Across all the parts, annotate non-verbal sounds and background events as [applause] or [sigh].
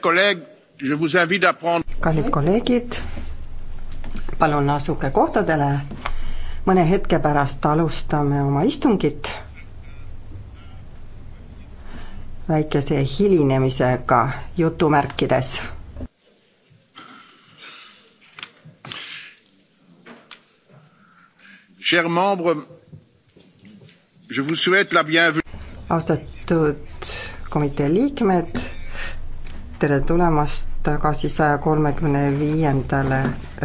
kallid kolleegid, palun asuge kohtadele. mõne hetke pärast alustame oma istungit. väikese hilinemisega jutumärkides Chers membres, je vous souhaite la bienvenue. austatud komitee liikmed, tere tulemast tagasi saja kolmekümne viiendale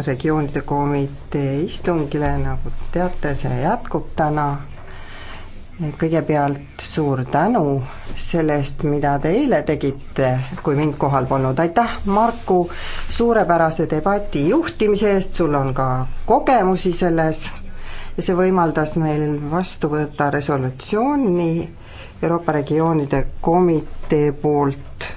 regioonide komitee istungile, nagu teate, see jätkub täna. kõigepealt suur tänu selle eest, mida te eile tegite, kui mind kohal polnud, aitäh, Marku, suurepärase debati juhtimise eest, sul on ka kogemusi selles ja see võimaldas meil vastu võtta resolutsiooni Euroopa regioonide komitee poolt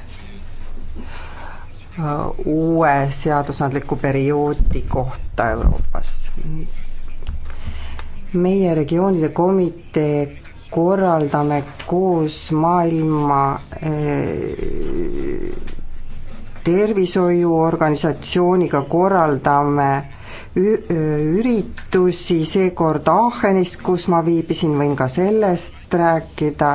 Äh, uue seadusandliku perioodi kohta Euroopas. meie regioonide komitee korraldame koos maailma äh, tervishoiuorganisatsiooniga korraldame äh, üritusi, seekord Aachenis, kus ma viibisin, võin ka sellest rääkida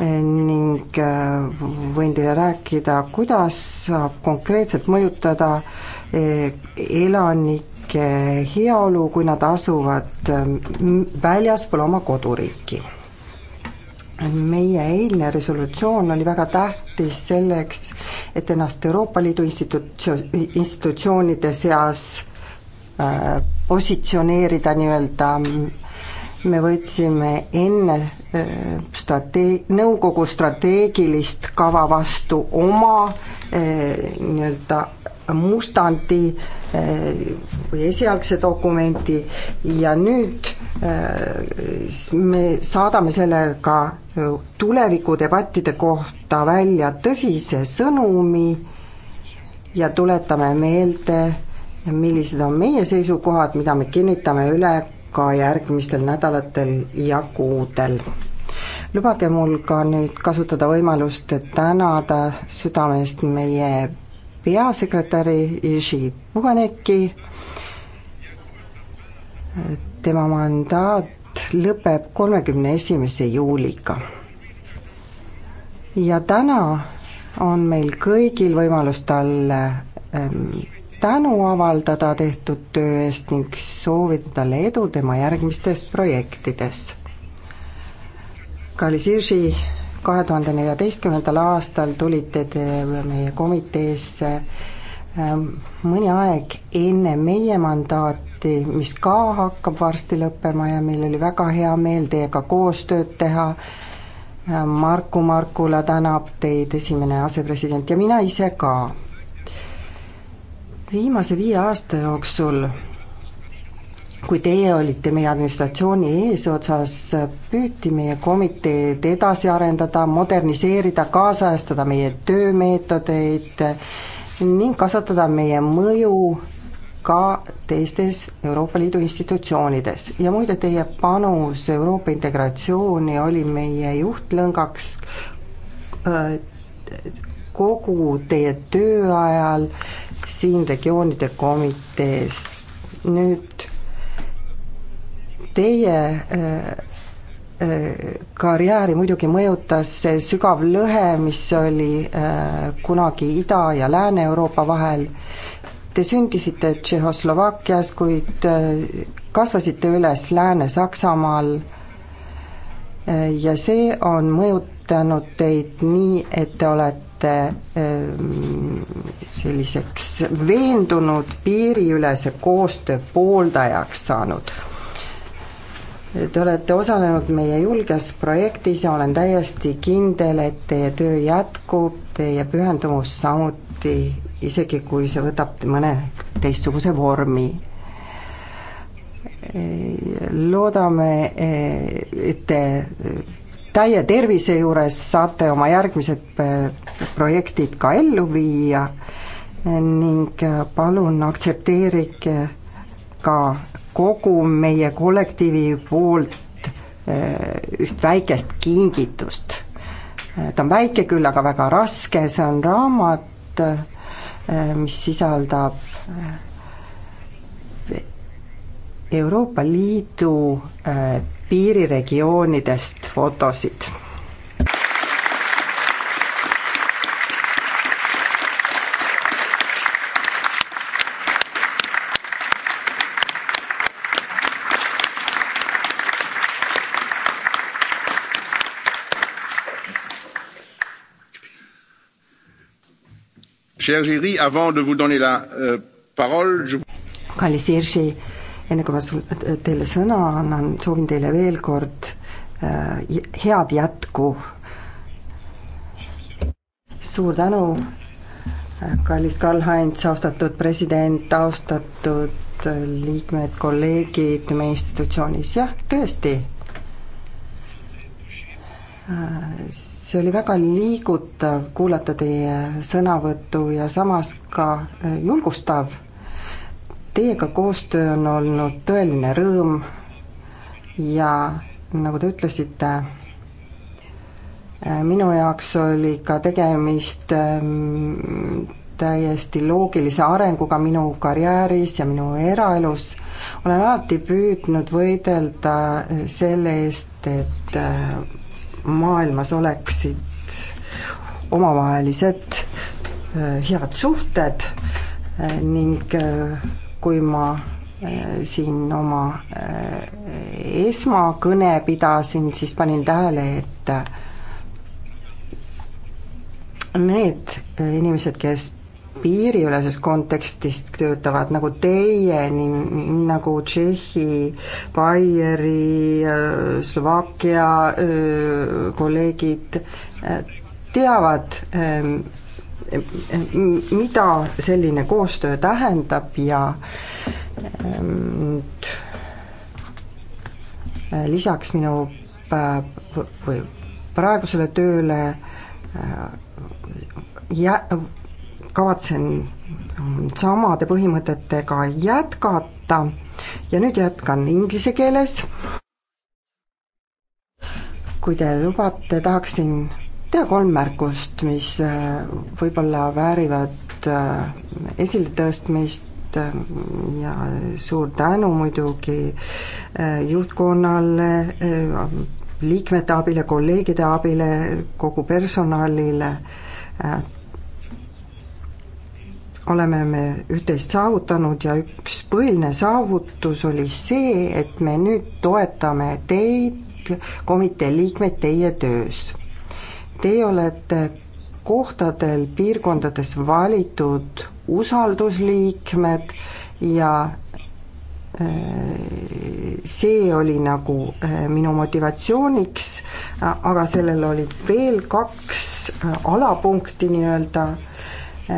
ning äh, võin teile rääkida, kuidas saab konkreetselt mõjutada äh, elanike heaolu, kui nad asuvad äh, väljaspool oma koduriiki. meie eilne resolutsioon oli väga tähtis selleks, et ennast Euroopa Liidu institutsio-, institutsioonide seas positsioneerida nii-öelda me võtsime enne Äh, strate-, nõukogu strateegilist kava vastu oma äh, nii-öelda mustandi äh, või esialgse dokumenti ja nüüd me saadame sellega tulevikudebattide kohta välja tõsise sõnumi ja tuletame meelde, millised on meie seisukohad, mida me kinnitame üle ka järgmistel nädalatel ja kuudel lubage mul ka nüüd kasutada võimalust, et tänada südamest meie peasekretäri Jiří Puganeki, tema mandaat lõpeb kolmekümne esimese juuliga. ja täna on meil kõigil võimalus talle ehm, tänu avaldada tehtud töö eest ning soovida talle edu tema järgmistes projektides kallis Irsi, kahe tuhande neljateistkümnendal aastal tulite te meie komiteesse ähm, mõni aeg enne meie mandaati, mis ka hakkab varsti lõppema ja meil oli väga hea meel teiega koostööd teha. Ähm, Marku Markula tänab teid, esimene asepresident ja mina ise ka. viimase viie aasta jooksul kui teie olite meie administratsiooni eesotsas, püüti meie komiteed edasi arendada, moderniseerida, kaasajastada meie töömeetodeid ning kasvatada meie mõju ka teistes Euroopa Liidu institutsioonides ja muide, teie panus Euroopa integratsiooni oli meie juhtlõngaks äh, kogu teie töö ajal siin regioonide komitees. nüüd Teie äh, äh, karjääri muidugi mõjutas see sügav lõhe, mis oli äh, kunagi Ida- ja Lääne-Euroopa vahel. Te sündisite Tšehhoslovakkias, kuid kasvasite üles Lääne-Saksamaal ja see on mõjutanud teid nii, et te olete selliseks veendunud piiriülese koostöö pooldajaks saanud Te olete osalenud meie julges projektis ja olen täiesti kindel, et teie töö jätkub, teie pühendumus samuti, isegi kui see võtab mõne teistsuguse vormi. loodame, et te täie tervise juures saate oma järgmised projektid ka ellu viia ning palun aktsepteerige ka kogu meie kollektiivi poolt eh, üht väikest kingitust. Eh, ta on väike küll, aga väga raske, see on raamat, eh, mis sisaldab Euroopa Liidu piiriregioonidest fotosid Euh, kallis Irši, enne kui ma teile sõna annan, soovin teile veel kord äh, head jätku. suur tänu, äh, kallis Karl-Heinz, austatud president, austatud äh, liikmed, kolleegid meie institutsioonis, jah, tõesti see oli väga liigutav kuulata teie sõnavõttu ja samas ka eh, julgustav. Teiega koostöö on olnud tõeline rõõm ja nagu te ütlesite, eh, minu jaoks oli ka tegemist ehm, täiesti loogilise arenguga minu karjääris ja minu eraelus. olen alati püüdnud võidelda eh, selle eest, et maailmas oleksid omavahelised äh, head suhted äh, ning äh, kui ma siin oma esmakõne pidasin, siis panin tähele, et need inimesed, kes piiriüleses kontekstis töötavad, nagu teie, nii, nii nagu Tšehhi, Baieri, äh, Slovakkia äh, kolleegid äh, teavad, ähm, mida selline koostöö tähendab ja ähm, lisaks minu praegusele tööle ja kavatsen ähm, samade põhimõtetega jätkata ja nüüd jätkan inglise keeles. kui te lubate, tahaksin teha kolm märkust, mis äh, võib-olla väärivad äh, esiletõstmist äh, ja suur tänu muidugi juhtkonnale, liikmete abile, kolleegide abile, kogu personalile, oleme me üht-teist saavutanud ja üks põhiline saavutus oli see, et me nüüd toetame teid, komitee liikmeid, teie töös. Teie olete kohtadel, piirkondades valitud usaldusliikmed ja äh, see oli nagu äh, minu motivatsiooniks, aga sellel olid veel kaks äh, alapunkti nii-öelda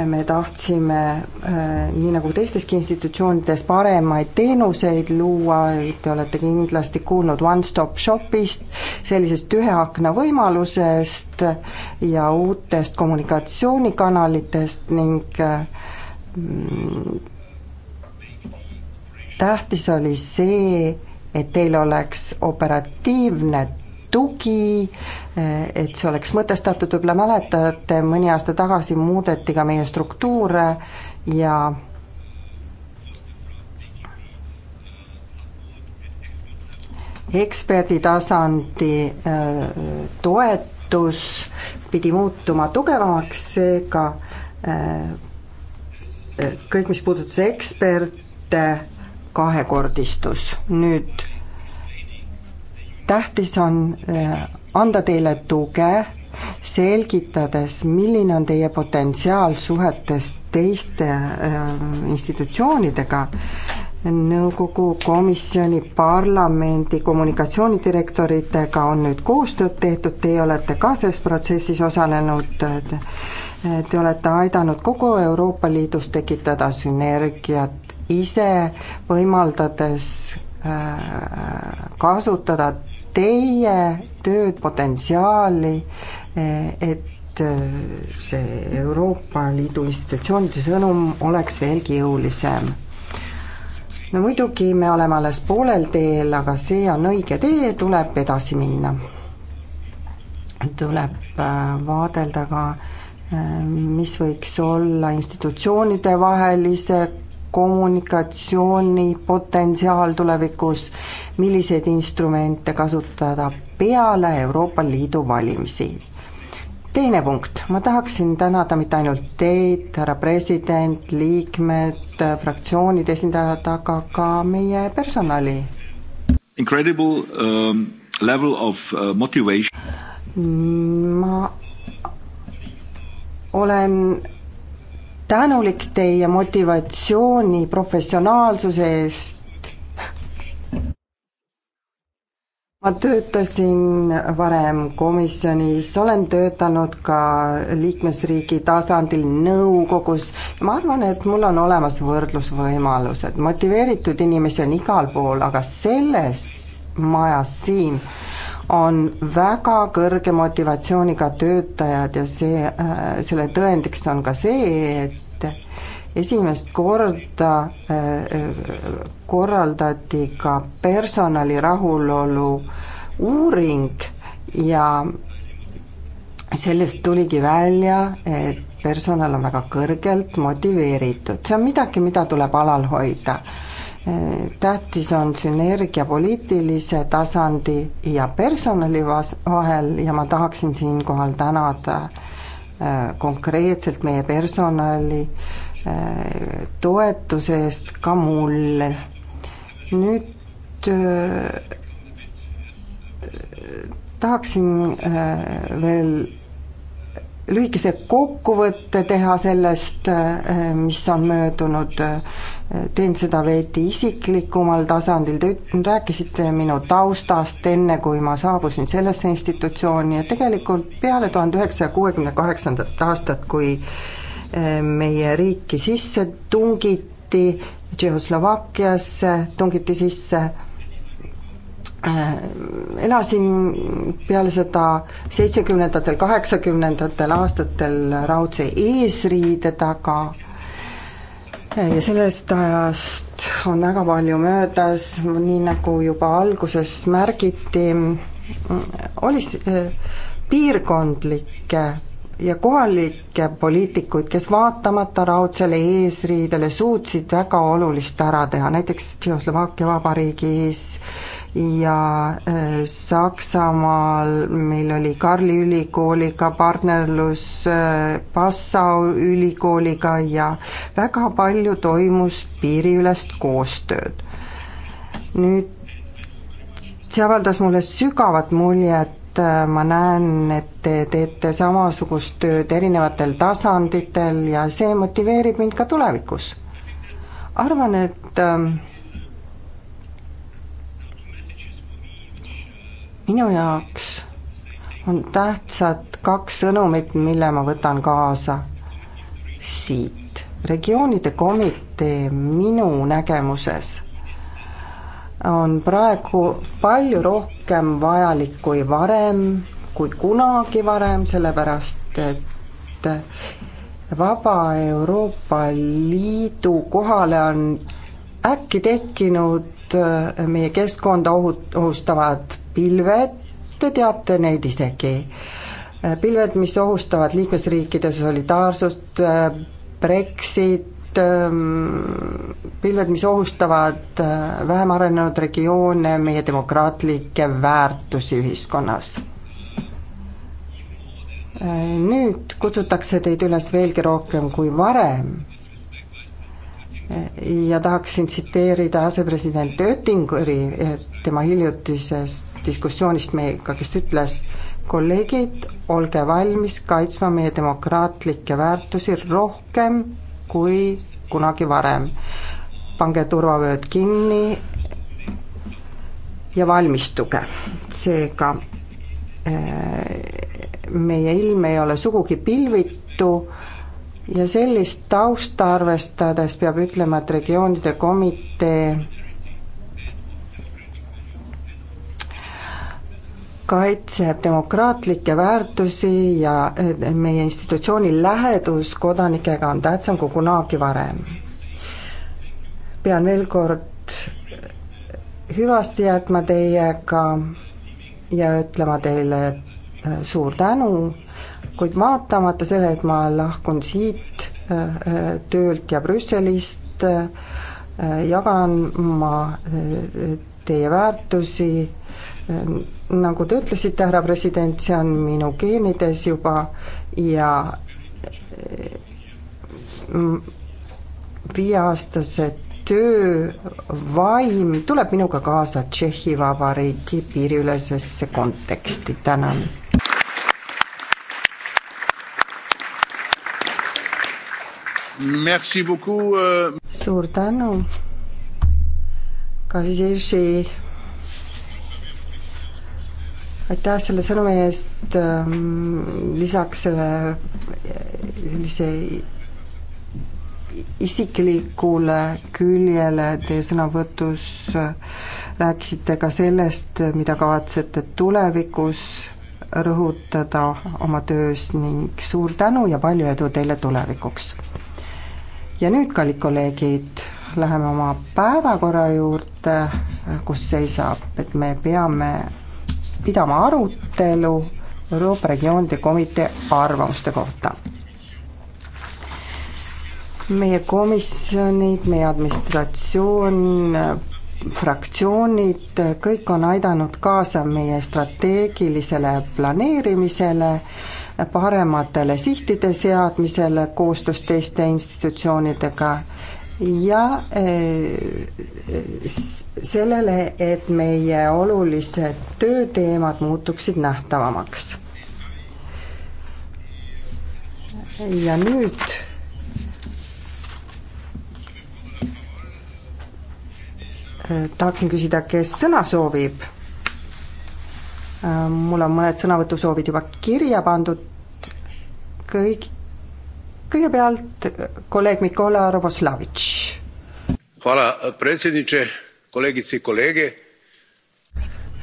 me tahtsime äh, nii nagu teisteski institutsioonides paremaid teenuseid luua, te olete kindlasti kuulnud One Stop Shopist, sellisest ühe akna võimalusest ja uutest kommunikatsioonikanalitest ning äh, tähtis oli see, et teil oleks operatiivne tugi, et see oleks mõtestatud, võib-olla mäletate, mõni aasta tagasi muudeti ka meie struktuure ja eksperditasandi äh, toetus pidi muutuma tugevamaks, seega äh, kõik, mis puudutas eksperte, kahekordistus. nüüd tähtis on äh, anda teile tuge, selgitades, milline on teie potentsiaal suhetes teiste äh, institutsioonidega, nõukogu, komisjoni, parlamendi, kommunikatsioonidirektoritega on nüüd koostööd tehtud, teie olete ka selles protsessis osalenud, te olete aidanud kogu Euroopa Liidus tekitada sünergiat ise, võimaldades äh, kasutada teie tööd, potentsiaali, et see Euroopa Liidu institutsioonide sõnum oleks veelgi jõulisem. no muidugi me oleme alles poolel teel, aga see on õige tee, tuleb edasi minna. tuleb äh, vaadelda ka äh, mis võiks olla institutsioonide vahelise kommunikatsioonipotentsiaal tulevikus, milliseid instrumente kasutada peale Euroopa Liidu valimisi. teine punkt, ma tahaksin tänada mitte ainult teid, härra president, liikmed, fraktsioonide esindajad, aga ka meie personali. Incredible um, level of uh, motivation. ma olen tänulik teie motivatsiooni, professionaalsuse eest. ma töötasin varem komisjonis, olen töötanud ka liikmesriigi tasandil nõukogus ja ma arvan, et mul on olemas võrdlusvõimalused, motiveeritud inimesi on igal pool, aga selles majas siin on väga kõrge motivatsiooniga töötajad ja see, äh, selle tõendiks on ka see, et esimest korda äh, korraldati ka personali rahulolu uuring ja sellest tuligi välja, et personal on väga kõrgelt motiveeritud, see on midagi, mida tuleb alal hoida tähtis on sünergia poliitilise tasandi ja personali vas-, vahel ja ma tahaksin siinkohal tänada äh, konkreetselt meie personali äh, toetuse eest ka mulle. nüüd äh, tahaksin veel lühikese kokkuvõtte teha sellest, eh, mis on möödunud. teen seda veidi isiklikumal tasandil, te rääkisite minu taustast enne, kui ma saabusin sellesse institutsiooni ja tegelikult peale tuhande üheksasaja kuuekümne kaheksandat aastat, kui eh, meie riiki sisse tungiti, Tšehhoslovakkiasse tungiti sisse Äh, elasin peale seda seitsmekümnendatel, kaheksakümnendatel aastatel raudse eesriide taga äh, ja sellest ajast on väga palju möödas, nii nagu juba alguses märgiti, oli äh, piirkondlikke ja kohalikke poliitikuid, kes vaatamata raudsele eesriidele suutsid väga olulist ära teha, näiteks Tšehhoslovakkia Vabariigis äh, ja äh, Saksamaal meil oli Karli ülikooliga partnerlus, äh, Passau ülikooliga ja väga palju toimus piiriülest koostööd. nüüd see avaldas mulle sügavat muljet, äh, ma näen, et te teete samasugust tööd erinevatel tasanditel ja see motiveerib mind ka tulevikus. arvan, et äh, minu jaoks on tähtsad kaks sõnumit, mille ma võtan kaasa siit. regioonide komitee minu nägemuses on praegu palju rohkem vajalik kui varem, kui kunagi varem, sellepärast et Vaba Euroopa Liidu kohale on äkki tekkinud meie keskkonda ohut-, ohustavad pilved, te teate neid isegi. Äh, pilved, mis ohustavad liikmesriikide solidaarsust, äh, Brexit, ähm, pilved, mis ohustavad äh, vähem arenenud regioone, meie demokraatlikke väärtusi ühiskonnas. nüüd kutsutakse teid üles veelgi rohkem kui varem ja tahaksin tsiteerida asepresident Oettingeri eh, tema hiljutisest diskussioonist meiega, kes ütles, kolleegid, olge valmis kaitsma meie demokraatlikke väärtusi rohkem kui kunagi varem. pange turvavööd kinni ja valmistuge. seega eh, meie ilm ei ole sugugi pilvitu ja sellist tausta arvestades peab ütlema, et regioonide komitee kaitseb demokraatlikke väärtusi ja eh, meie institutsiooni lähedus kodanikega on tähtsam kui kunagi varem. pean veel kord hüvasti jätma teiega ja ütlema teile eh, suur tänu kuid vaatamata sellele, et ma lahkun siit äh, äh, töölt ja Brüsselist, äh, jagan ma teie väärtusi, nagu te ütlesite, härra president, see on minu geenides juba ja viieaastase töö vaim tuleb minuga kaasa Tšehhi Vabariigi piiriülesesse konteksti, tänan Euh, suur tänu. Kavžeši, aitäh selle sõnumi eest, ähm, lisaks selle äh, sellise isiklikule küljele teie sõnavõtus äh, rääkisite ka sellest, mida kavatsete tulevikus rõhutada oma töös ning suur tänu ja palju edu teile tulevikuks! ja nüüd, kallid kolleegid, läheme oma päevakorra juurde, kus seisab, et me peame pidama arutelu Euroopa Regioonide Komitee arvamuste kohta meie komisjonid, meie administratsioon, fraktsioonid, kõik on aidanud kaasa meie strateegilisele planeerimisele parematele sihtide seadmisele koostöös teiste institutsioonidega ja eh, sellele, et meie olulised tööteemad muutuksid nähtavamaks. ja nüüd eh, tahaksin küsida, kes sõna soovib Äh, mul on mõned sõnavõtusoovid juba kirja pandud, kõik, kõigepealt äh, kolleeg Mikola Roboslavitš. Hvala äh, predsjedniče, kolegice i kolege.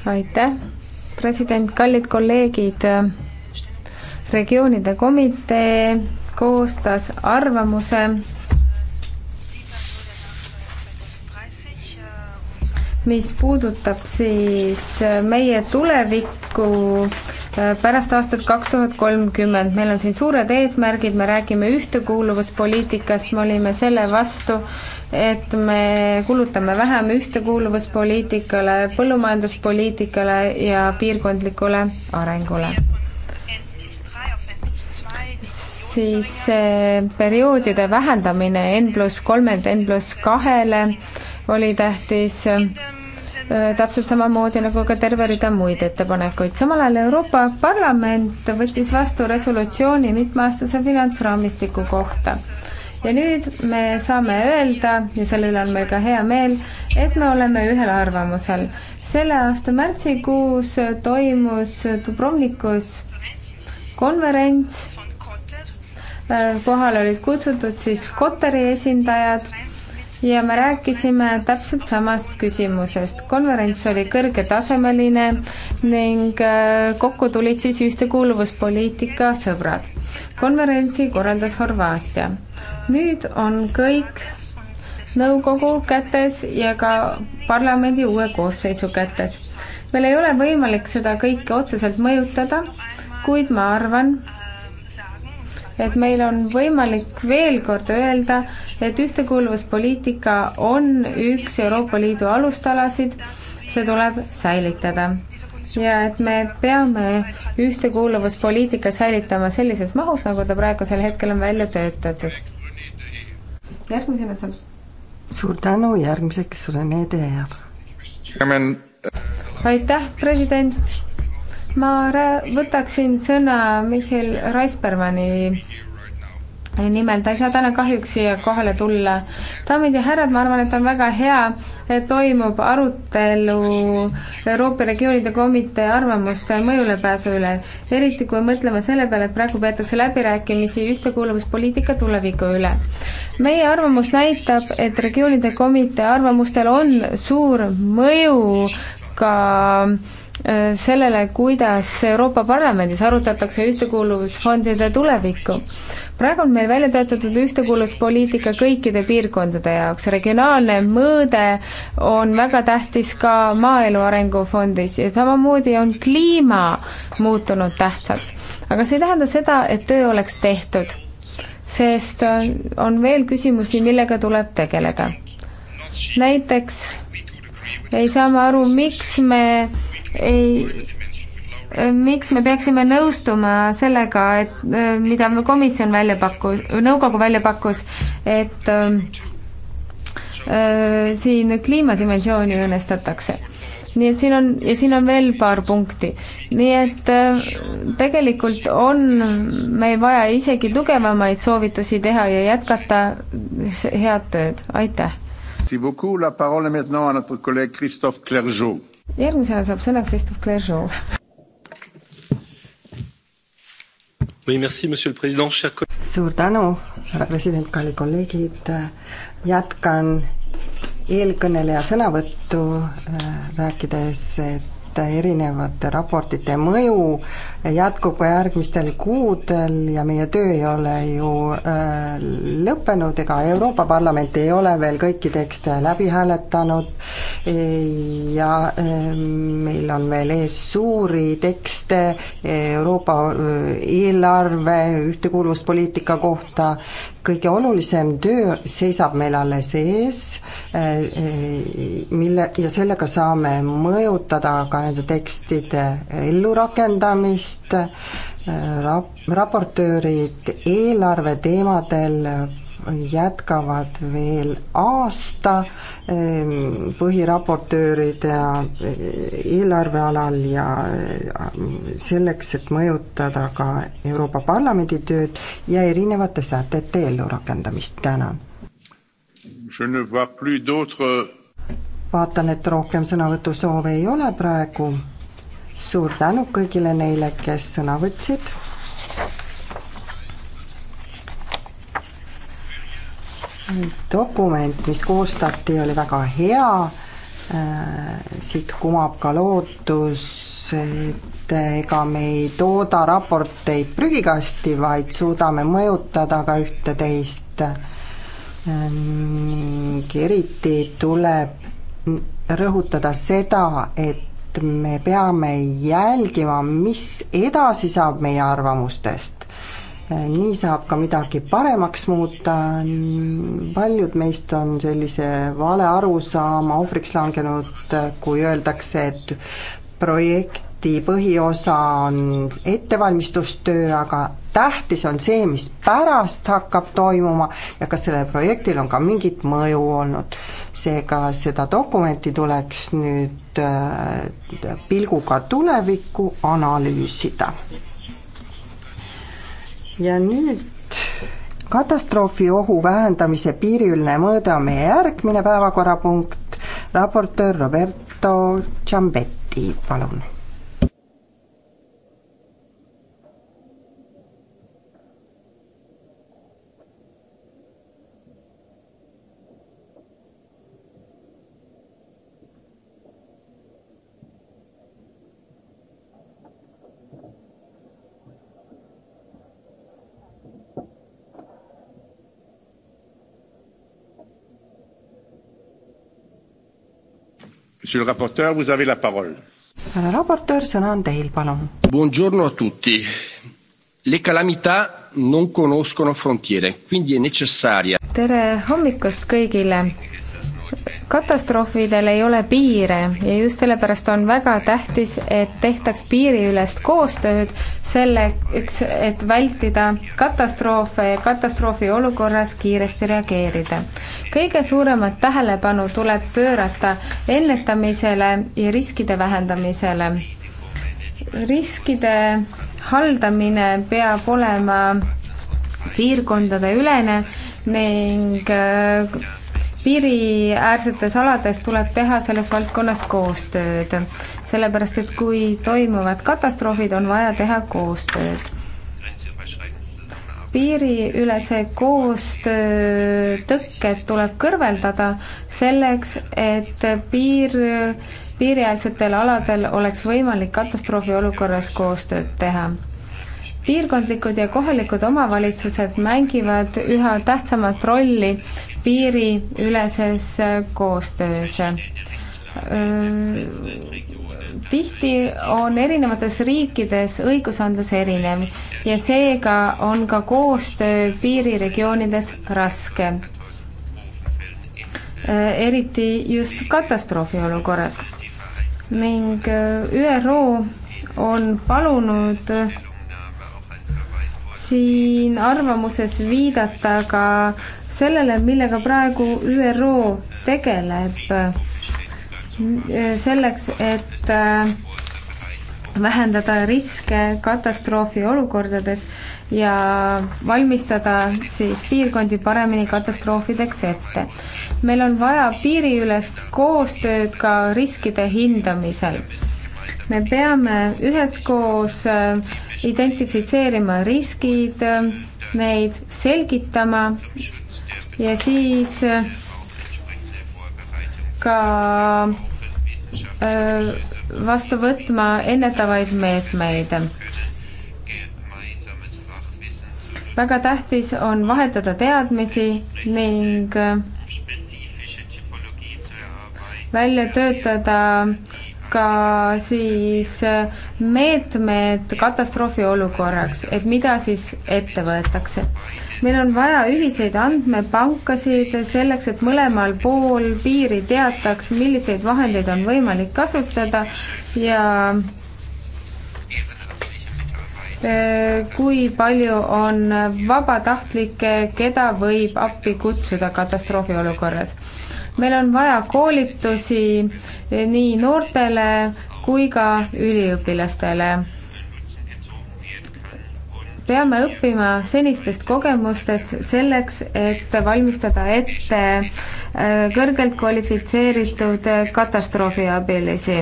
aitäh, president, kallid kolleegid. regioonide komitee koostas arvamuse mis puudutab siis äh, meie tulevikku äh, pärast aastat kaks tuhat kolmkümmend, meil on siin suured eesmärgid, me räägime ühtekuuluvuspoliitikast, me olime selle vastu, et me kulutame vähem ühtekuuluvuspoliitikale, põllumajanduspoliitikale ja piirkondlikule arengule siis äh, perioodide vähendamine N pluss kolmelt N pluss kahele, oli tähtis, äh, täpselt samamoodi nagu ka terve rida muid ettepanekuid. samal ajal Euroopa Parlament võttis vastu resolutsiooni mitmeaastase finantsraamistiku kohta. ja nüüd me saame öelda ja selle üle on meil ka hea meel, et me oleme ühel arvamusel. selle aasta märtsikuus toimus Dubrovnikus konverents äh, kohale olid kutsutud siis Kotari esindajad ja me rääkisime täpselt samast küsimusest. konverents oli kõrgetasemeline ning äh, kokku tulid siis ühtekuuluvuspoliitika sõbrad. konverentsi korraldas Horvaatia. nüüd on kõik nõukogu kätes ja ka parlamendi uue koosseisu kätes. meil ei ole võimalik seda kõike otseselt mõjutada, kuid ma arvan, et meil on võimalik veel kord öelda, et ühtekuuluvuspoliitika on üks Euroopa Liidu alustalasid, see tuleb säilitada. ja et me peame ühtekuuluvuspoliitika säilitama sellises mahus, nagu ta praegusel hetkel on välja töötatud. järgmisena saab suur tänu, järgmiseks Rene Teer. aitäh, president ma võtaksin sõna Mihhail Raispermani nimel, ta ei saa täna kahjuks siia kohale tulla. daamid ja härrad, ma arvan, et on väga hea, et toimub arutelu Euroopa Regioonide Komitee arvamuste mõjulepääsu üle. eriti kui mõtleme selle peale, et praegu peetakse läbirääkimisi ühtekuuluvuspoliitika tuleviku üle. meie arvamus näitab, et regioonide komitee arvamustel on suur mõju ka äh, Äh, sellele, kuidas Euroopa Parlamendis arutatakse ühtekuuluvusfondide tulevikku. praegu on meil välja töötatud ühtekuuluvuspoliitika kõikide piirkondade jaoks, regionaalne mõõde on väga tähtis ka Maaelu Arengufondis ja samamoodi on kliima muutunud tähtsaks. aga see ei tähenda seda, et töö oleks tehtud, sest on veel küsimusi, millega tuleb tegeleda. näiteks ei saa ma aru, miks me ei, äh, miks me peaksime nõustuma sellega, et äh, mida komisjon välja pakkus, nõukogu välja pakkus, et äh, äh, siin kliimadimensiooni õõnestatakse nii et siin on ja siin on veel paar punkti. nii et äh, tegelikult on meil vaja isegi tugevamaid soovitusi teha ja jätkata head tööd, aitäh. Merci beaucoup, la parole est maintenant à notre collègue Christophe Clergeau järgmisena saab sõna Christophe Clergeau. Oui, merci, monsieur le président, chers collègues. suur tänu, härra president, kallid kolleegid, jätkan eelkõneleja sõnavõttu, äh, rääkides, et erinevate raportite mõju jätkub ka järgmistel kuudel ja meie töö ei ole ju äh, lõppenud, ega Euroopa Parlament ei ole veel kõiki tekste läbi hääletanud ja äh, meil on veel ees suuri tekste Euroopa äh, eelarve, ühtekuuluvuspoliitika kohta, kõige olulisem töö seisab meil alles ees, mille, ja sellega saame mõjutada ka nende tekstide ellurakendamist, koostööst äh, rap-, raportöörid eelarve teemadel jätkavad veel aasta ähm, põhiraportööridena eelarve alal ja äh, äh, selleks, et mõjutada ka Euroopa Parlamendi tööd ja erinevate sätete ellurakendamist, tänan. vaatan, et rohkem sõnavõtusoove ei ole praegu suur tänu kõigile neile, kes sõna võtsid. dokument, mis koostati, oli väga hea. Äh, siit kumab ka lootus, et ega me ei tooda raporteid prügikasti, vaid suudame mõjutada ka ühte-teist. Äh, ning eriti tuleb rõhutada seda, et et me peame jälgima, mis edasi saab meie arvamustest. nii saab ka midagi paremaks muuta, paljud meist on sellise vale arusaama ohvriks langenud, kui öeldakse, et projekt projekti põhiosa on ettevalmistustöö, aga tähtis on see, mis pärast hakkab toimuma ja kas sellel projektil on ka mingit mõju olnud. seega seda dokumenti tuleks nüüd äh, pilguga tulevikku analüüsida. ja nüüd katastroofi ohu vähendamise piiriülne mõõde on meie järgmine päevakorrapunkt, raportöör Roberto Ciambetti, palun Monsieur le rapporteur, vous avez la parole. härra raportöör, sõna on teil, palun. Buongiorno a tutti. Le calamità non conoscono frontiere, quindi è necessaria. tere hommikust kõigile katastroofidel ei ole piire ja just sellepärast on väga tähtis, et tehtaks piiriülest koostööd selleks, et vältida katastroofe ja katastroofi olukorras kiiresti reageerida. kõige suuremat tähelepanu tuleb pöörata ennetamisele ja riskide vähendamisele. riskide haldamine peab olema piirkondade ülene ning äh, piiriäärsetes alades tuleb teha selles valdkonnas koostööd, sellepärast et kui toimuvad katastroofid, on vaja teha koostööd. piiriülese koostöö tõkked tuleb kõrveldada selleks, et piir, piiriäärsetel aladel oleks võimalik katastroofi olukorras koostööd teha piirkondlikud ja kohalikud omavalitsused mängivad üha tähtsamat rolli piiriüleses äh, koostöös. Äh, tihti on erinevates riikides õigusandlus erinev ja seega on ka koostöö piiriregioonides raske. Äh, eriti just katastroofiolukorras ning ÜRO on palunud siin arvamuses viidata ka sellele, millega praegu ÜRO tegeleb, selleks, et äh, vähendada riske katastroofiolukordades ja valmistada siis piirkondi paremini katastroofideks ette. meil on vaja piiriülest koostööd ka riskide hindamisel me peame üheskoos äh, identifitseerima riskid, äh, neid selgitama ja siis äh, ka vastu võtma ennetavaid meetmeid. väga tähtis on vahetada teadmisi ning välja töötada ka siis meetmed katastroofiolukorraks, et mida siis ette võetakse. meil on vaja ühiseid andmepankasid selleks, et mõlemal pool piiri teataks, milliseid vahendeid on võimalik kasutada ja e, kui palju on vabatahtlikke, keda võib appi kutsuda katastroofiolukorras meil on vaja koolitusi nii noortele kui ka üliõpilastele. peame õppima senistest kogemustest selleks, et valmistada ette äh, kõrgelt kvalifitseeritud katastroofiabilisi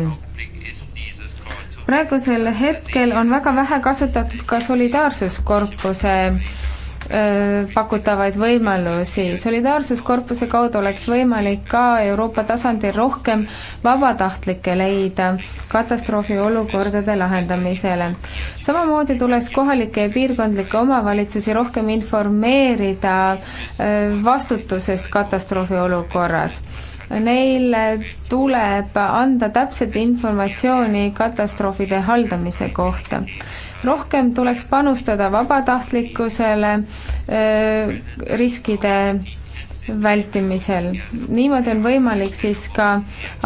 praegusel hetkel on väga vähe kasutatud ka solidaarsuskorpuse pakutavaid võimalusi. solidaarsuskorpuse kaudu oleks võimalik ka Euroopa tasandil rohkem vabatahtlikke leida katastroofiolukordade lahendamisele. samamoodi tuleks kohalikke ja piirkondlikke omavalitsusi rohkem informeerida vastutusest katastroofiolukorras neile tuleb anda täpset informatsiooni katastroofide haldamise kohta rohkem tuleks panustada vabatahtlikkusele riskide vältimisel. niimoodi on võimalik siis ka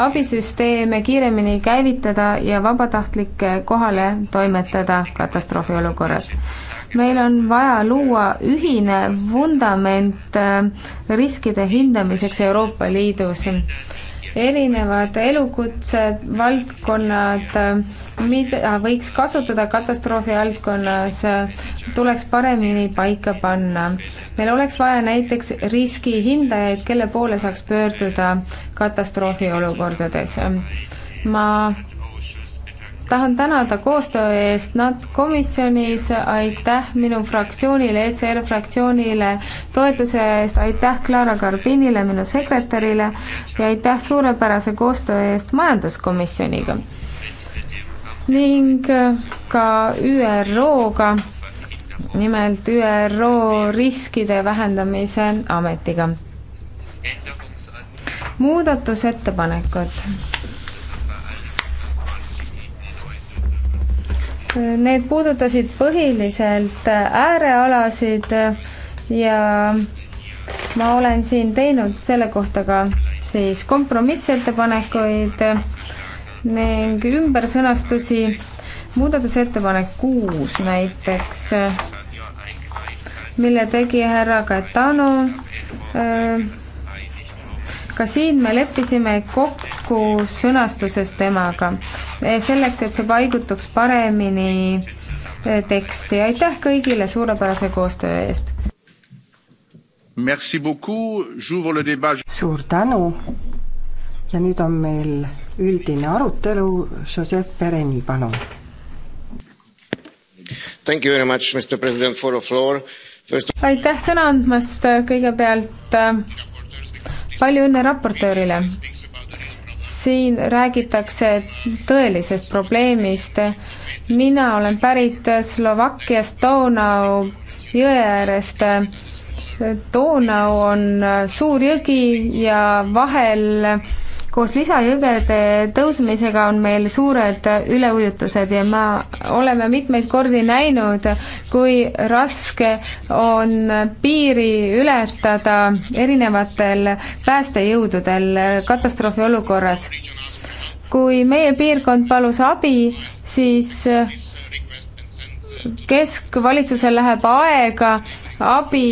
abisüsteeme kiiremini käivitada ja vabatahtlikke kohale toimetada katastroofi olukorras meil on vaja luua ühine vundament riskide hindamiseks Euroopa Liidus erinevad elukutsed, valdkonnad, mida võiks kasutada katastroofi valdkonnas, tuleks paremini paika panna. meil oleks vaja näiteks riskihindajaid, kelle poole saaks pöörduda katastroofiolukordades. ma tahan tänada koostöö eest NAT komisjonis, aitäh minu fraktsioonile, ECR fraktsioonile toetuse eest, aitäh Clara Garbinile, minu sekretärile ja aitäh suurepärase koostöö eest majanduskomisjoniga ning äh, ka ÜRO-ga, nimelt ÜRO riskide vähendamise ametiga. muudatusettepanekud Need puudutasid põhiliselt äärealasid ja ma olen siin teinud selle kohta ka siis kompromissettepanekuid ning ümbersõnastusi. muudatusettepanek kuus näiteks, mille tegi härra Gaetano äh, ka siin me leppisime kokku sõnastuses temaga, eh, selleks, et see paigutuks paremini eh, teksti, aitäh kõigile suurepärase koostöö eest! suur tänu ja nüüd on meil üldine arutelu, Joseph Pereni, palun. Thank you very much, Mr President, for the floor First.... aitäh sõna andmast, kõigepealt äh, palju õnne raportöörile! siin räägitakse tõelisest probleemist. mina olen pärit Slovakkiast Donau jõe äärest. Donau on suur jõgi ja vahel koos lisajõgede tõusmisega on meil suured üleujutused ja me oleme mitmeid kordi näinud, kui raske on piiri ületada erinevatel päästejõududel katastroofi olukorras. kui meie piirkond palus abi, siis keskvalitsusel läheb aega abi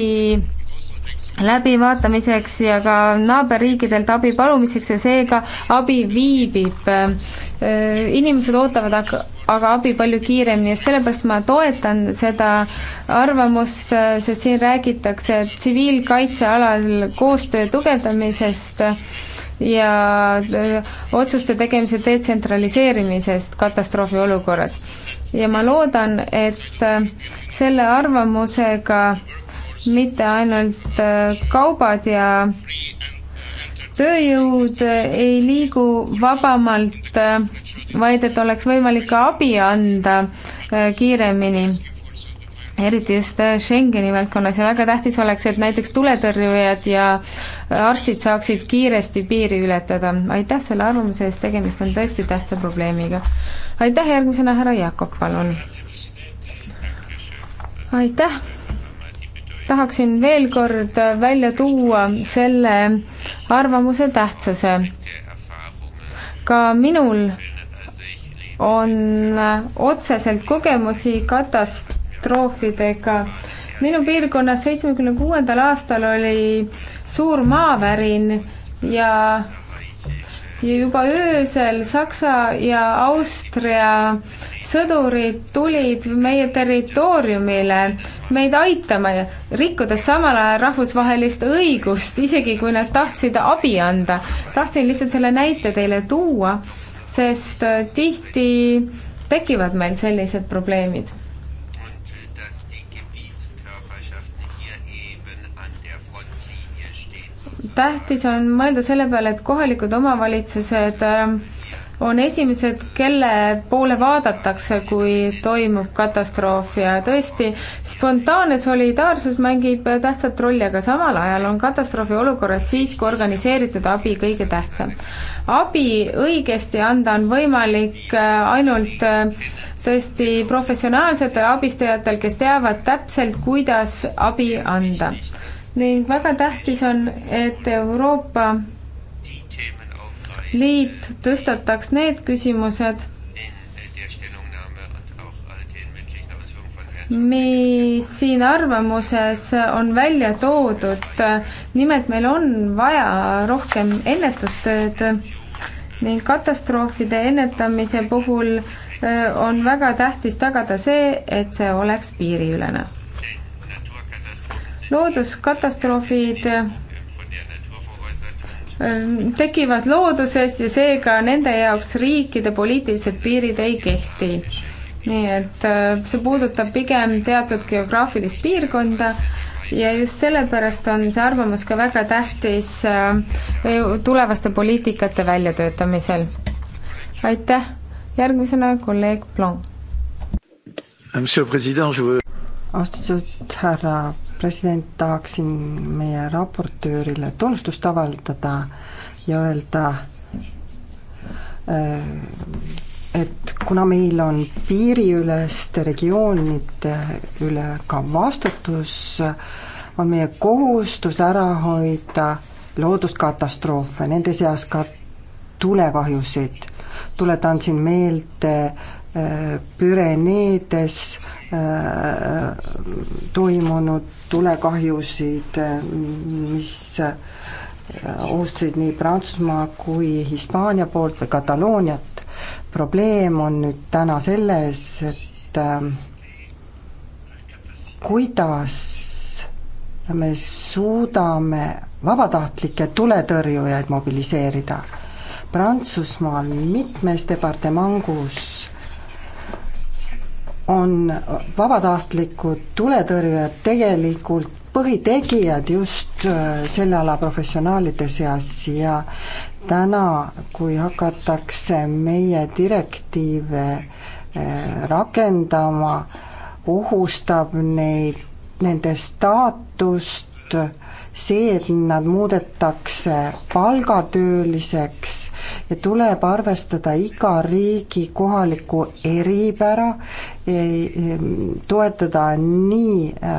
läbivaatamiseks ja ka naaberriikidelt abi palumiseks ja seega abi viibib. Äh, inimesed ootavad aga, aga abi palju kiiremini, just sellepärast ma toetan seda arvamust, äh, sest siin räägitakse tsiviilkaitsealal koostöö tugevdamisest ja äh, otsuste tegemise detsentraliseerimisest katastroofi olukorras. ja ma loodan, et selle arvamusega mitte ainult äh, kaubad ja tööjõud äh, ei liigu vabamalt, äh, vaid et oleks võimalik ka abi anda kiiremini eriti just Schengeni valdkonnas ja väga tähtis oleks, et näiteks tuletõrjujad ja arstid saaksid kiiresti piiri ületada. aitäh selle arvamuse eest, tegemist on tõesti tähtsa probleemiga. aitäh, järgmisena härra Jakob, palun. aitäh tahaksin veel kord välja tuua selle arvamuse tähtsuse. ka minul on otseselt kogemusi katastroofidega. minu piirkonnas seitsmekümne kuuendal aastal oli suur maavärin ja ja juba öösel Saksa ja Austria sõdurid tulid meie territooriumile meid aitama ja rikkudes samal ajal rahvusvahelist õigust, isegi kui nad tahtsid abi anda. tahtsin lihtsalt selle näite teile tuua, sest äh, tihti tekivad meil sellised probleemid tähtis on mõelda selle peale, et kohalikud omavalitsused ähm, on esimesed, kelle poole vaadatakse, kui toimub katastroof ja tõesti, spontaanne solidaarsus mängib tähtsat rolli, aga samal ajal on katastroofi olukorras siiski organiseeritud abi kõige tähtsam. abi õigesti anda on võimalik äh, ainult äh, tõesti professionaalsetel abistajatel, kes teavad täpselt, kuidas abi anda ning väga tähtis on, et Euroopa Liit tõstataks need küsimused, mis siin arvamuses on välja toodud, nimelt meil on vaja rohkem ennetustööd ning katastroofide ennetamise puhul äh, on väga tähtis tagada see, et see oleks piiriülene looduskatastroofid ähm, tekivad looduses ja seega nende jaoks riikide poliitilised piirid ei kehti. nii et äh, see puudutab pigem teatud geograafilist piirkonda ja just sellepärast on see arvamus ka väga tähtis äh, tulevaste poliitikate väljatöötamisel. aitäh, järgmisena kolleeg Plon. austatud härra president, tahaksin meie raportöörile tunnustust avaldada ja öelda, äh, et kuna meil on piiriüleste regioonide üle ka vastutus, on meie kohustus ära hoida looduskatastroofe, nende seas ka tulekahjusid. tuletan siin meelde äh, Püreneedes toimunud tulekahjusid, mis ohustasid nii Prantsusmaa kui Hispaania poolt või Katalooniat. probleem on nüüd täna selles, et äh, kuidas me suudame vabatahtlikke tuletõrjujaid mobiliseerida. Prantsusmaal mitmes departemangus on vabatahtlikud tuletõrjujad tegelikult põhitegijad just äh, selle ala professionaalide seas ja täna, kui hakatakse meie direktiive äh, rakendama, ohustab neid, nende staatust, see, et nad muudetakse palgatööliseks ja tuleb arvestada iga riigi kohalikku eripära, e, e, toetada nii e,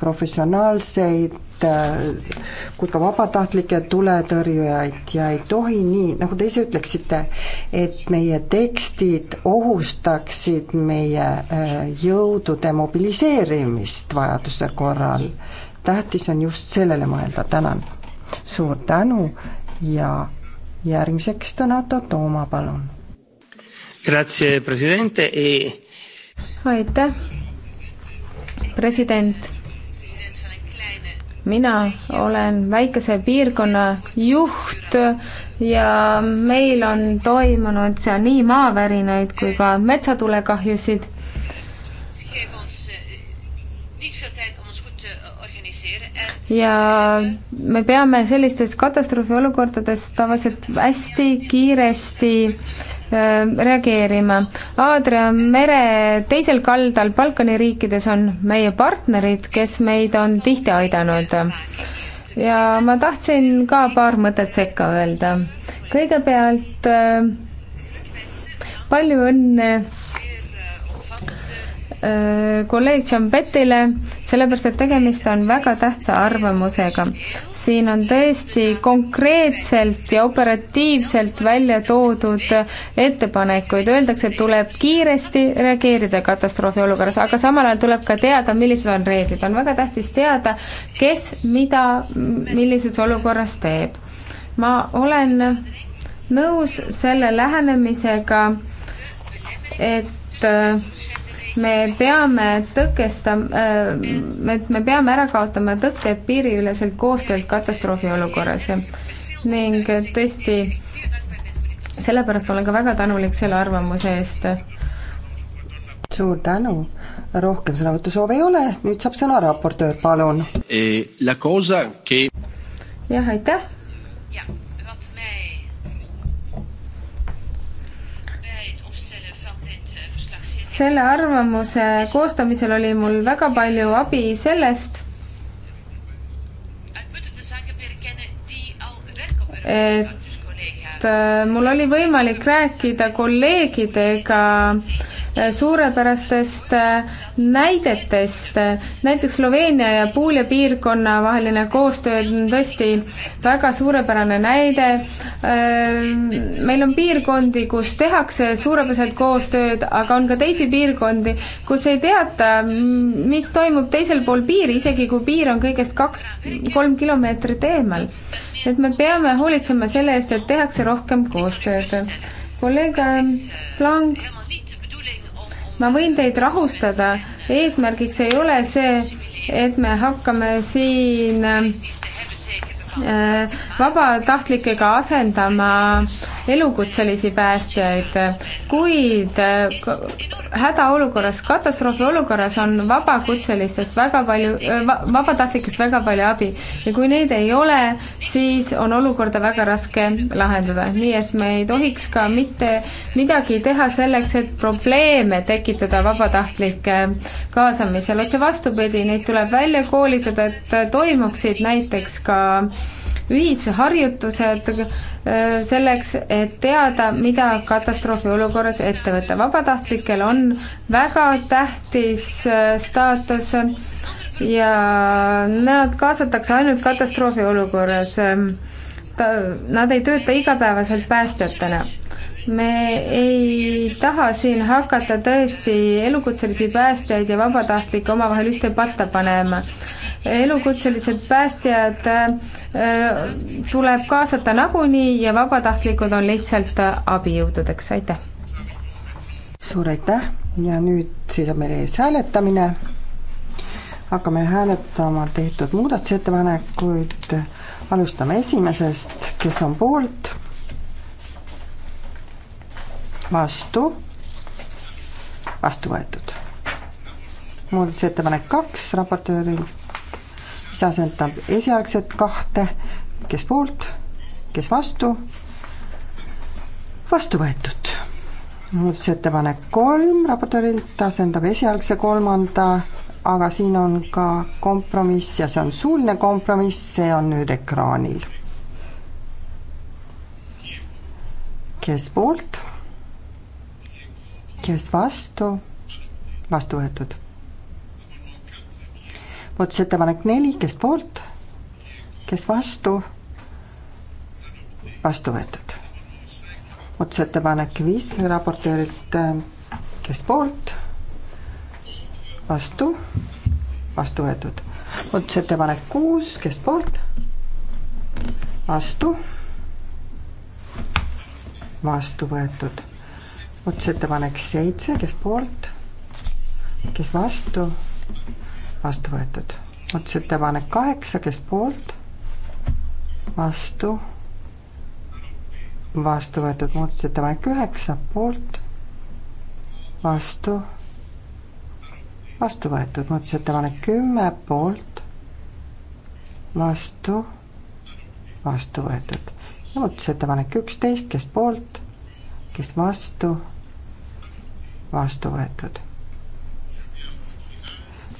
professionaalseid kui ka vabatahtlikke tuletõrjujaid ja ei tohi nii, nagu te ise ütleksite, et meie tekstid ohustaksid meie jõudude mobiliseerimist vajaduse korral tähtis on just sellele mõelda, tänan. suur tänu ja järgmiseks Donato Tooma, palun. Grazie, president e.... aitäh, president. mina olen väikese piirkonna juht ja meil on toimunud seal nii maavärinaid kui ka metsatulekahjusid ja me peame sellistes katastroofiolukordades tavaliselt hästi kiiresti reageerima. Aadria mere teisel kaldal Balkani riikides on meie partnerid, kes meid on tihti aidanud. ja ma tahtsin ka paar mõtet sekka öelda. kõigepealt palju õnne Äh, kolleeg Tšambetile, sellepärast et tegemist on väga tähtsa arvamusega. siin on tõesti konkreetselt ja operatiivselt välja toodud ettepanekuid, öeldakse, et tuleb kiiresti reageerida katastroofi olukorras, aga samal ajal tuleb ka teada, millised on reeglid, on väga tähtis teada, kes mida millises olukorras teeb. ma olen nõus selle lähenemisega, et äh, me peame tõkestama, äh, et me peame ära kaotama tõkked piiriüleselt koostöölt katastroofiolukorras ning tõesti, sellepärast olen ka väga tänulik selle arvamuse eest. suur tänu, rohkem sõnavõtusoove ei ole, nüüd saab sõna raportöör, palun. Eh, jah, aitäh selle arvamuse koostamisel oli mul väga palju abi sellest, et äh, mul oli võimalik rääkida kolleegidega äh, suurepärastest äh, näidetest. näiteks Sloveenia ja Puulia piirkonna vaheline koostöö on tõesti väga suurepärane näide. Äh, meil on piirkondi, kus tehakse suurepäraselt koostööd, aga on ka teisi piirkondi, kus ei teata, mis toimub teisel pool piiri, isegi kui piir on kõigest kaks, kolm kilomeetrit eemal. et me peame hoolitsema selle eest, et tehakse rohkem koostööd kolleeg Plank ma võin teid rahustada, eesmärgiks ei ole see, et me hakkame siin äh, Äh, vabatahtlikega asendama elukutselisi päästjaid, kuid äh, hädaolukorras, katastroofi olukorras on vabakutselistest väga palju, äh, vabatahtlikest väga palju abi ja kui neid ei ole, siis on olukorda väga raske lahendada, nii et me ei tohiks ka mitte midagi teha selleks, et probleeme tekitada vabatahtlike kaasamisel, otse vastupidi, neid tuleb välja koolitada, et toimuksid näiteks ka ühisharjutused äh, selleks, et teada, mida katastroofiolukorras ette võtta. vabatahtlikel on väga tähtis äh, staatus ja nad kaasatakse ainult katastroofiolukorras. Äh, nad ei tööta igapäevaselt päästjatena me ei taha siin hakata tõesti elukutselisi päästjaid ja vabatahtlikke omavahel ühte patta panema. elukutselised päästjad äh, tuleb kaasata nagunii ja vabatahtlikud on lihtsalt abijõududeks, aitäh! suur aitäh ja nüüd siis on meil ees hääletamine. hakkame hääletama tehtud muudatusettepanekuid, alustame esimesest, kes on poolt vastu, vastu võetud. muudatusettepanek kaks raportööril, mis asendab esialgset kahte, kes poolt, kes vastu, vastu võetud. muudatusettepanek kolm raportöörilt asendab esialgse kolmanda, aga siin on ka kompromiss ja see on suuline kompromiss, see on nüüd ekraanil. kes poolt kes vastu, vastu võetud. muudatusettepanek neli, kes poolt, kes vastu, vastu võetud. muudatusettepanek viis raportöörilt, kes poolt, vastu, vastu võetud. muudatusettepanek kuus, kes poolt, vastu, vastu võetud muudatusettepanek seitse, kes poolt, kes vastu, vastu võetud. muudatusettepanek kaheksa, kes poolt, vastu, vastu võetud. muudatusettepanek üheksa, poolt, vastu, vastu võetud. muudatusettepanek kümme, poolt, vastu, vastu võetud. ja muudatusettepanek üksteist, kes poolt, kes vastu vastu võetud.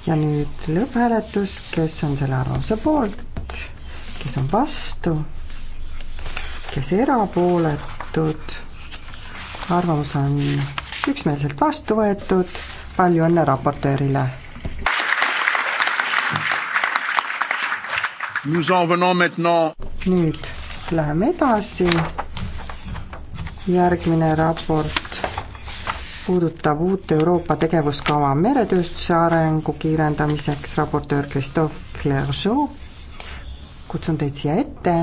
ja nüüd lõpphääletus, kes on selle arvamuse poolt, kes on vastu, kes erapooletud, arvamus on üksmeelselt vastu võetud, palju õnne raportöörile! nüüd läheme edasi. järgmine raport puudutab uut Euroopa tegevuskava meretööstuse arengu kiirendamiseks, raportöör Christophe Clergeau. kutsun teid siia ette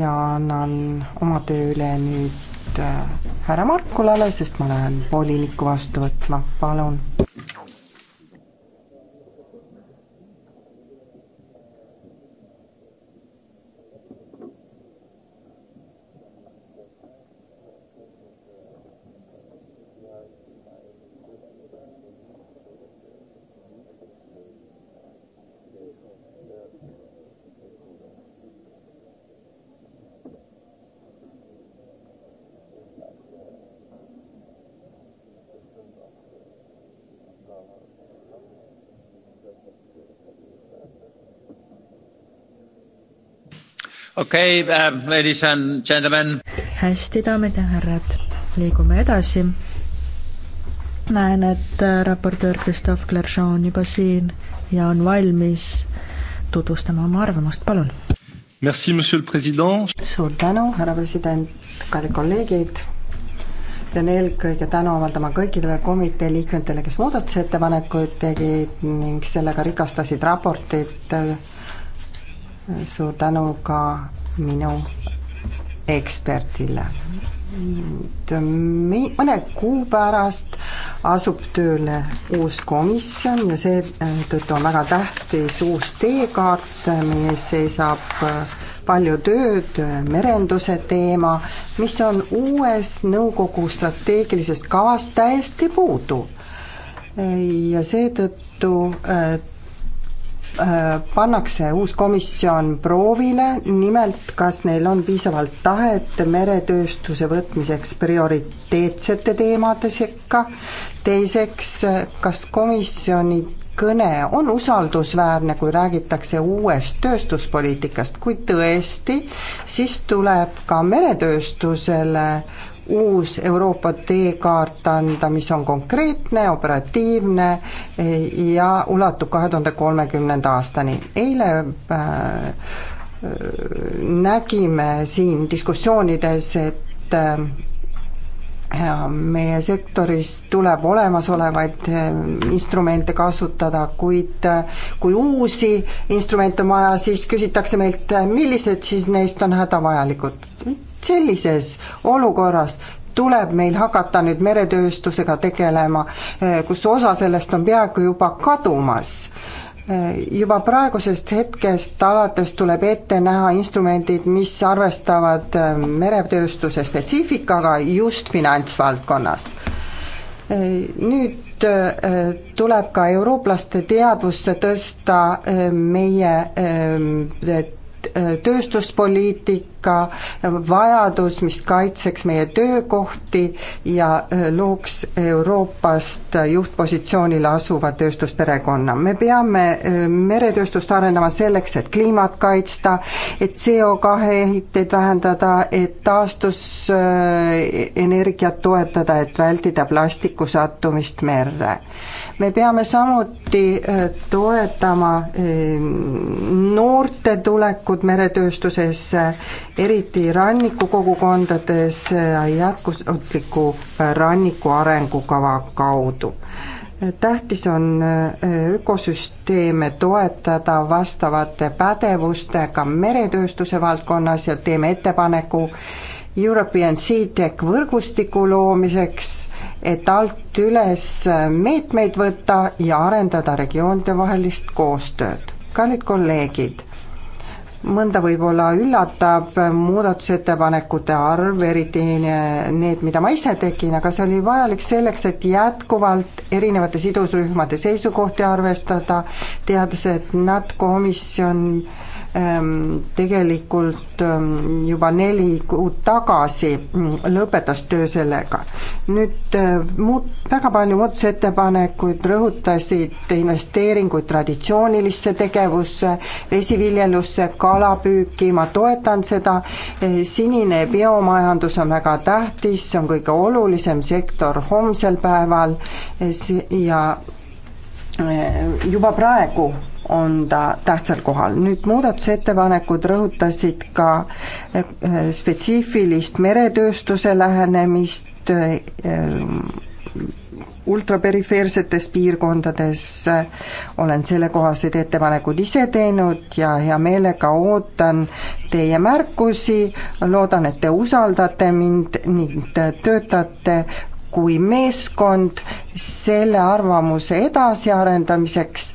ja annan oma töö üle nüüd äh, härra Markulale, sest ma lähen voliniku vastu võtma, palun. okei okay, uh,, ladies and gentlemen. hästi, daamid ja härrad, liigume edasi. näen, et äh, raportöör Christophe Clergeon on juba siin ja on valmis tutvustama oma arvamust, palun. Merci, monsieur le president. suur tänu, härra president, kallid kolleegid. pean eelkõige tänu avaldama kõikidele komitee liikmetele, kes muudatusettepanekuid tegid ning sellega rikastasid raportit äh, suur tänu ka minu eksperdile. mõne kuu pärast asub tööle uus komisjon ja seetõttu äh, on väga tähtis uus teekaart, meie ees seisab äh, palju tööd, äh, merenduse teema, mis on uues nõukogu strateegilisest kavast täiesti puudu. ja seetõttu Äh, pannakse uus komisjon proovile, nimelt kas neil on piisavalt tahet meretööstuse võtmiseks prioriteetsete teemade sekka, teiseks, kas komisjoni kõne on usaldusväärne, kui räägitakse uuest tööstuspoliitikast, kui tõesti, siis tuleb ka meretööstusele uus Euroopa teekaart anda, mis on konkreetne, operatiivne eh, ja ulatub kahe tuhande kolmekümnenda aastani. eile äh, nägime siin diskussioonides, et äh, meie sektoris tuleb olemasolevaid äh, instrumente kasutada, kuid äh, kui uusi instrumente on vaja, siis küsitakse meilt, äh, millised siis neist on hädavajalikud sellises olukorras tuleb meil hakata nüüd meretööstusega tegelema, kus osa sellest on peaaegu juba kadumas. juba praegusest hetkest alates tuleb ette näha instrumendid, mis arvestavad meretööstuse spetsiifikaga just finantsvaldkonnas. nüüd äh, tuleb ka eurooplaste teadvusse tõsta äh, meie äh, Äh, tööstuspoliitika, vajadus, mis kaitseks meie töökohti ja äh, looks Euroopast juhtpositsioonile asuva tööstusperekonna. me peame äh, meretööstust arendama selleks, et kliimat kaitsta, et CO2 heiteid vähendada, et taastusenergiat toetada, et vältida plastiku sattumist merre me peame samuti äh, toetama ähm, noorte tulekut meretööstusesse, eriti rannikukogukondades äh, jätkusuutliku äh, ranniku arengukava kaudu tähtis on ökosüsteeme toetada vastavate pädevustega meretööstuse valdkonnas ja teeme ettepaneku, European SeaTech võrgustiku loomiseks, et alt üles meetmeid võtta ja arendada regioonidevahelist koostööd. kallid kolleegid, mõnda võib-olla üllatab muudatusettepanekute arv, eriti need, mida ma ise tegin, aga see oli vajalik selleks, et jätkuvalt erinevate sidusrühmade seisukohti arvestada, teades, et nad komisjon äh, Ehm, tegelikult ehm, juba neli kuud tagasi mm, lõpetas töö sellega. nüüd ehm, muud, väga palju muudatusettepanekuid rõhutasid investeeringuid traditsioonilisse tegevusse, vesiviljelusse, kalapüüki, ma toetan seda, sinine biomajandus on väga tähtis, see on kõige olulisem sektor homsel päeval ja juba praegu on ta tähtsal kohal. nüüd muudatusettepanekud rõhutasid ka eh, spetsiifilist meretööstuse lähenemist eh, ultraperifeersetes piirkondades olen sellekohased ettepanekud ise teinud ja hea meelega ootan teie märkusi, loodan, et te usaldate mind ning töötate kui meeskond selle arvamuse edasiarendamiseks,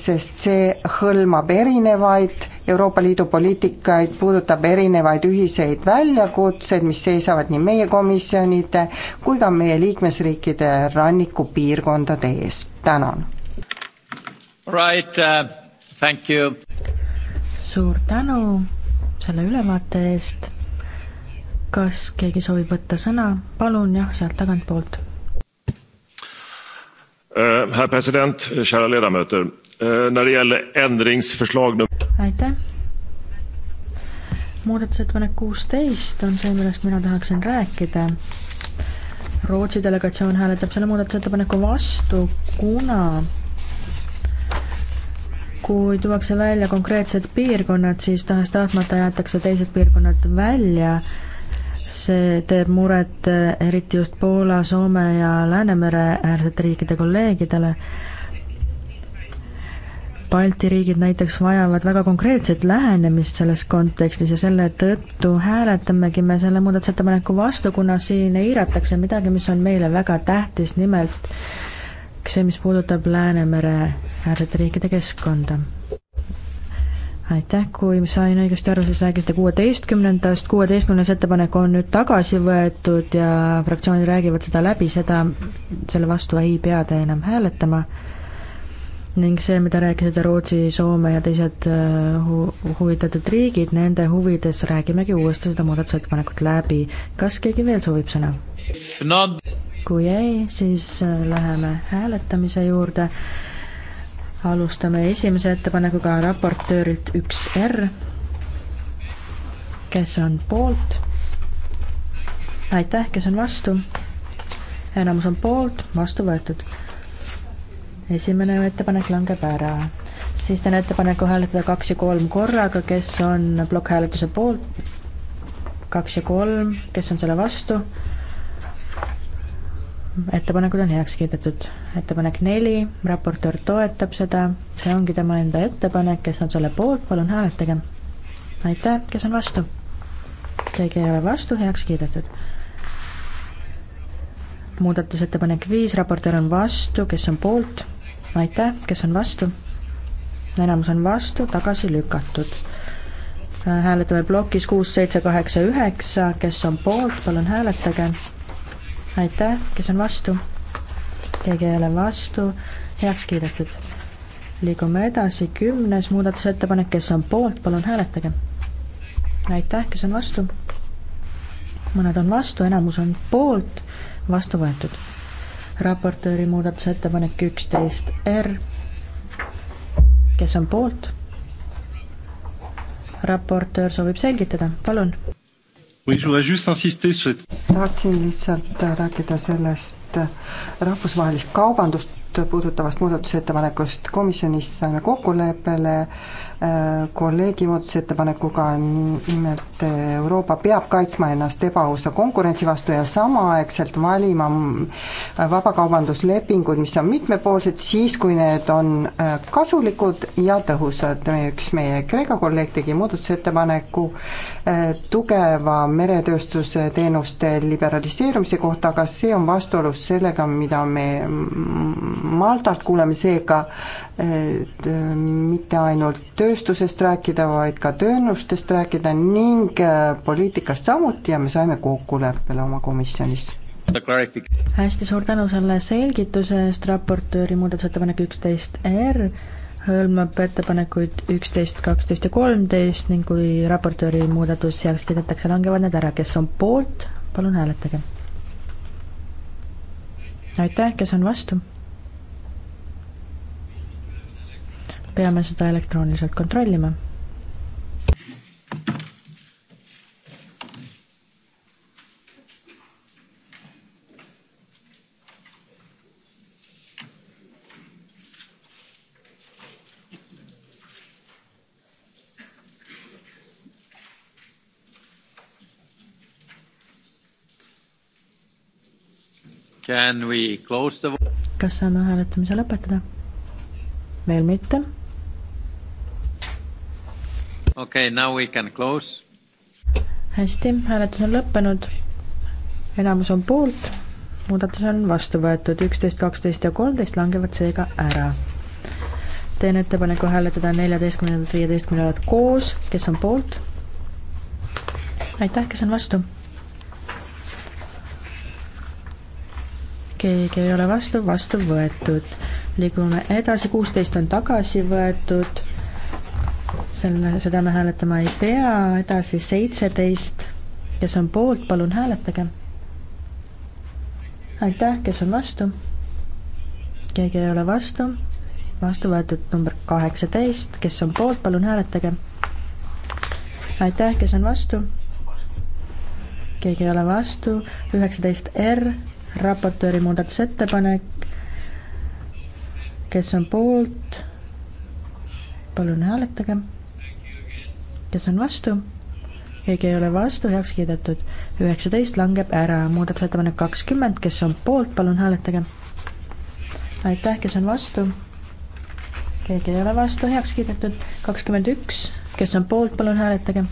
sest see hõlmab erinevaid Euroopa Liidu poliitikaid, puudutab erinevaid ühiseid väljakutseid, mis seisavad nii meie komisjonide kui ka meie liikmesriikide rannikupiirkondade ees, tänan. Right uh,, thank you. suur tänu selle ülevaate eest kas keegi soovib võtta sõna, palun jah, sealt tagantpoolt äh,. Herr president, kära ledamöter äh,, när det gäller ändringsförslag num-. aitäh. muudatusettepanek kuusteist on see, millest mina tahaksin rääkida. Rootsi delegatsioon hääletab selle muudatusettepaneku vastu, kuna kui tuuakse välja konkreetsed piirkonnad, siis tahes-tahtmata jäetakse teised piirkonnad välja see teeb muret eh, eriti just Poola, Soome ja Läänemere äärsete riikide kolleegidele. Balti riigid näiteks vajavad väga konkreetset lähenemist selles kontekstis ja selle tõttu hääletamegi me selle muudatusettepaneku vastu, kuna siin eiratakse midagi, mis on meile väga tähtis, nimelt see, mis puudutab Läänemere äärsete riikide keskkonda aitäh, kui ma sain õigesti aru, siis rääkisite kuueteistkümnendast, kuueteistkümnes ettepanek on nüüd tagasi võetud ja fraktsioonid räägivad seda läbi, seda, selle vastu ei pea te enam hääletama. ning see, mida rääkisid Rootsi, Soome ja teised äh, hu-, huvitatud riigid, nende huvides räägimegi uuesti seda muudatusettepanekut läbi. kas keegi veel soovib sõna? kui ei, siis äh, läheme hääletamise juurde alustame esimese ettepanekuga raportöörilt üks R, kes on poolt. aitäh, kes on vastu? enamus on poolt, vastu võetud. esimene ettepanek langeb ära. siis teen ettepaneku hääletada kaks ja kolm korraga, kes on plokkhääletuse poolt, kaks ja kolm, kes on selle vastu ettepanekud on heaks kiidetud. ettepanek neli, raportöör toetab seda, see ongi tema enda ettepanek, kes on selle poolt, palun hääletage. aitäh, kes on vastu? keegi ei ole vastu, heaks kiidetud. muudatusettepanek viis, raportöör on vastu, kes on poolt? aitäh, kes on vastu? enamus on vastu, tagasi lükatud. hääletame plokis kuus, seitse, kaheksa, üheksa, kes on poolt, palun hääletage aitäh, kes on vastu? keegi ei ole vastu, heaks kiidetud. liigume edasi, kümnes muudatusettepanek, kes on poolt, palun hääletage. aitäh, kes on vastu? mõned on vastu, enamus on poolt, vastu võetud. raportööri muudatusettepanek üksteist R, kes on poolt? raportöör soovib selgitada, palun tahaksin lihtsalt äh, rääkida sellest äh, rahvusvahelist kaubandust puudutavast muudatusettepanekust. komisjonis saime kokkuleppele äh, Äh, kolleegi muudatusettepanekuga, nimelt äh, Euroopa peab kaitsma ennast ebaausa konkurentsi vastu ja samaaegselt valima äh, vabakaubanduslepingud, mis on mitmepoolsed, siis kui need on kasulikud ja tõhusad. üks meie Kreeka kolleeg tegi muudatusettepaneku tugeva meretööstuse teenuste liberaliseerumise kohta, aga see on vastuolus sellega, mida me Maltalt kuuleme, seega mitte ainult töö tööstusest rääkida, vaid ka töönustest rääkida ning äh, poliitikast samuti ja me saime kokkuleppele oma komisjonis. hästi, suur tänu selle selgituse eest, raportööri muudatusettepanek üksteist R hõlmab ettepanekuid üksteist, kaksteist ja kolmteist ning kui raportööri muudatus heaks kiidetakse, langevad need ära, kes on poolt, palun hääletage. aitäh, kes on vastu? peame seda elektrooniliselt kontrollima. kas saame hääletamise lõpetada? veel mitte okei okay,, now we can close. hästi, hääletus on lõppenud. enamus on poolt, muudatus on vastu võetud, üksteist, kaksteist ja kolmteist langevad seega ära. teen ettepaneku hääletada neljateistkümnendat, viieteistkümnendat koos, kes on poolt? aitäh, kes on vastu? keegi ei ole vastu, vastu võetud. liigume edasi, kuusteist on tagasi võetud selle, seda me hääletama ei pea, edasi seitseteist, kes on poolt, palun hääletage. aitäh, kes on vastu? keegi ei ole vastu, vastu võetud number kaheksateist, kes on poolt, palun hääletage. aitäh, kes on vastu? keegi ei ole vastu, üheksateist R, raportööri muudatusettepanek, kes on poolt palun hääletage. kes on vastu? keegi ei ole vastu, heaks kiidetud. üheksateist langeb ära, muudatusettepanek kakskümmend, kes on poolt, palun hääletage. aitäh, kes on vastu? keegi ei ole vastu, heaks kiidetud. kakskümmend üks, kes on poolt, palun hääletage.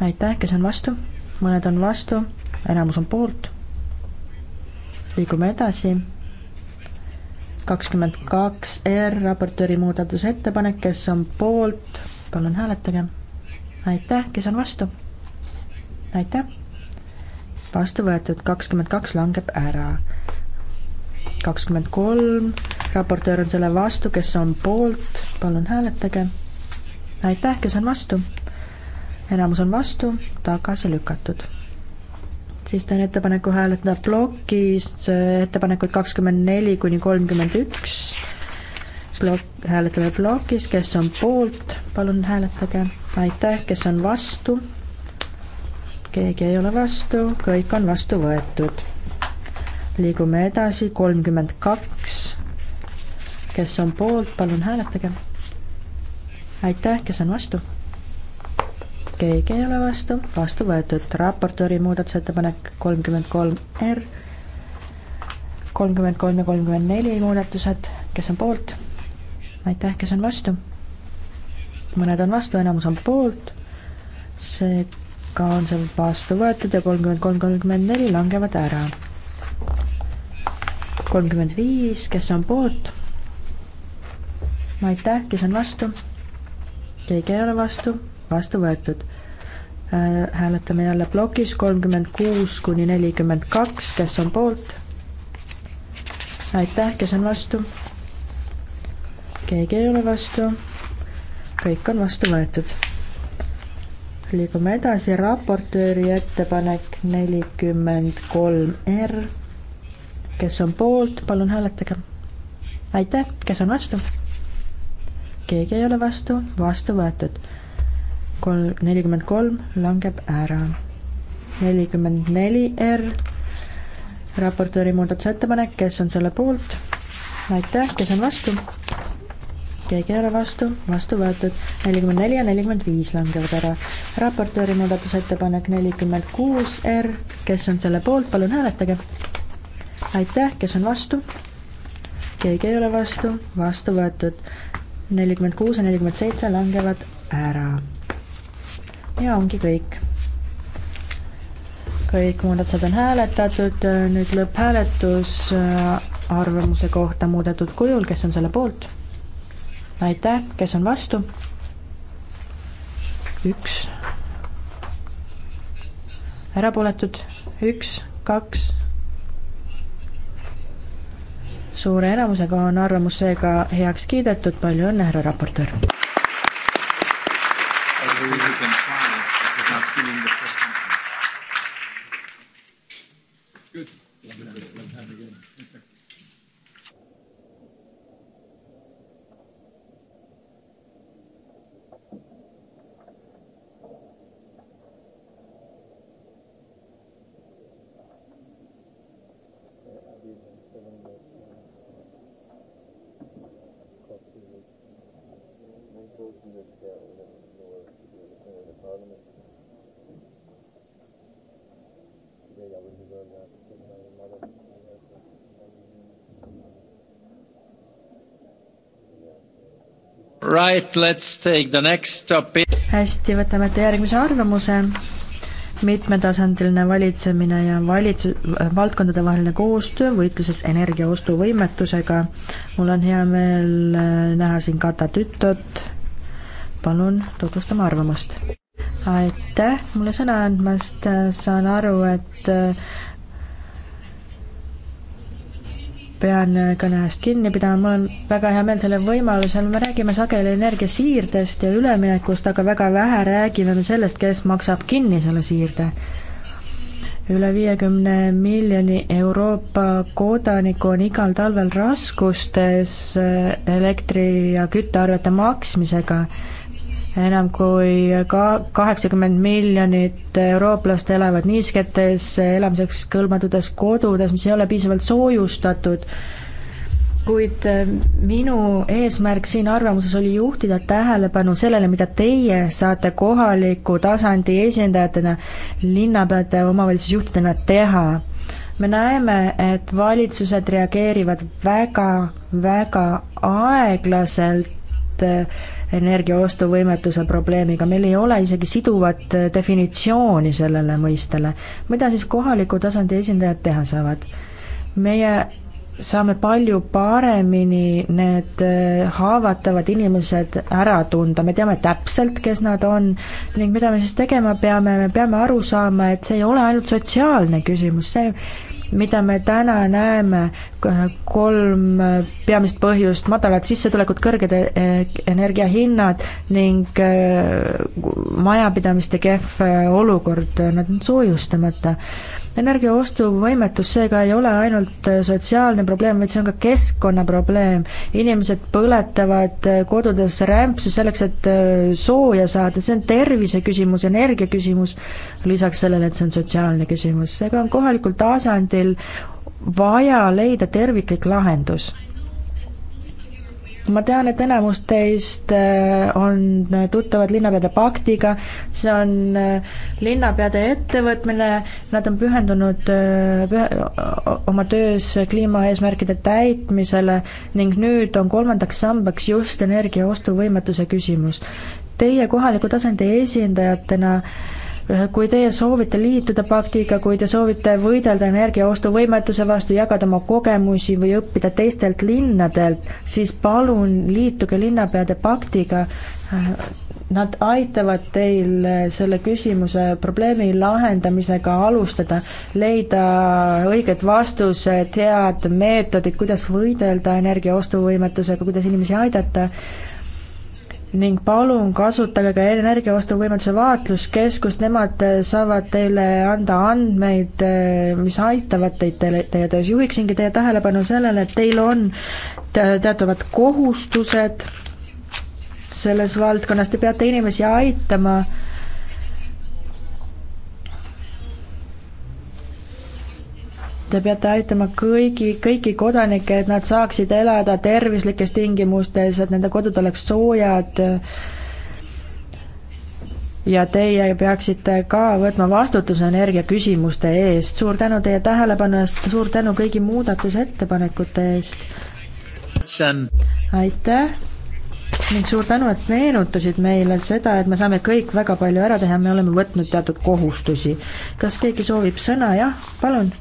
aitäh, kes on vastu? mõned on vastu, enamus on poolt. liigume edasi kakskümmend kaks R raportööri muudatusettepanek, kes on poolt, palun hääletage. aitäh, kes on vastu? aitäh. vastu võetud, kakskümmend kaks langeb ära. kakskümmend kolm, raportöör on selle vastu, kes on poolt, palun hääletage. aitäh, kes on vastu? enamus on vastu, tagasi lükatud siis teen ettepaneku hääletada plokis äh, ettepanekuid kakskümmend neli kuni kolmkümmend üks. plokk, hääletame plokis, kes on poolt, palun hääletage, aitäh, kes on vastu? keegi ei ole vastu, kõik on vastu võetud. liigume edasi, kolmkümmend kaks. kes on poolt, palun hääletage. aitäh, kes on vastu? keegi ei ole vastu, vastu võetud. raportööri muudatusettepanek kolmkümmend kolm R, kolmkümmend kolm ja kolmkümmend neli muudatused, kes on poolt? aitäh, kes on vastu? mõned on vastu, enamus on poolt, seega on see vastu võetud ja kolmkümmend kolm, kolmkümmend neli langevad ära. kolmkümmend viis, kes on poolt? aitäh, kes on vastu? keegi ei ole vastu vastu võetud. Äh, hääletame jälle plokis kolmkümmend kuus kuni nelikümmend kaks, kes on poolt? aitäh, kes on vastu? keegi ei ole vastu. kõik on vastu võetud. liigume edasi, raportööri ettepanek nelikümmend kolm R. kes on poolt, palun hääletage. aitäh, kes on vastu? keegi ei ole vastu, vastu võetud kolm, nelikümmend kolm langeb ära. nelikümmend neli R, raportööri muudatusettepanek, kes on selle poolt? aitäh, kes on vastu? keegi ei ole vastu, vastu võetud. nelikümmend neli ja nelikümmend viis langevad ära. raportööri muudatusettepanek nelikümmend kuus R, kes on selle poolt, palun hääletage. aitäh, kes on vastu? keegi ei ole vastu, vastu võetud. nelikümmend kuus ja nelikümmend seitse langevad ära ja ongi kõik. kõik muudatused on hääletatud, nüüd lõpphääletus äh, arvamuse kohta muudetud kujul, kes on selle poolt? aitäh, kes on vastu? üks. erapooletud, üks, kaks suure enamusega on arvamus seega heaks kiidetud, palju õnne, härra raportöör! Right, let's take the next topic. hästi, võtame ette järgmise arvamuse. mitmetasandiline valitsemine ja valitsus, äh, valdkondadevaheline koostöö võitluses energia ostuvõimetusega. mul on hea meel äh, näha siin Kata Tütot. palun tutvustame arvamust aitäh mulle sõna andmast, äh, saan aru, et pean äh, kõne eest kinni pidama, mul on väga hea meel sellel võimalusel, me räägime sageli energiasiirdest ja üleminekust, aga väga vähe räägime me sellest, kes maksab kinni selle siirde. üle viiekümne miljoni Euroopa kodaniku on igal talvel raskustes äh, elektri- ja küttearvete maksmisega enam kui ka kaheksakümmend miljonit eurooplast elavad niisketes elamiseks kõlbmatutes kodudes, mis ei ole piisavalt soojustatud, kuid äh, minu eesmärk siin arvamuses oli juhtida tähelepanu sellele, mida teie saate kohaliku tasandi esindajatena, linnapeade, omavalitsusjuhtidena teha me näeme, et valitsused reageerivad väga, väga aeglaselt Eh, energia ostuvõimetuse probleemiga, meil ei ole isegi siduvat eh, definitsiooni sellele mõistele. mida siis kohaliku tasandi esindajad teha saavad? meie saame palju paremini need eh, haavatavad inimesed ära tunda, me teame täpselt, kes nad on ning mida me siis tegema peame, me peame aru saama, et see ei ole ainult sotsiaalne küsimus, see mida me täna näeme, kolm peamist põhjust, madalad sissetulekud, kõrged eh, energiahinnad ning eh, majapidamiste kehv eh, olukord, nad on soojustamata energia ostuvõimetus seega ei ole ainult äh, sotsiaalne probleem, vaid see on ka keskkonnaprobleem. inimesed põletavad äh, kodudes rämpsu selleks, et äh, sooja saada, see on tervise küsimus, energia küsimus, lisaks sellele, et see on sotsiaalne küsimus, seega on kohalikul tasandil vaja leida terviklik lahendus ma tean, et enamus teist äh, on äh, tuttavad linnapeade paktiga, see on äh, linnapeade ettevõtmine, nad on pühendunud pühe, oma töös kliimaeesmärkide täitmisele ning nüüd on kolmandaks sambaks just energia ostuvõimetuse küsimus. Teie kohaliku tasandi esindajatena äh, kui teie soovite liituda paktiga, kui te soovite võidelda energia ostuvõimetuse vastu, jagada oma kogemusi või õppida teistelt linnadelt, siis palun liituge linnapeade paktiga. Nad aitavad teil selle küsimuse, probleemi lahendamisega alustada, leida õiged vastused, head meetodid, kuidas võidelda energia ostuvõimetusega, kuidas inimesi aidata ning palun kasutage ka energiaostuvõimetuse vaatluskeskust, nemad äh, saavad teile anda andmeid, äh, mis aitavad teid teile, teie töös. juhiksingi teie tähelepanu sellele, et teil on teatavad kohustused selles valdkonnas, te peate inimesi aitama Te peate aitama kõigi, kõiki kodanikke, et nad saaksid elada tervislikes tingimustes, et nende kodud oleks soojad. ja teie peaksite ka võtma vastutuse energiaküsimuste eest. suur tänu teie tähelepanu eest, suur tänu kõigi muudatusettepanekute eest. aitäh ning suur tänu, et meenutasid meile seda, et me saame kõik väga palju ära teha, me oleme võtnud teatud kohustusi. kas keegi soovib sõna, jah, palun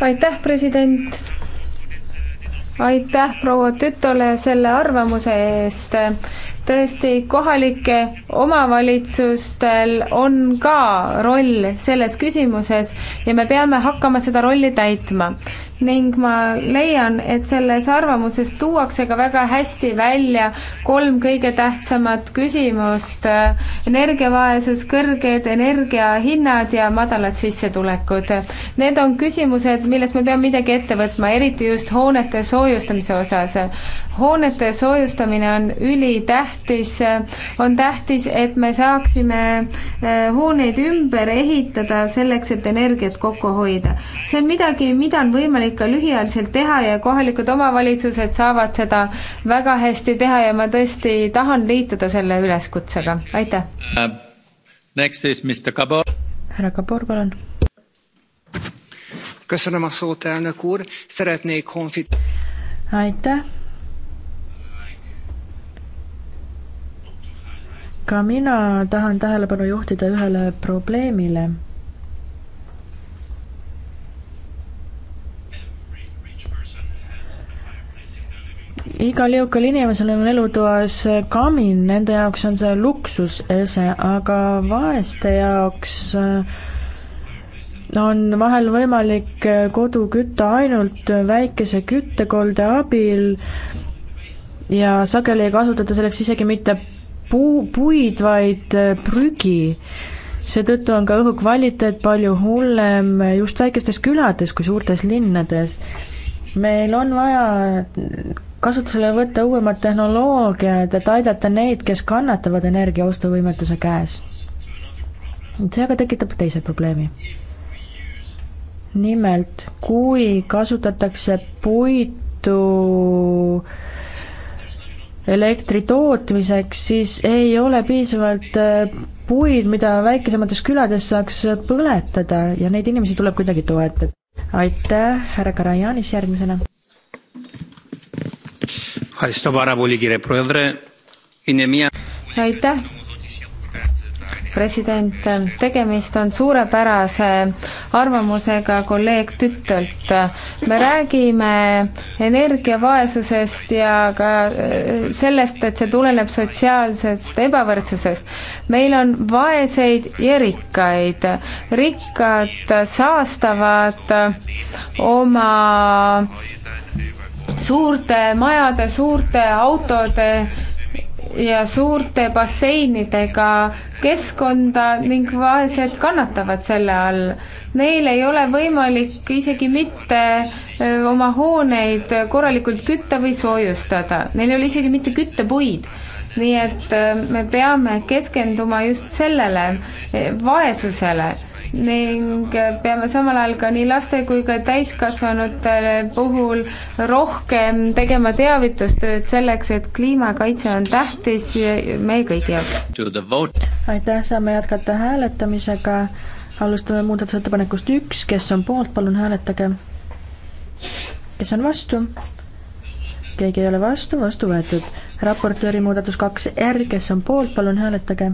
aitäh, president! aitäh proua Tütole selle arvamuse eest. tõesti, kohalike omavalitsustel on ka roll selles küsimuses ja me peame hakkama seda rolli täitma ning ma leian, et selles arvamuses tuuakse ka väga hästi välja kolm kõige tähtsamat küsimust, energiavaesus, kõrged energiahinnad ja madalad sissetulekud. Need on küsimused, milles me peame midagi ette võtma, eriti just hoonete soojustamise osas. hoonete soojustamine on ülitähtis, on tähtis, et me saaksime eh, hooneid ümber ehitada selleks, et energiat kokku hoida. see on midagi, mida on võimalik võimalik ka lühiajaliselt teha ja kohalikud omavalitsused saavad seda väga hästi teha ja ma tõesti tahan liituda selle üleskutsega, aitäh uh,. Next is Mr Kabor. härra Kabor, palun. aitäh. ka mina tahan tähelepanu juhtida ühele probleemile igal jõukal inimesel on elutoas kamin, nende jaoks on see luksusese, aga vaeste jaoks äh, on vahel võimalik äh, kodu kütta ainult väikese küttekolde abil ja sageli ei kasutata selleks isegi mitte puu, puid, vaid äh, prügi. seetõttu on ka õhukvaliteet palju hullem just väikestes külades kui suurtes linnades meil on vaja kasutusele võtta uuemad tehnoloogiad, et aidata neid, kes kannatavad energia ostuvõimetuse käes. see aga tekitab teise probleemi. nimelt, kui kasutatakse puitu elektri tootmiseks, siis ei ole piisavalt äh, puid, mida väikesemates külades saaks põletada ja neid inimesi tuleb kuidagi toetada. aitäh, härra Karajanis järgmisena! aitäh, president, tegemist on suurepärase arvamusega kolleeg Tüttelt. me räägime energiavaesusest ja ka äh, sellest, et see tuleneb sotsiaalsest ebavõrdsusest. meil on vaeseid ja rikkaid. rikkad saastavad oma suurte majade, suurte autode ja suurte basseinidega keskkonda ning vaesed kannatavad selle all. Neil ei ole võimalik isegi mitte oma hooneid korralikult kütta või soojustada, neil ei ole isegi mitte küttepuid. nii et me peame keskenduma just sellele vaesusele ning peame samal ajal ka nii laste kui ka täiskasvanute puhul rohkem tegema teavitustööd selleks, et kliimakaitse on tähtis meie kõigi jaoks. aitäh, saame jätkata hääletamisega. alustame muudatusettepanekust üks, kes on poolt, palun hääletage. kes on vastu? keegi ei ole vastu, vastu võetud. raportööri muudatus kaks R, kes on poolt, palun hääletage.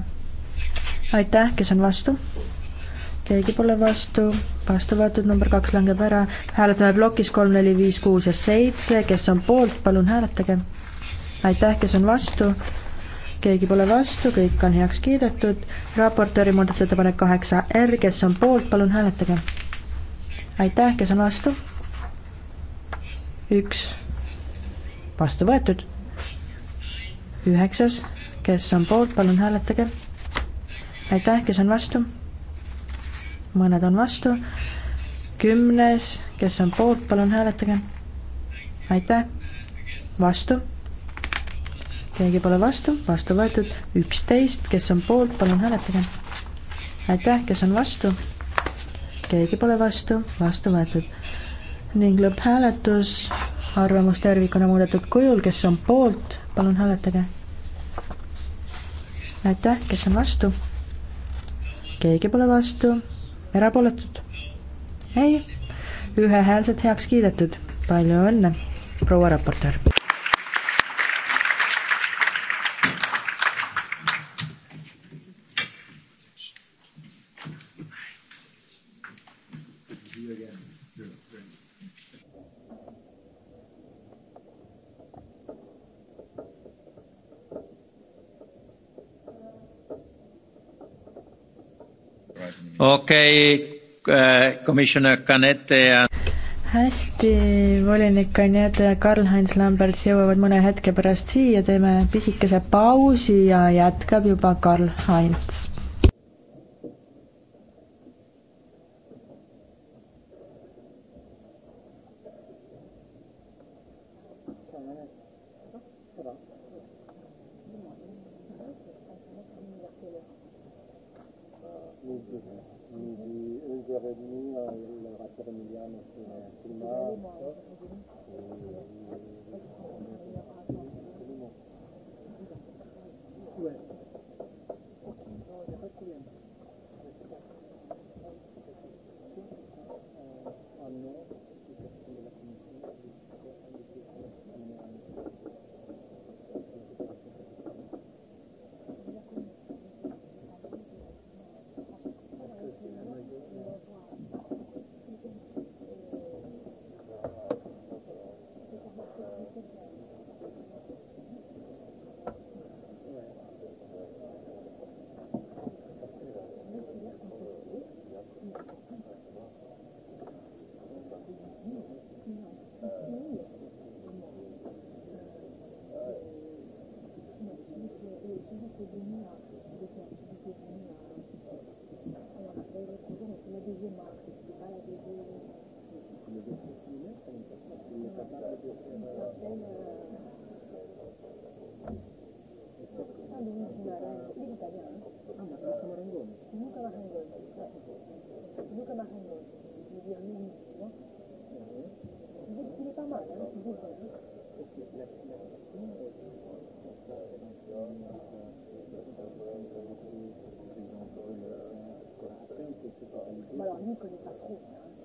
aitäh, kes on vastu? keegi pole vastu, vastu võetud, number kaks langeb ära, hääletame plokis kolm, neli, viis, kuus ja seitse, kes on poolt, palun hääletage. aitäh, kes on vastu, keegi pole vastu, kõik on heaks kiidetud, raportööri muudatusettepanek kaheksa R, kes on poolt, palun hääletage. aitäh, kes on vastu, üks, vastu võetud, üheksas, kes on poolt, palun hääletage. aitäh, kes on vastu mõned on vastu. kümnes, kes on poolt, palun hääletage. aitäh, vastu. keegi pole vastu, vastu võetud. üksteist, kes on poolt, palun hääletage. aitäh, kes on vastu. keegi pole vastu, vastu võetud. ning lõpphääletus, arvamus tervikuna muudetud kujul, kes on poolt, palun hääletage aitäh, kes on vastu? keegi pole vastu, erapooletud? ei, ühehäälselt heaks kiidetud. palju õnne, proua raportöör. See again. okei äh, okay,, komisjonär Kanete ja hästi, volinik Kanete ja Karl-Heinz Lamberts jõuavad mõne hetke pärast siia, teeme pisikese pausi ja jätkab juba Karl-Heinz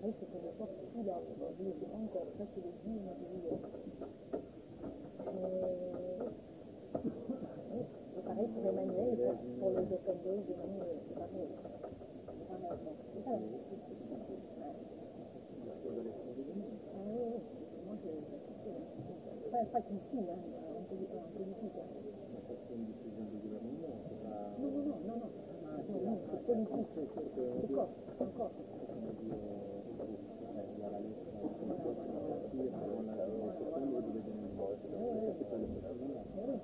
Высыпали просто пуля в ребенка, начали сильно ее. Vous paraissez le manuel pour les open days de manuel, c'est pas vrai. C'est pas la même chose. Ah oui, oui. Moi, je suis pas, pas qu'une fille, hein, en politique. Hein. Non, non, non, non, non. C'est politique. C'est corps, c'est corps.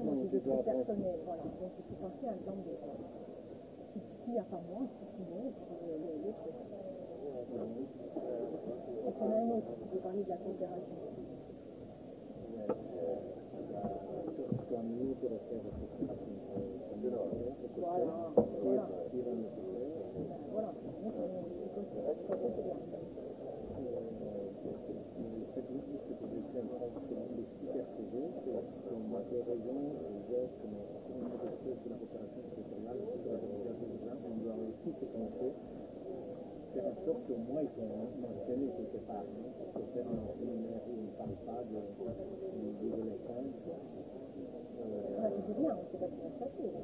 personnel, voilà. Donc il faut penser à un nombre de S'il n'y a pas moi, c'est qui m'aide, c'est l'autre. Parce qu'on a un autre, je vais parler de la coopération. Voilà. Voilà. Voilà. des raisons gestes, comment on peut faire sur la coopération territoriale, sur la coopération régionale, on doit aussi se penser, faire en sorte qu'au moins ils sont mentionnés quelque part, hein, pour faire un séminaire où on ne parle pas de, de, de l'adolescence. Euh, bah, c'est bien, on ne sait pas ce qu'on va faire.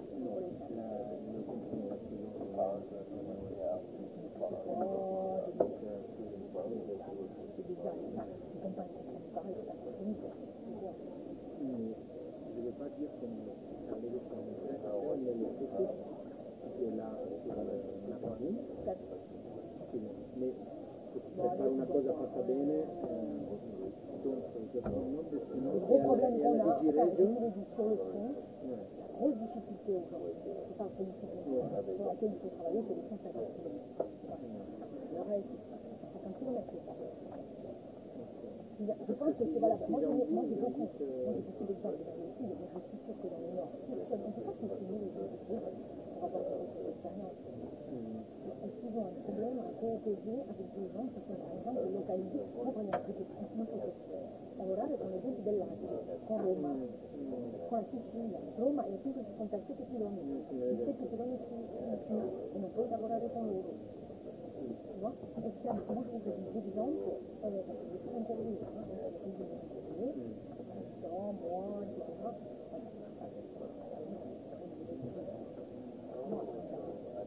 per fare una cosa fatta bene le gros problème qu'on a, c'est une réduction le coût, grosse difficulté aujourd'hui, c'est pas un solution sur laquelle il faut travailler, c'est les 150 km. Le reste, 50 km, c'est ça. Je pense que c'est valable. Moi, moi j'ai beaucoup, moi j'ai beaucoup d'exemples dans le sud, mais je suis sûre que dans le nord, on ne peut pas continuer les choses pour avoir une expérience souvent un problème à coopérer avec des gens qui sont par exemple localisés montagnaci, che possono lavorare con le genti dell'Aquila, con Roma, con la Sicilia. Roma è a 167 km, 7 km in più e non puoi lavorare con loro. No? E siamo molto evidenti, eh, interviene, interviene, sono buoni, no? No,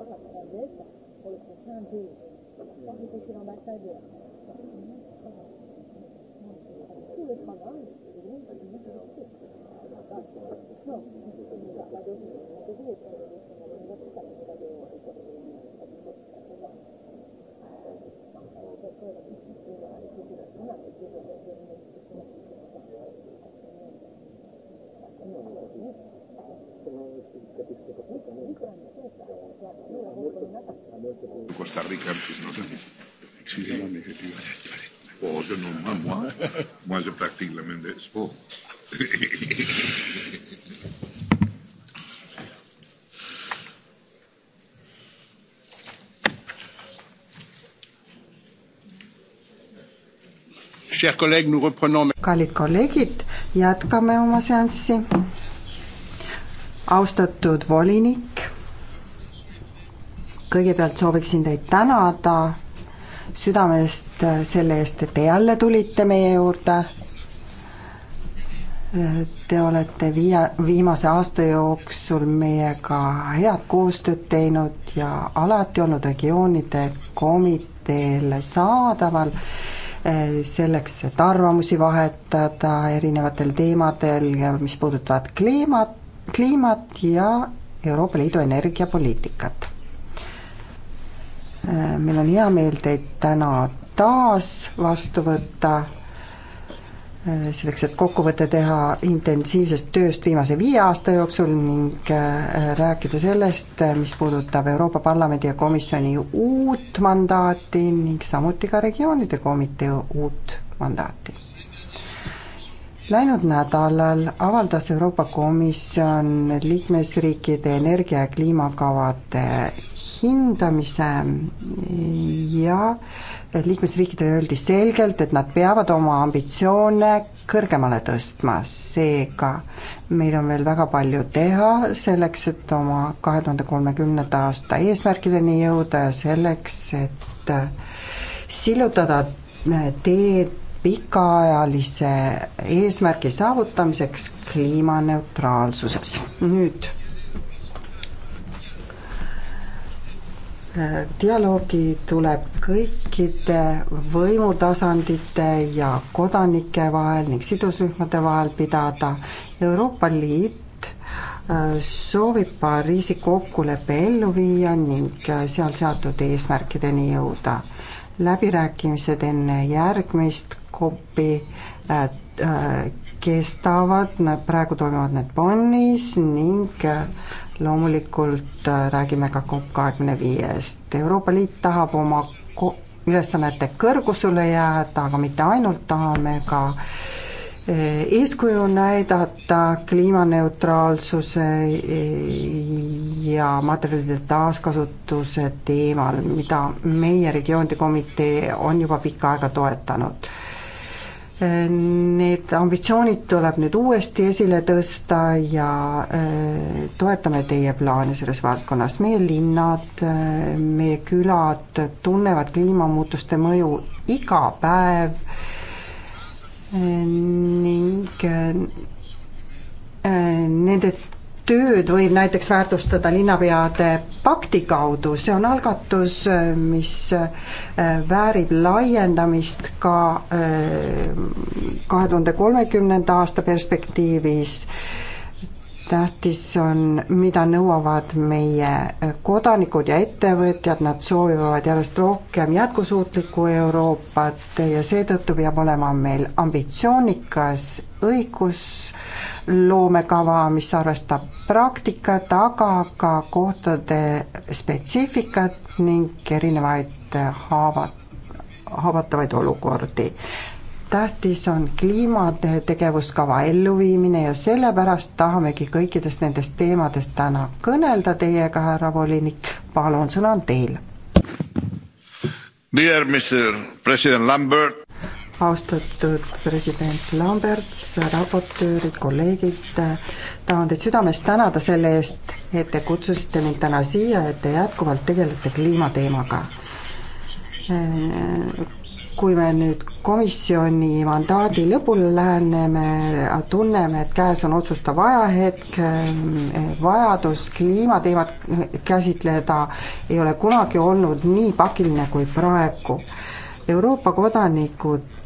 ahora para de esa, por los que están aquí, porque se hicieron batalla. Tú les pagaban, no, la dos, la dos de esta, la dos de esta, la dos de esta, Thank you. Costa Rica antes no tenía. Excusez-moi, je dois aller Oh, je n'en pas moi. Moi, je pratique le même sport. kallid kolleegid, jätkame oma seanssi austatud volinik, kõigepealt sooviksin teid tänada südamest selle eest, et te jälle tulite meie juurde. Te olete viia, viimase aasta jooksul meiega head koostööd teinud ja alati olnud regioonide komiteele saadaval eh, selleks, et arvamusi vahetada erinevatel teemadel, mis puudutavad kliimat, kliimat ja Euroopa Liidu energiapoliitikat. meil on hea meel teid täna taas vastu võtta, selleks, et kokkuvõte teha intensiivsest tööst viimase viie aasta jooksul ning äh, rääkida sellest, äh, mis puudutab Euroopa Parlamendi ja Komisjoni uut mandaati ning samuti ka regioonide komitee uut mandaati Läinud nädalal avaldas Euroopa Komisjon liikmesriikide energia- ja kliimakavade hindamise ja liikmesriikidele öeldi selgelt, et nad peavad oma ambitsioone kõrgemale tõstma, seega meil on veel väga palju teha selleks, et oma kahe tuhande kolmekümnenda aasta eesmärkideni jõuda ja selleks, et sillutada teed pikaajalise eesmärgi saavutamiseks kliimaneutraalsuses. nüüd äh, dialoogi tuleb kõikide võimutasandite ja kodanike vahel ning sidusrühmade vahel pidada. Euroopa Liit äh, soovib Pariisi kokkuleppe ellu viia ning äh, seal seatud eesmärkideni jõuda läbirääkimised enne järgmist COP-i äh, äh, kestavad, nad praegu toimuvad need Bonnis ning äh, loomulikult äh, räägime ka COP kahekümne viiest. Euroopa Liit tahab oma ülesannete kõrgusele jääda, aga mitte ainult, tahame ka äh, eeskuju näidata kliimaneutraalsuse ja materjalide taaskasutuse teemal, mida meie regioonide komitee on juba pikka aega toetanud. Need ambitsioonid tuleb nüüd uuesti esile tõsta ja eh, toetame teie plaane selles valdkonnas. meie linnad, eh, meie külad tunnevad kliimamuutuste mõju iga päev ning äh, nende tööd võib näiteks väärtustada linnapeade pakti kaudu, see on algatus, äh, mis äh, väärib laiendamist ka kahe tuhande kolmekümnenda aasta perspektiivis tähtis on, mida nõuavad meie kodanikud ja ettevõtjad, nad soovivad järjest rohkem jätkusuutlikku Euroopat ja seetõttu peab olema meil ambitsioonikas õigusloomekava, mis arvestab praktikat, aga ka kohtade spetsiifikat ning erinevaid haava, haavatavaid olukordi tähtis on kliimategevuskava elluviimine ja sellepärast tahamegi kõikidest nendest teemadest täna kõnelda teiega, härra volinik, palun, sõna on teil. Dear Mr President Lambert. austatud president Lamberts, raportöörid, kolleegid, tahan teid südamest tänada selle eest, et te kutsusite mind täna siia, et te jätkuvalt tegelete kliimateemaga kui me nüüd komisjoni mandaadi lõpule läheneme, tunneme, et käes on otsustav ajahetk, vajadus kliimateemat käsitleda ei ole kunagi olnud nii pakiline kui praegu. Euroopa kodanikud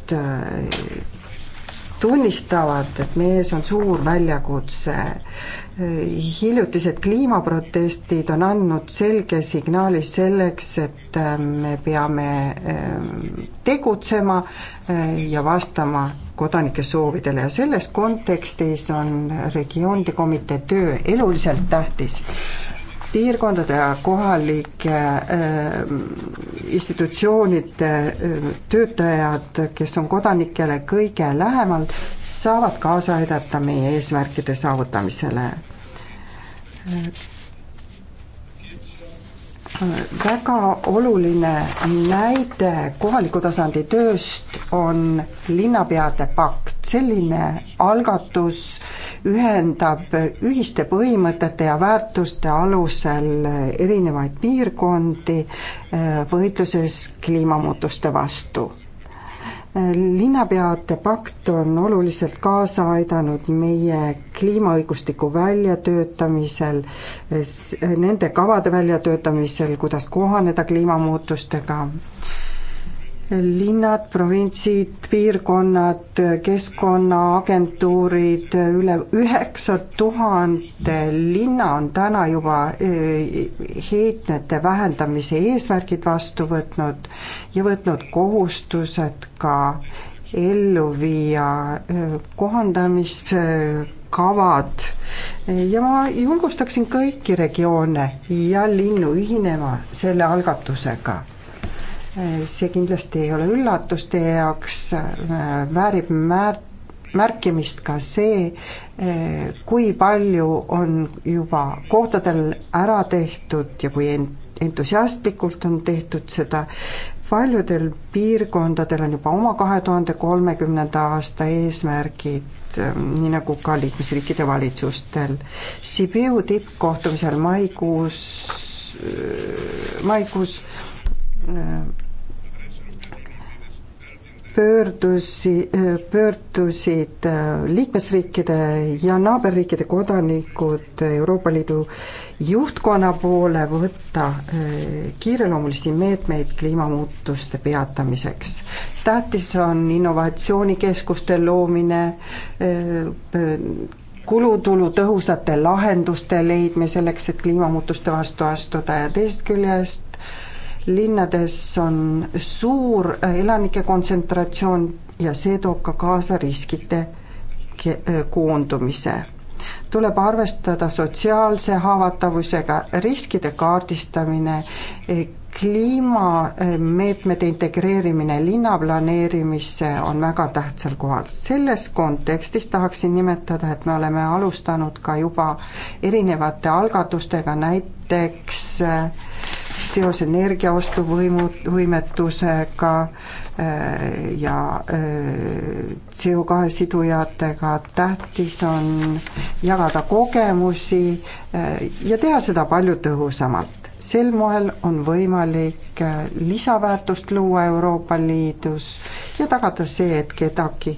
tunnistavad, et meie ees on suur väljakutse. hiljutised kliimaprotestid on andnud selge signaali selleks, et äh, me peame äh, tegutsema äh, ja vastama kodanike soovidele ja selles kontekstis on regioonide komitee töö eluliselt tähtis piirkondade ja kohalike äh, institutsioonide äh, töötajad, kes on kodanikele kõige lähemal, saavad kaasa aidata meie eesmärkide saavutamisele äh, väga oluline näide kohaliku tasandi tööst on linnapeade pakt. selline algatus ühendab ühiste põhimõtete ja väärtuste alusel erinevaid piirkondi eh, võitluses kliimamuutuste vastu linnapeade pakt on oluliselt kaasa aidanud meie kliimaõigustiku väljatöötamisel, nende kavade väljatöötamisel, kuidas kohaneda kliimamuutustega linnad, provintsid, piirkonnad, keskkonnaagentuurid, üle üheksa tuhande linna on täna juba e, heitmete vähendamise eesmärgid vastu võtnud ja võtnud kohustused ka ellu viia e, kohandamiskavad ja ma julgustaksin kõiki regioone ja linnu ühinema selle algatusega see kindlasti ei ole üllatus teie jaoks, äh, väärib määr-, märkimist ka see, äh, kui palju on juba kohtadel ära tehtud ja kui entusiastlikult on tehtud seda, paljudel piirkondadel on juba oma kahe tuhande kolmekümnenda aasta eesmärgid, äh, nii nagu ka liikmesriikide valitsustel. Sibiu tippkohtumisel maikuus, maikuus pöördusi, pöördusid äh, liikmesriikide ja naaberriikide kodanikud Euroopa Liidu juhtkonna poole võtta äh, kiireloomulisi meetmeid kliimamuutuste peatamiseks. tähtis on innovatsioonikeskuste loomine, äh, kulutulu tõhusate lahenduste leidmine selleks, et kliimamuutuste vastu astuda ja teisest küljest linnades on suur äh, elanike kontsentratsioon ja see toob ka kaasa riskide äh, koondumise tuleb arvestada sotsiaalse haavatavusega, riskide kaardistamine, äh, kliimameetmete integreerimine linnaplaneerimisse on väga tähtsal kohal. selles kontekstis tahaksin nimetada, et me oleme alustanud ka juba erinevate algatustega, näiteks seos energia ostuvõimu, võimetusega äh, ja äh, CO2 sidujatega, tähtis on jagada kogemusi äh, ja teha seda palju tõhusamalt. sel moel on võimalik lisaväärtust luua Euroopa Liidus ja tagada see, et kedagi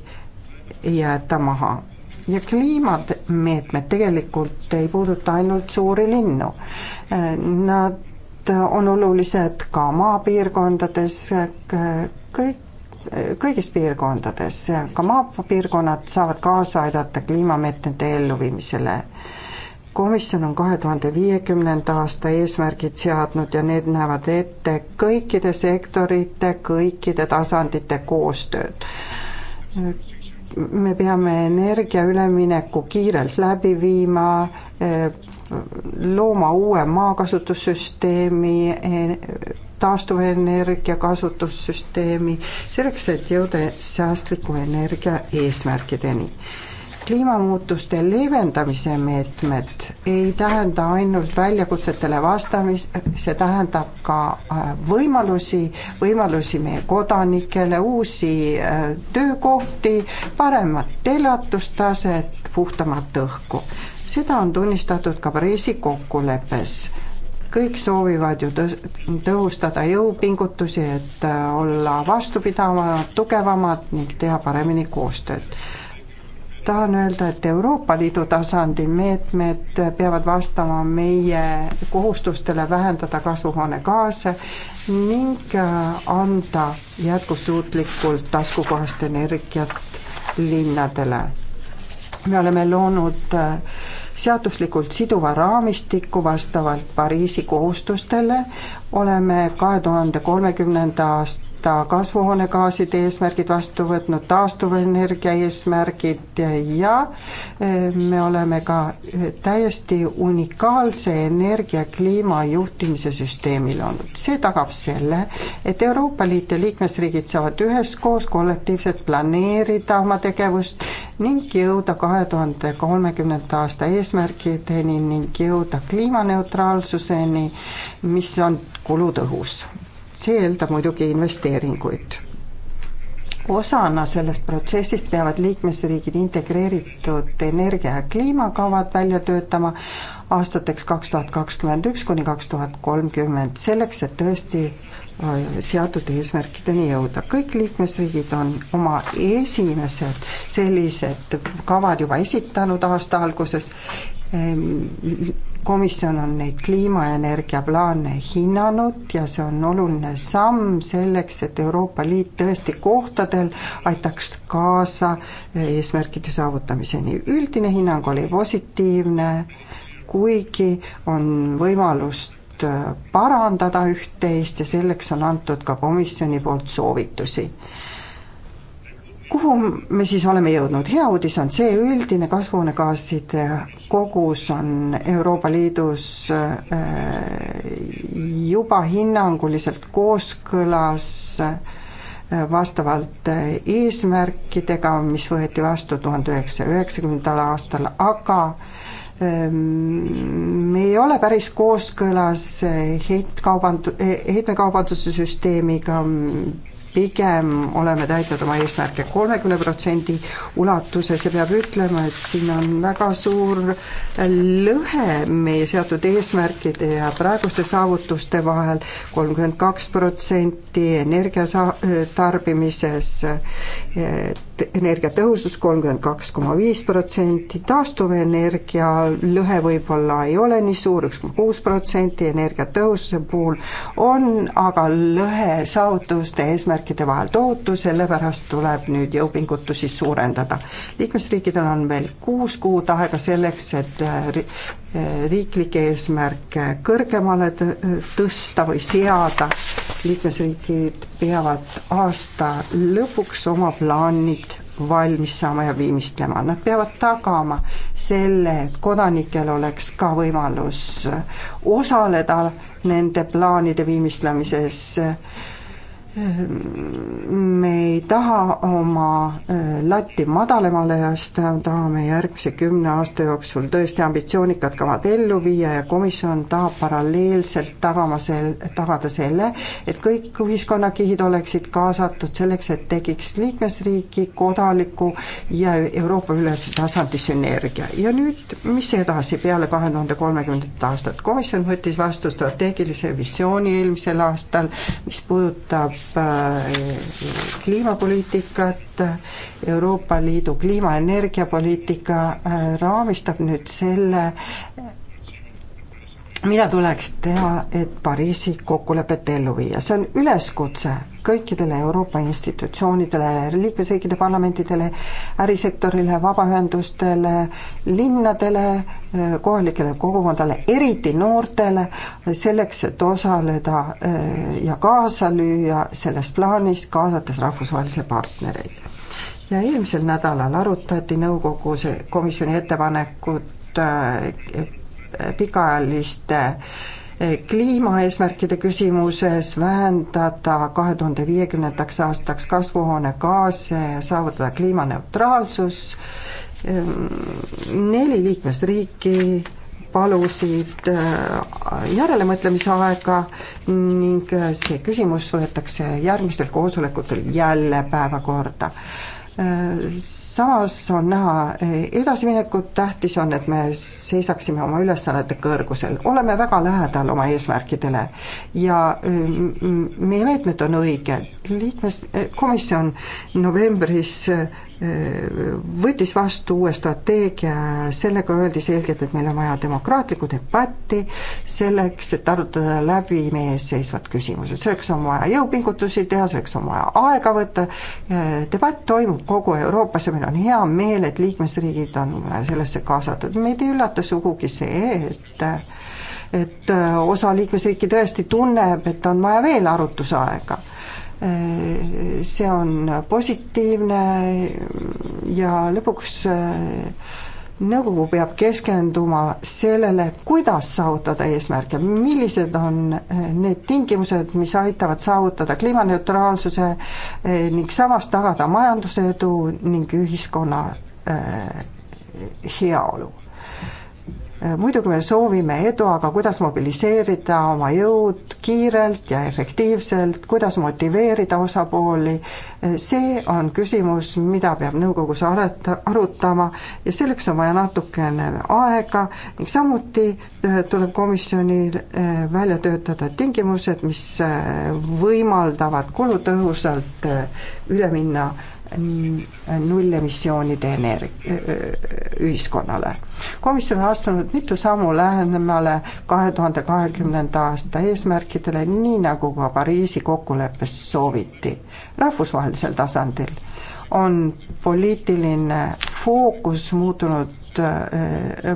ei jäeta maha ja kliimameetmed tegelikult ei puuduta ainult suuri linnu. Nad Äh, on olulised ka maapiirkondades, kõik, kõigis piirkondades, ka maapiirkonnad saavad kaasa aidata kliimameetmete elluviimisele. komisjon on kahe tuhande viiekümnenda aasta eesmärgid seadnud ja need näevad ette kõikide sektorite, kõikide tasandite koostööd me peame energia ülemineku kiirelt läbi viima, eh, looma uue maakasutussüsteemi, taastuvenergia kasutussüsteemi, selleks, et jõuda säästliku energia eesmärkideni. kliimamuutuste leevendamise meetmed ei tähenda ainult väljakutsetele vastamist, see tähendab ka äh, võimalusi, võimalusi meie kodanikele, uusi äh, töökohti, paremat elatustaset, puhtamat õhku seda on tunnistatud ka Pariisi kokkuleppes kõik soovivad ju tõhustada jõupingutusi, et äh, olla vastupidavamad, tugevamad ning teha paremini koostööd. tahan öelda, et Euroopa Liidu tasandi meetmed peavad vastama meie kohustustele vähendada kasvuhoonegaase ning äh, anda jätkusuutlikult taskukohast energiat linnadele me oleme loonud äh, seaduslikult siduva raamistiku vastavalt Pariisi kohustustele, oleme kahe tuhande kolmekümnenda aasta ta kasvuhoonegaaside eesmärgid vastu võtnud, taastuvenergia eesmärgid ja e, me oleme ka täiesti unikaalse energia kliima juhtimise süsteemi loonud. see tagab selle, et Euroopa Liit ja liikmesriigid saavad üheskoos kollektiivselt planeerida oma tegevust ning jõuda kahe tuhande kolmekümnenda aasta eesmärkideni ning jõuda kliimaneutraalsuseni, mis on kulutõhus see eeldab muidugi investeeringuid. osana sellest protsessist peavad liikmesriigid integreeritud energia- ja kliimakavad välja töötama aastateks kaks tuhat kakskümmend üks kuni kaks tuhat kolmkümmend, selleks et tõesti äh, seatud eesmärkideni jõuda. kõik liikmesriigid on oma esimesed sellised kavad juba esitanud aasta alguses ehm, komisjon on neid kliimaenergia plaane hinnanud ja see on oluline samm selleks, et Euroopa Liit tõesti kohtadel aitaks kaasa eesmärkide saavutamiseni. üldine hinnang oli positiivne, kuigi on võimalust äh, parandada üht-teist ja selleks on antud ka komisjoni poolt soovitusi kuhu me siis oleme jõudnud? hea uudis on see, üldine kasvuhoonegaaside kogus on Euroopa Liidus äh, juba hinnanguliselt kooskõlas äh, vastavalt äh, eesmärkidega, mis võeti vastu tuhande üheksasaja üheksakümnendal aastal, aga ähm, me ei ole päris kooskõlas heitkauband-, heitmekaubanduse süsteemiga, pigem oleme täitnud oma eesmärke kolmekümne protsendi ulatuses ja peab ütlema, et siin on väga suur lõhe meie seatud eesmärkide ja praeguste saavutuste vahel, kolmkümmend kaks protsenti energia sa-, tarbimises, energiatõhusus kolmkümmend kaks koma viis protsenti, taastuvenergia lõhe võib-olla ei ole nii suur, üks koma kuus protsenti, energiatõhususe puhul on aga lõhe saavutuste eesmärk eesmärkide vahel tohutu, sellepärast tuleb nüüd jõupingutusi suurendada. liikmesriikidel on veel kuus kuud aega selleks, et äh, äh, riiklikke eesmärke kõrgemale tõsta või seada. liikmesriigid peavad aasta lõpuks oma plaanid valmis saama ja viimistlema, nad peavad tagama selle, et kodanikel oleks ka võimalus osaleda nende plaanide viimistlemises me ei taha oma äh, latti madalamale lasta, tahame järgmise kümne aasta jooksul tõesti ambitsioonikad kavad ellu viia ja komisjon tahab paralleelselt tagama sel-, tagada selle, et kõik ühiskonnakihid oleksid kaasatud selleks, et tekiks liikmesriigi, kodaniku ja Euroopa ülese tasandi sünergia. ja nüüd, mis edasi peale kahe tuhande kolmekümnendat aastat? komisjon võttis vastu strateegilise visiooni eelmisel aastal, mis puudutab Äh, kliimapoliitikat, Euroopa Liidu kliimaenergiapoliitika äh, raamistab nüüd selle, mida tuleks teha, et Pariisi kokkulepet ellu viia, see on üleskutse kõikidele Euroopa institutsioonidele, liikmesriikide parlamentidele, ärisektorile, vabaühendustele, linnadele, eh, kohalikele kogukondadele, eriti noortele, selleks, et osaleda eh, ja kaasa lüüa selles plaanis, kaasates rahvusvahelisi partnereid. ja eelmisel nädalal arutati nõukogus komisjoni ettepanekut eh, pikaajaliste äh, kliimaeesmärkide küsimuses, vähendada kahe tuhande viiekümnendaks aastaks kasvuhoonegaase ja saavutada kliimaneutraalsus. neli liikmesriiki palusid äh, järelemõtlemise aega ning äh, see küsimus võetakse järgmistel koosolekutel jälle päevakorda. Äh, samas on näha äh, edasiminekut, tähtis on, et me seisaksime oma ülesannete kõrgusel, oleme väga lähedal oma eesmärkidele ja äh, meie meetmed on õiged, liikmes-, komisjon novembris võttis vastu uue strateegia, sellega öeldi selgelt, et meil on vaja demokraatlikku debatti selleks, et arutada läbi meie ees seisvad küsimused. selleks on vaja jõupingutusi teha, selleks on vaja aega võtta, debatt toimub kogu Euroopas ja meil on hea meel, et liikmesriigid on sellesse kaasatud. meid ei üllata sugugi see, et et osa liikmesriike tõesti tunneb, et on vaja veel arutlusaega Äh, see on positiivne ja lõpuks äh, nõukogu peab keskenduma sellele, kuidas saavutada eesmärke, millised on äh, need tingimused, mis aitavad saavutada kliimaneutraalsuse ning samas tagada majandusedu ning ühiskonna heaolu. Äh, muidugi me soovime edu, aga kuidas mobiliseerida oma jõud kiirelt ja efektiivselt, kuidas motiveerida osapooli, äh, see on küsimus, mida peab nõukogus areta, arutama ja selleks on vaja natukene aega ning samuti äh, tuleb komisjonil välja töötada tingimused, mis võimaldavad kulutõhusalt üle minna nullemissioonide energi-, ühiskonnale. komisjon on astunud mitu sammu lähenemale kahe tuhande kahekümnenda aasta eesmärkidele, nii nagu ka Pariisi kokkuleppes sooviti. rahvusvahelisel tasandil on poliitiline fookus muutunud Äh,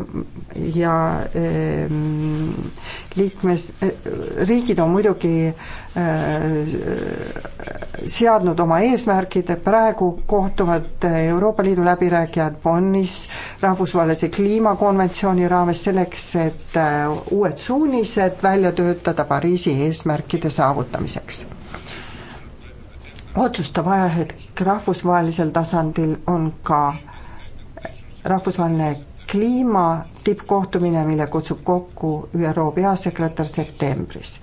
ja ähm, liikmes, äh, riigid on muidugi äh, seadnud oma eesmärgid, praegu kohtuvad Euroopa Liidu läbirääkijad Bonnis rahvusvahelise kliimakonventsiooni raames selleks, et uued suunised välja töötada Pariisi eesmärkide saavutamiseks otsustav ajahetk rahvusvahelisel tasandil on ka rahvusvaheline kliima tippkohtumine, mille kutsub kokku ÜRO peasekretär septembris.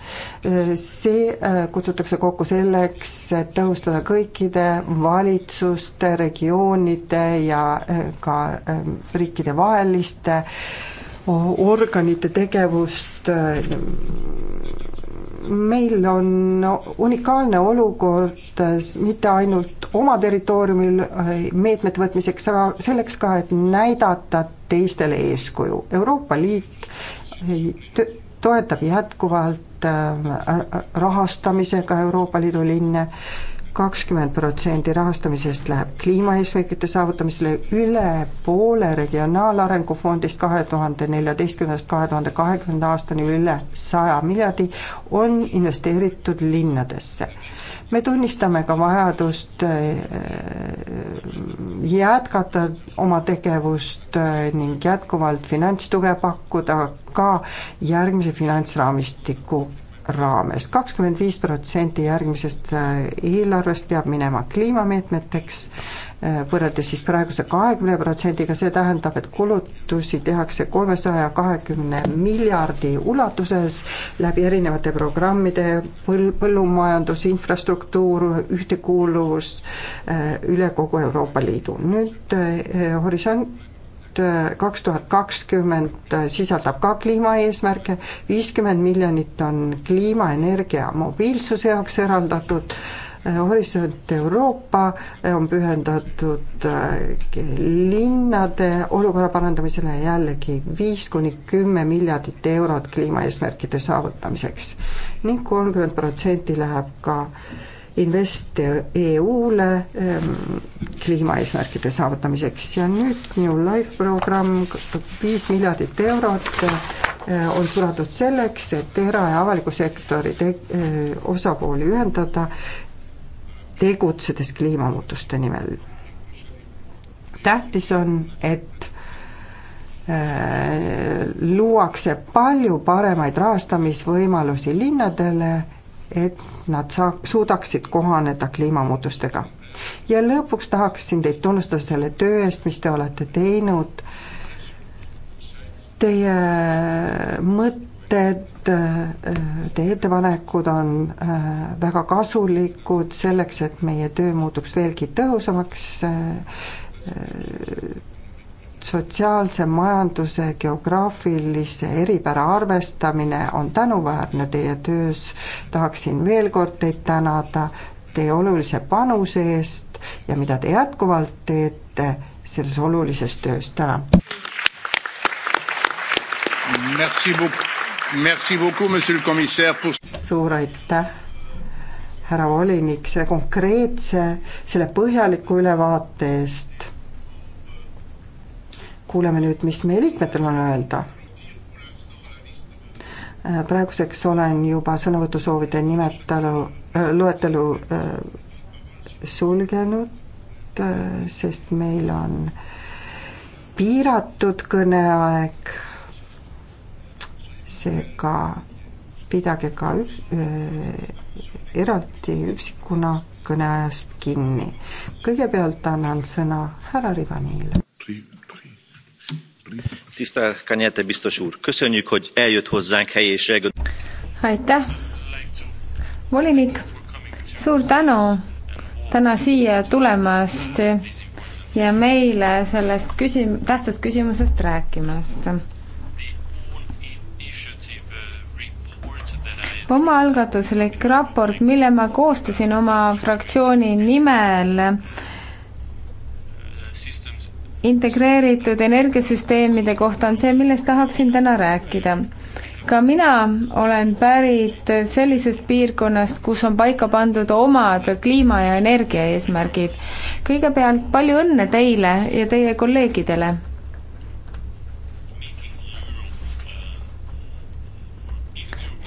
see äh, kutsutakse kokku selleks, et tõhustada kõikide valitsuste, regioonide ja äh, ka ähm, riikide vaheliste organite tegevust äh, meil on unikaalne olukord mitte ainult oma territooriumil äh, meetmete võtmiseks, aga selleks ka, et näidata teistele eeskuju. Euroopa Liit äh, toetab jätkuvalt äh, rahastamisega Euroopa Liidu linne kakskümmend protsenti rahastamisest läheb kliimaeesmärkide saavutamisele, üle poole Regionaalarengu fondist kahe tuhande neljateistkümnendast kahe tuhande kahekümnenda aastani üle saja miljardi on investeeritud linnadesse. me tunnistame ka vajadust äh, jätkata oma tegevust äh, ning jätkuvalt finantstuge pakkuda ka järgmise finantsraamistiku raames. kakskümmend viis protsenti järgmisest äh, eelarvest peab minema kliimameetmeteks, äh, võrreldes siis praeguse kahekümne protsendiga, see tähendab, et kulutusi tehakse kolmesaja kahekümne miljardi ulatuses läbi erinevate programmide, põl-, põllumajandus, infrastruktuur, ühtekuuluvus äh, üle kogu Euroopa Liidu. nüüd horisont Äh, kaks tuhat kakskümmend äh, sisaldab ka kliimaeesmärke, viiskümmend miljonit on kliimaenergia mobiilsuse jaoks eraldatud, äh, Horisont Euroopa on pühendatud linnade olukorra parandamisele jällegi viis kuni kümme miljardit eurot kliimaeesmärkide saavutamiseks ning kolmkümmend protsenti läheb ka äh, InvestEU-le ähm, kliimaeesmärkide saavutamiseks ja nüüd New Life programm, viis miljardit eurot äh, on suunatud selleks, et era- ja avaliku sektori te-, äh, osapooli ühendada, tegutsedes kliimamuutuste nimel. tähtis on, et äh, luuakse palju paremaid rahastamisvõimalusi linnadele, et nad saa-, suudaksid kohaneda kliimamuutustega. ja lõpuks tahaksin teid tunnustada selle töö eest, mis te olete teinud, teie mõtted, teie ettepanekud on äh, väga kasulikud selleks, et meie töö muutuks veelgi tõhusamaks, äh, sotsiaalse, majanduse, geograafilise eripära arvestamine on tänuväärne teie töös. tahaksin veel kord teid tänada teie olulise panuse eest ja mida te jätkuvalt teete selles olulises töös, tänan. suur aitäh, härra volinik, selle konkreetse, selle põhjaliku ülevaate eest kuuleme nüüd, mis meie liikmetel on öelda. Äh, praeguseks olen juba sõnavõtusoovide nimetelu, äh, loetelu äh, sulgenud, sest meil on piiratud kõneaeg, seega pidage ka üks, eraldi üksikuna kõneajast kinni. kõigepealt annan sõna härra Rivanile tisztelt Kanyete biztos úr, köszönjük, hogy eljött hozzánk helyi és regionális. aitäh, volinik, suur tänu täna siia tulemast ja meile sellest küsim-, tähtsast küsimusest rääkimast. omaalgatuslik raport, mille ma koostasin oma fraktsiooni nimel, integreeritud energiasüsteemide kohta on see, millest tahaksin täna rääkida. ka mina olen pärit sellisest piirkonnast, kus on paika pandud omad kliima- ja energiaeesmärgid. kõigepealt palju õnne teile ja teie kolleegidele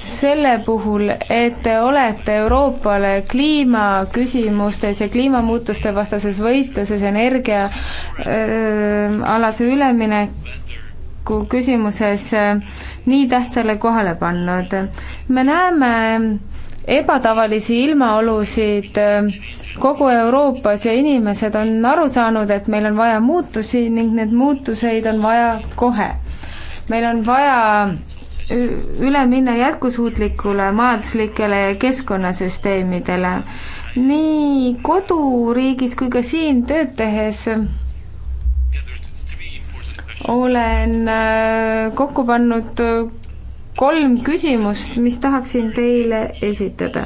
selle puhul, et te olete Euroopale kliimaküsimustes ja kliimamuutuste vastases võitluses energia äh, alase ülemineku küsimuses äh, nii tähtsale kohale pannud. me näeme ebatavalisi ilmaolusid kogu Euroopas ja inimesed on aru saanud, et meil on vaja muutusi ning need muutuseid on vaja kohe. meil on vaja üle minna jätkusuutlikule majanduslikele ja keskkonnasüsteemidele. nii koduriigis kui ka siin tööd tehes olen äh, kokku pannud äh, kolm küsimust, mis tahaksin teile esitada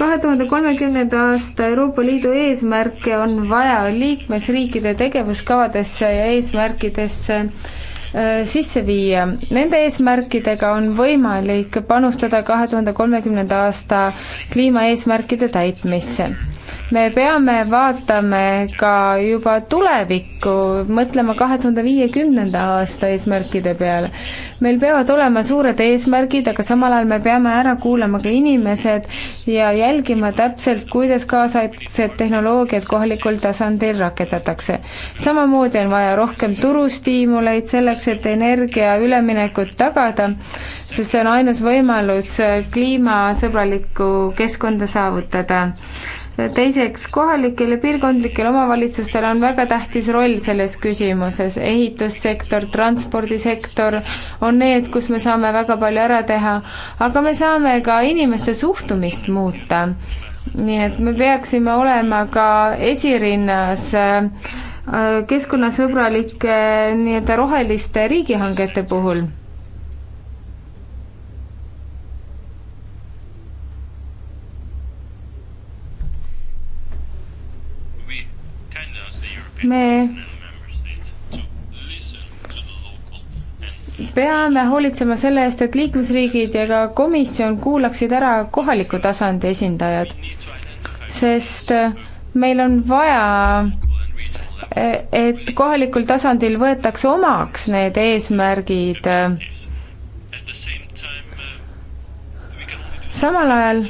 kahe tuhande kolmekümnenda aasta Euroopa Liidu eesmärke on vaja liikmesriikide tegevuskavadesse ja eesmärkidesse äh, Äh, sisse viia. Nende eesmärkidega on võimalik panustada kahe tuhande kolmekümnenda aasta kliimaeesmärkide täitmisse me peame vaatama ka juba tulevikku, mõtlema kahe tuhande viiekümnenda aasta eesmärkide peale. meil peavad olema suured eesmärgid, aga samal ajal me peame ära kuulama ka inimesed ja jälgima täpselt, kuidas kaasaegsed tehnoloogiad kohalikul tasandil rakendatakse. samamoodi on vaja rohkem turustiimuleid selleks, et energia üleminekut tagada, sest see on ainus võimalus kliimasõbralikku keskkonda saavutada teiseks, kohalikel ja piirkondlikel omavalitsustel on väga tähtis roll selles küsimuses, ehitussektor, transpordisektor on need, kus me saame väga palju ära teha, aga me saame ka inimeste suhtumist muuta. nii et me peaksime olema ka esirinnas äh, keskkonnasõbralike nii-öelda roheliste riigihangete puhul me peame hoolitsema selle eest, et liikmesriigid ja ka komisjon kuulaksid ära kohaliku tasandi esindajad, sest meil on vaja, et kohalikul tasandil võetakse omaks need eesmärgid. samal ajal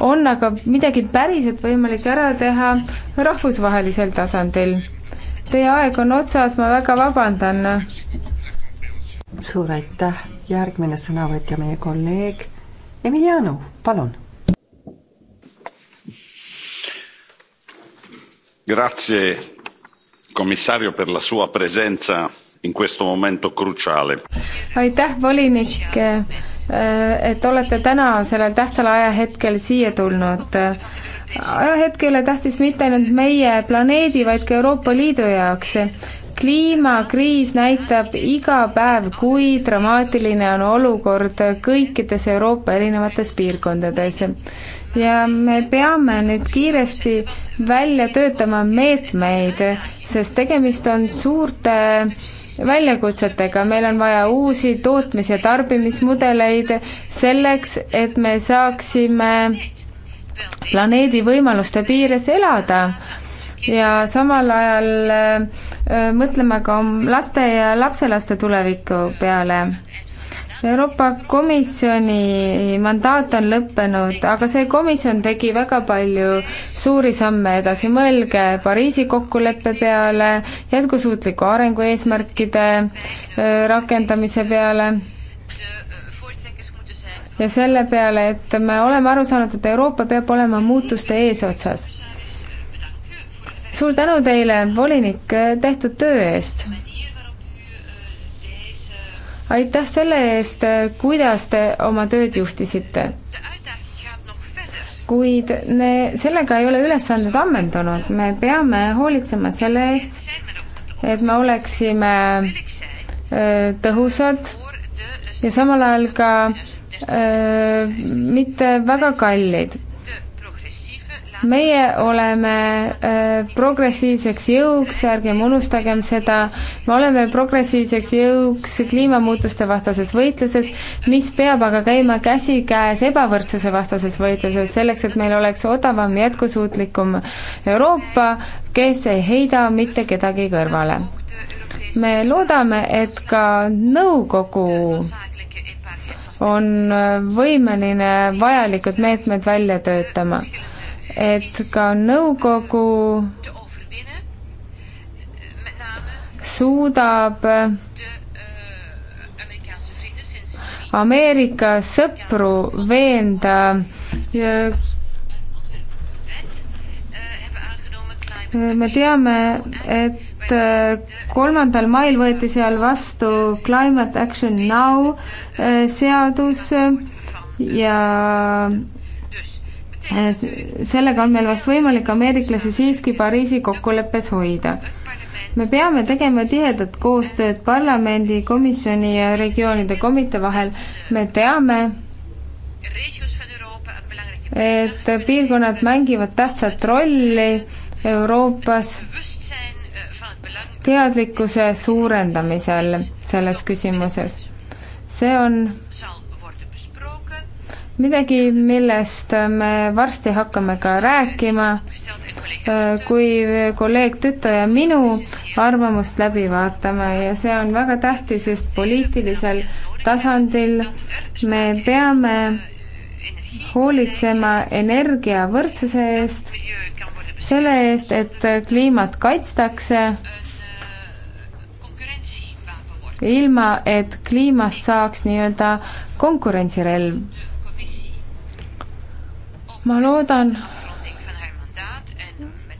on aga midagi päriselt võimalik ära teha rahvusvahelisel tasandil. Teie aeg on otsas, ma väga vabandan. suur aitäh, järgmine sõnavõtja, meie kolleeg Emiliano, palun. Grazie, komissario, per la sua presenza in questo momento cruciale. aitäh, volinik Äh, et olete täna sellel tähtsal ajahetkel siia tulnud. ajahetk ei ole tähtis mitte ainult meie planeedi, vaid ka Euroopa Liidu jaoks. kliimakriis näitab iga päev, kui dramaatiline on olukord kõikides Euroopa erinevates piirkondades ja me peame nüüd kiiresti välja töötama meetmeid, sest tegemist on suurte väljakutsetega, meil on vaja uusi tootmis- ja tarbimismudeleid selleks, et me saaksime planeedi võimaluste piires elada ja samal ajal äh, mõtlema ka laste ja lapselaste tuleviku peale Euroopa Komisjoni mandaat on lõppenud, aga see komisjon tegi väga palju suuri samme edasi, mõelge Pariisi kokkuleppe peale, jätkusuutliku arengu eesmärkide rakendamise peale ja selle peale, et me oleme aru saanud, et Euroopa peab olema muutuste eesotsas. suur tänu teile, volinik, tehtud töö eest! aitäh selle eest, kuidas te oma tööd juhtisite. kuid me, sellega ei ole ülesanded ammendunud, me peame hoolitsema selle eest, et me oleksime äh, tõhusad ja samal ajal ka öö, äh, mitte väga kallid meie oleme äh, progressiivseks jõuks, ärgem unustagem seda, me oleme progressiivseks jõuks kliimamuutuste vastases võitluses, mis peab aga käima käsikäes ebavõrdsuse vastases võitluses, selleks et meil oleks odavam, jätkusuutlikum Euroopa, kes ei heida mitte kedagi kõrvale. me loodame, et ka nõukogu on võimeline vajalikud meetmed välja töötama et ka nõukogu suudab Ameerika sõpru veenda me teame, et kolmandal mail võeti seal vastu Climate Action Now seadus ja Eh, sellega on meil vast võimalik ameeriklasi siiski Pariisi kokkuleppes hoida. me peame tegema tihedat koostööd parlamendi, komisjoni ja regioonide komitee vahel, me teame, et piirkonnad mängivad tähtsat rolli Euroopas teadlikkuse suurendamisel selles küsimuses. see on midagi, millest me varsti hakkame ka rääkima, kui kolleeg Tüto ja minu arvamust läbi vaatame ja see on väga tähtis just poliitilisel tasandil. me peame hoolitsema energiavõrdsuse eest, selle eest, et kliimat kaitstakse ilma, et kliimast saaks nii-öelda konkurentsirelv ma loodan,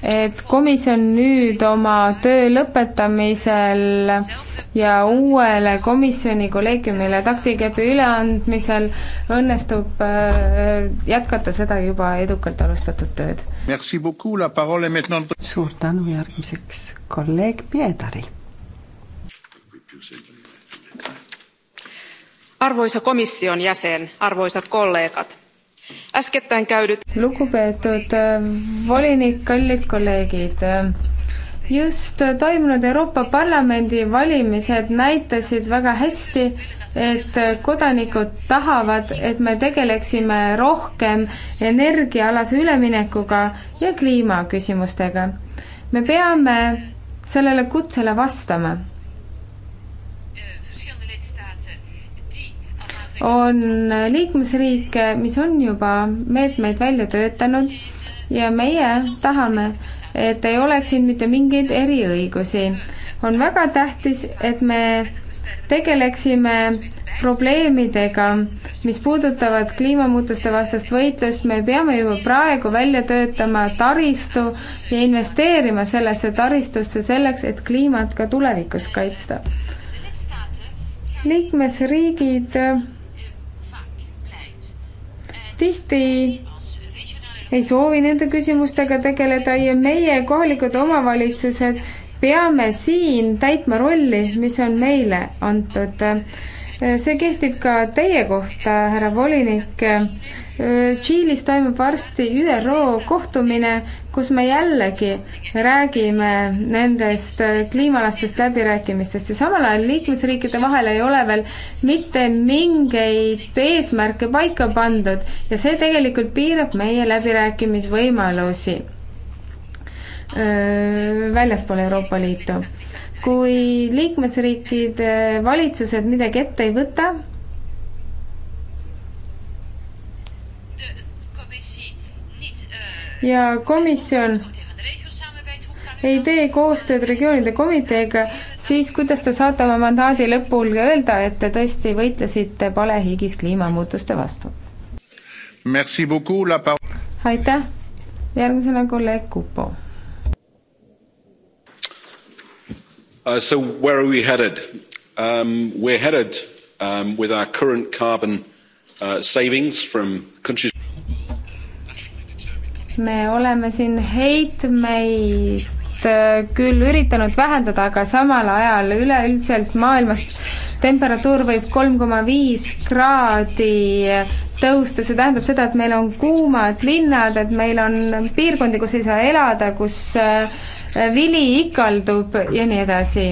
et komisjon nüüd oma töö lõpetamisel ja uuele komisjoni kolleegiumile taktikepi üleandmisel õnnestub äh, jätkata seda juba edukalt alustatud tööd. suur tänu järgmiseks kolleeg Piedari. arvoisa komisjon jäsen, arvoisad kolleegad äskettäin käydyt. lugupeetud äh, volinik, kallid kolleegid äh, just toimunud Euroopa Parlamendi valimised näitasid väga hästi, et kodanikud tahavad, et me tegeleksime rohkem energiaalase üleminekuga ja kliimaküsimustega. me peame sellele kutsele vastama on liikmesriike, mis on juba meetmeid välja töötanud ja meie tahame, et ei oleks siin mitte mingeid eriõigusi. on väga tähtis, et me tegeleksime probleemidega, mis puudutavad kliimamuutuste vastast võitlust, me peame juba praegu välja töötama taristu ja investeerima sellesse taristusse selleks, et kliimat ka tulevikus kaitsta. liikmesriigid tihti ei soovi nende küsimustega tegeleda ja meie kohalikud omavalitsused peame siin täitma rolli, mis on meile antud. see kehtib ka teie kohta, härra volinik. Tšiilis toimub varsti ÜRO kohtumine, kus me jällegi räägime nendest äh, kliimalastest läbirääkimistest ja samal ajal liikmesriikide vahel ei ole veel mitte mingeid eesmärke paika pandud ja see tegelikult piirab meie läbirääkimisvõimalusi äh, väljaspool Euroopa Liitu. kui liikmesriikide valitsused midagi ette ei võta, ja komisjon ei tee koostööd regioonide komiteega, siis kuidas te saate oma mandaadi lõpul öelda, et te tõesti võitlesite palehigis kliimamuutuste vastu? aitäh, järgmisena kolleeg Kupo. Uh, so where are we headed? Um, we're headed um, with our current carbon uh, savings from countries me oleme siin heitmeid Äh, küll üritanud vähendada, aga samal ajal üleüldiselt maailmas temperatuur võib kolm koma viis kraadi tõusta, see tähendab seda, et meil on kuumad linnad, et meil on piirkondi, kus ei saa elada, kus äh, vili ikaldub ja nii edasi.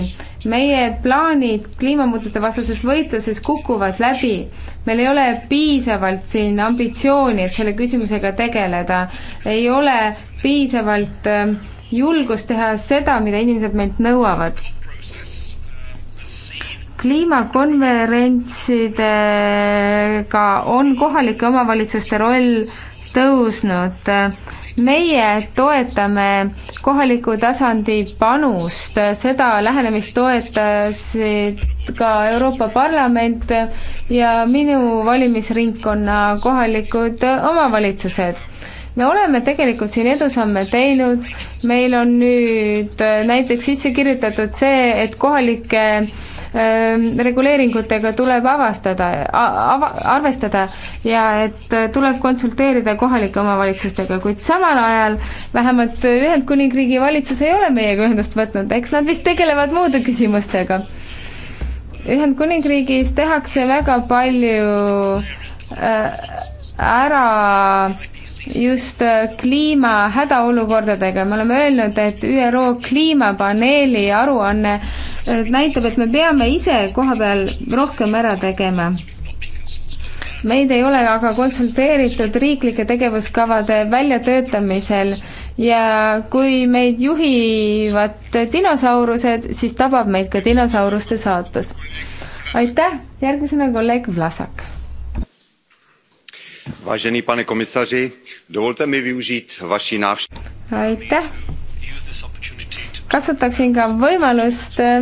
meie plaanid kliimamuutuste vastases võitluses kukuvad läbi. meil ei ole piisavalt siin ambitsiooni, et selle küsimusega tegeleda. ei ole piisavalt äh, julgust teha seda, mida inimesed meilt nõuavad. kliimakonverentsidega on kohalike omavalitsuste roll tõusnud. meie toetame kohaliku tasandi panust, seda lähenemist toetasid ka Euroopa Parlament ja minu valimisringkonna kohalikud omavalitsused me oleme tegelikult siin edusamme teinud, meil on nüüd äh, näiteks sisse kirjutatud see, et kohalike ähm, reguleeringutega tuleb avastada, ava-, arvestada ja et äh, tuleb konsulteerida kohalike omavalitsustega, kuid samal ajal vähemalt Ühendkuningriigi valitsus ei ole meiega ühendust võtnud, eks nad vist tegelevad muude küsimustega. Ühendkuningriigis tehakse väga palju äh, ära just äh, kliima hädaolukordadega, me oleme öelnud, et ÜRO kliimapaneeli aruanne äh, näitab, et me peame ise koha peal rohkem ära tegema meid ei ole aga konsulteeritud riiklike tegevuskavade väljatöötamisel ja kui meid juhivad dinosaurused, siis tabab meid ka dinosauruste saatus. aitäh, järgmisena kolleeg Vlasak vážený pane komisaři dovolte mi využít vaší návštěvy. aitäh kasutaksin ka võimalust äh,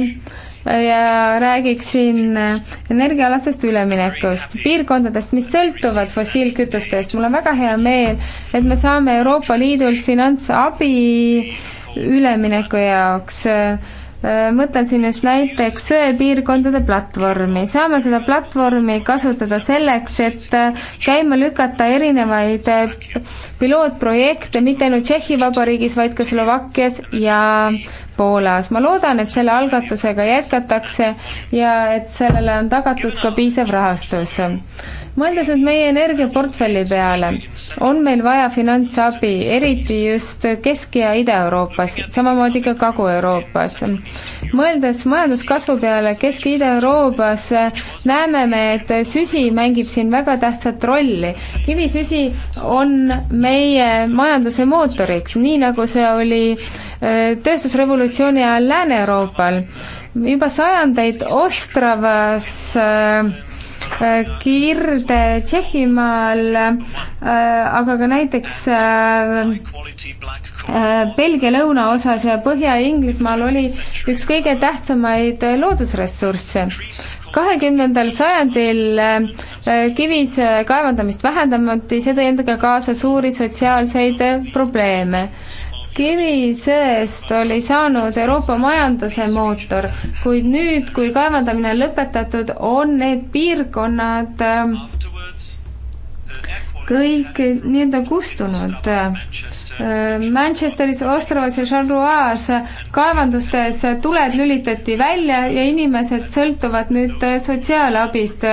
ja räägiksin äh, energiaalasest üleminekust, piirkondadest, mis sõltuvad fossiilkütustest. mul on väga hea meel, et me saame Euroopa Liidult finantsabi ülemineku jaoks Äh, mõtlen siin just näiteks söepiirkondade platvormi. saame seda platvormi kasutada selleks, et äh, käima lükata erinevaid äh, pilootprojekte mitte ainult Tšehhi Vabariigis, vaid ka Slovakkias ja Poolas. ma loodan, et selle algatusega jätkatakse ja et sellele on tagatud ka piisav rahastus mõeldes nüüd meie energiaportfelli peale, on meil vaja finantsabi, eriti just Kesk- ja Ida-Euroopas, samamoodi ka Kagu-Euroopas. mõeldes majanduskasvu peale Kesk- ja Ida-Euroopas, näeme me, et süsi mängib siin väga tähtsat rolli. kivisüsi on meie majanduse mootoriks, nii nagu see oli äh, tööstusrevolutsiooni ajal Lääne-Euroopal. juba sajandeid Ostravas äh, Kirde Tšehhimaal, äh, aga ka näiteks äh, äh, Belgia lõunaosas ja Põhja-Inglismaal oli üks kõige tähtsamaid loodusressursse kahekümnendal sajandil kivis kaevandamist vähendamati, see tõi endaga kaasa suuri sotsiaalseid probleeme kivi seest oli saanud Euroopa majanduse mootor, kuid nüüd, kui kaevandamine on lõpetatud, on need piirkonnad ähm, kõik nii-öelda kustunud. Manchesteris, Ostravas ja Charlois kaevandustes tuled lülitati välja ja inimesed sõltuvad nüüd sotsiaalabist.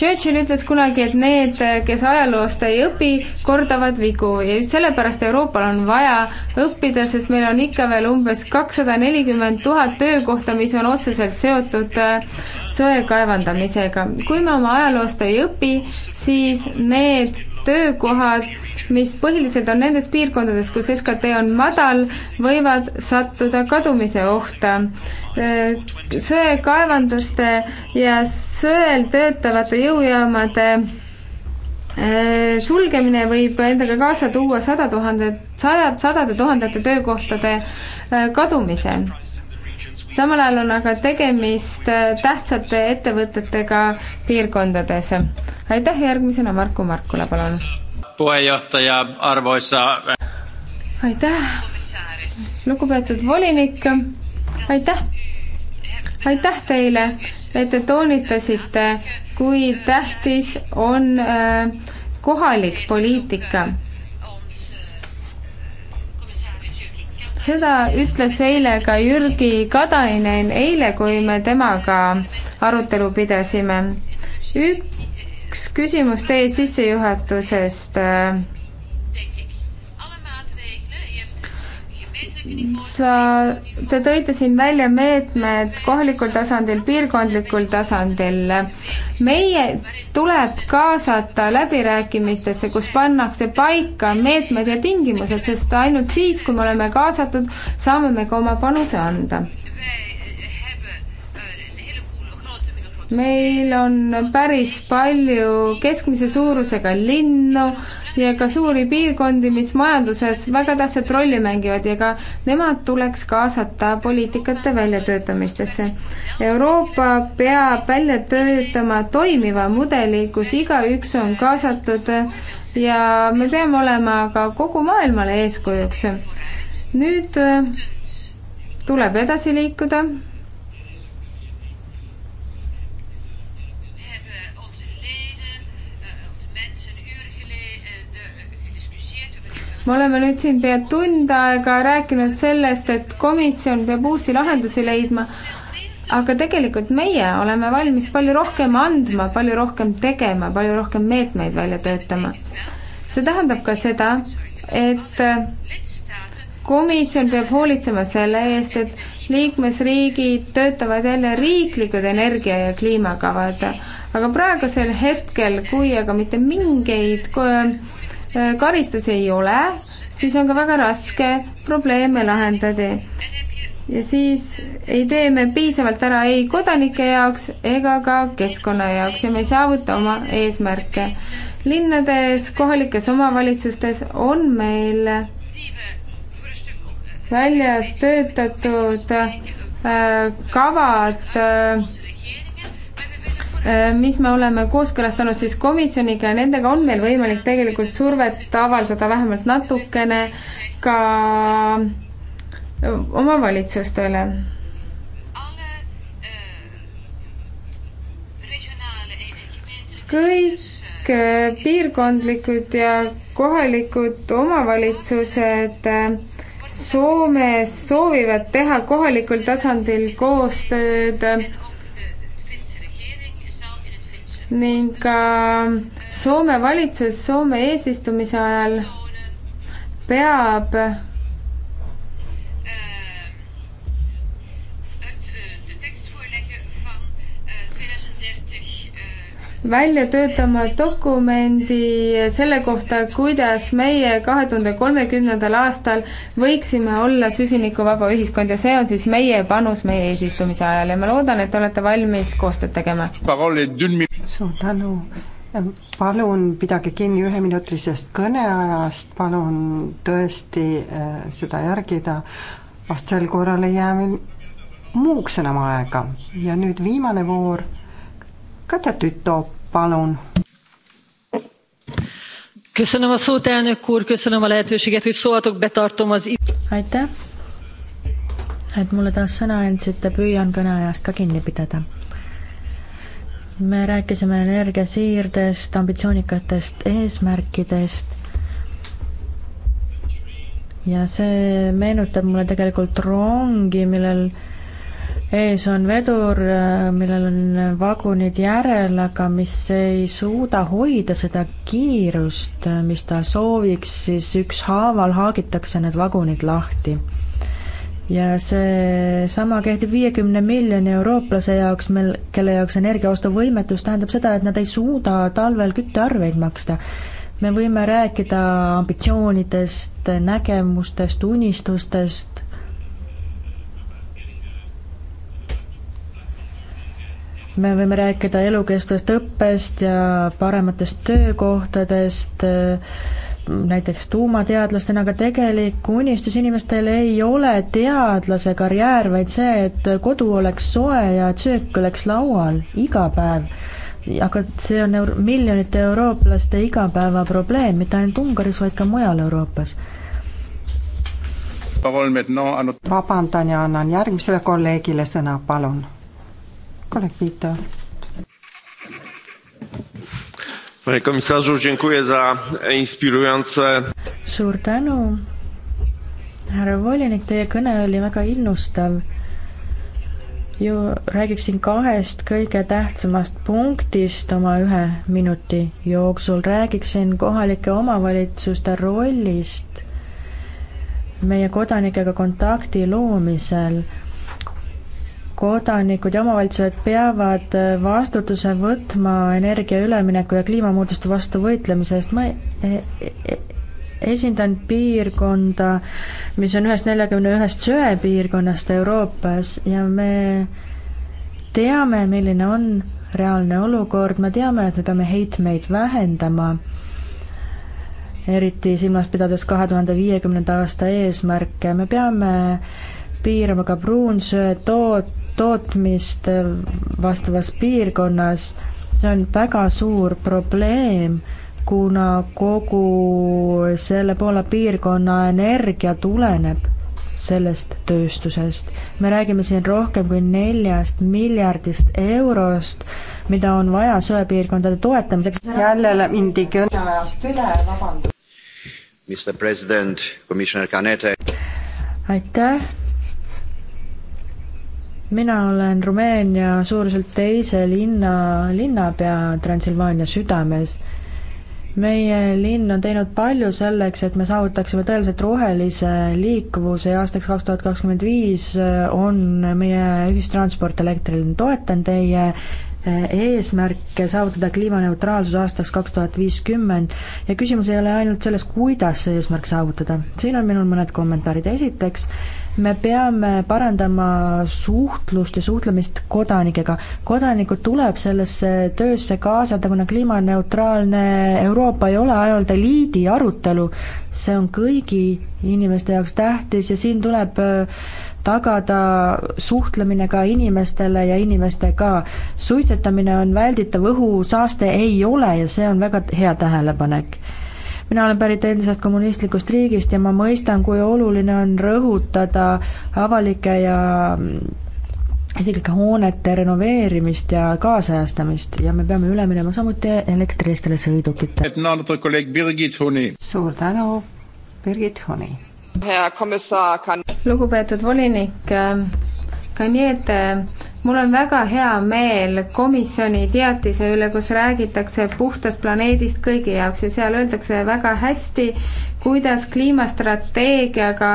Churchill ütles kunagi, et need, kes ajaloost ei õpi, kordavad vigu ja just sellepärast Euroopal on vaja õppida, sest meil on ikka veel umbes kakssada nelikümmend tuhat töökohta, mis on otseselt seotud söe kaevandamisega. kui me oma ajaloost ei õpi, siis need töökohad, mis põhiliselt on nendes piirkondades, kus SKT on madal, võivad sattuda kadumise ohta. söekaevanduste ja söel töötavate jõujaamade eh, sulgemine võib endaga kaasa tuua sada tuhandet, sajad, sadade tuhandete töökohtade eh, kadumise samal ajal on aga tegemist äh, tähtsate ettevõtetega piirkondades. aitäh, järgmisena Marku Markula, palun. puhejuhataja Arvoisa. aitäh, lugupeetud volinik, aitäh aitäh teile, et te toonitasite, kui tähtis on äh, kohalik poliitika seda ütles eile ka Jürgi Katainen, eile, kui me temaga arutelu pidasime. üks küsimus teie sissejuhatusest äh, sa, te tõite siin välja meetmed kohalikul tasandil, piirkondlikul tasandil. meie tuleb kaasata läbirääkimistesse, kus pannakse paika meetmed ja tingimused, sest ainult siis, kui me oleme kaasatud, saame me ka oma panuse anda meil on päris palju keskmise suurusega linnu ja ka suuri piirkondi, mis majanduses väga tähtsat rolli mängivad ja ka nemad tuleks kaasata poliitikate väljatöötamistesse. Euroopa peab välja töötama toimiva mudeli, kus igaüks on kaasatud ja me peame olema ka kogu maailmale eeskujuks. nüüd äh, tuleb edasi liikuda me oleme nüüd siin pea tund aega rääkinud sellest, et komisjon peab uusi lahendusi leidma, aga tegelikult meie oleme valmis palju rohkem andma, palju rohkem tegema, palju rohkem meetmeid välja töötama. see tähendab ka seda, et komisjon peab hoolitsema selle eest, et liikmesriigid töötavad jälle riiklikud energia- ja kliimakavad. aga praegusel hetkel, kui aga mitte mingeid Äh, karistusi ei ole, siis on ka väga raske probleeme lahendada. ja siis ei tee me piisavalt ära ei kodanike jaoks ega ka keskkonna jaoks ja me ei saavuta oma eesmärke. linnades, kohalikes omavalitsustes on meil välja töötatud äh, kavad äh, Äh, mis me oleme kooskõlastanud siis komisjoniga ja nendega on meil võimalik tegelikult survet avaldada vähemalt natukene ka äh, omavalitsustele. kõik äh, piirkondlikud ja kohalikud omavalitsused Soomes soovivad teha kohalikul tasandil koostööd ning ka Soome valitsus Soome eesistumise ajal peab välja töötama dokumendi selle kohta, kuidas meie kahe tuhande kolmekümnendal aastal võiksime olla süsinikuvaba ühiskond ja see on siis meie panus meie eesistumise ajal ja ma loodan, et olete valmis koostööd tegema. suur tänu palun pidage kinni üheminutilisest kõneajast, palun tõesti äh, seda järgida, vast sel korral ei jää meil muuks enam aega. ja nüüd viimane voor Kata Tüto, palun. Köszönöm a szót, elnök úr, köszönöm a lehetőséget, hogy szóltok, betartom az... Aitäh, et mulle taas sõna andsite, püüan kõneajast ka kinni pidada me rääkisime energiasiirdest, ambitsioonikatest eesmärkidest ja see meenutab mulle tegelikult rongi, millel ees on vedur, äh, millel on vagunid järel, aga mis ei suuda hoida seda kiirust, äh, mis ta sooviks, siis ükshaaval haagitakse need vagunid lahti. ja seesama kehtib viiekümne miljoni eurooplase jaoks, mel, kelle jaoks energiaostuvõimetus tähendab seda, et nad ei suuda talvel küttearveid maksta me võime rääkida ambitsioonidest, nägemustest, unistustest, me võime rääkida elukestvast õppest ja parematest töökohtadest, näiteks tuumateadlastena, aga tegelik unistus inimestel ei ole teadlase karjäär, vaid see, et kodu oleks soe ja söök oleks laual iga päev. aga see on euro-, miljonite eurooplaste igapäevaprobleem, mitte ainult Ungaris, vaid ka mujal Euroopas vabandan ja annan järgmisele kolleegile sõna, palun colectivități. Panie komisarzu, dziękuję za inspirujące. suur tänu, härra volinik, teie kõne oli väga innustav. ju räägiksin kahest kõige tähtsamast punktist oma ühe minuti jooksul, räägiksin kohalike omavalitsuste rollist meie kodanikega kontakti loomisel kodanikud ja omavalitsused peavad vastutuse võtma energia ülemineku ja kliimamuutuste vastu võitlemise eest, ma e- e- e- esindan piirkonda, mis on ühest neljakümne ühest söepiirkonnast Euroopas ja me teame, milline on reaalne olukord, me teame, et me peame heitmeid vähendama, eriti silmas pidades kahe tuhande viiekümnenda aasta eesmärke, me peame piirama ka pruunsöe toot-, tootmist vastavas piirkonnas, see on väga suur probleem, kuna kogu selle Poola piirkonna energia tuleneb sellest tööstusest. me räägime siin rohkem kui neljast miljardist eurost, mida on vaja söepiirkondade toetamiseks. jälle mindi kõneajast üle, vabandust. Mr President, Commissioner Canete. aitäh mina olen Rumeenia suuruselt teise linna linnapea Transilvaania südames. meie linn on teinud palju selleks, et me saavutaksime tõeliselt rohelise liikuvuse ja aastaks kaks tuhat kakskümmend viis äh, on meie ühistransport elektriline. toetan teie eesmärk saavutada kliimaneutraalsus aastaks kaks tuhat viiskümmend ja küsimus ei ole ainult selles, kuidas see eesmärk saavutada. siin on minul mõned kommentaarid, esiteks me peame parandama suhtlust ja suhtlemist kodanikega. kodanikud tuleb sellesse töösse kaasata, kuna kliimaneutraalne Euroopa ei ole ainult eliidi arutelu, see on kõigi inimeste jaoks tähtis ja siin tuleb äh, tagada suhtlemine ka inimestele ja inimestega. suitsetamine on välditav, õhusaaste ei ole ja see on väga hea tähelepanek mina olen pärit endisest kommunistlikust riigist ja ma mõistan, kui oluline on rõhutada avalike ja isiklike hoonete renoveerimist ja kaasajastamist ja me peame üle minema samuti elektrilistele sõidukitele. suur tänu, Birgit Huni lugupeetud volinik äh, Kaniete, mul on väga hea meel komisjoni teatise üle, kus räägitakse puhtast planeedist kõigi jaoks ja seal öeldakse väga hästi, kuidas kliimastrateegiaga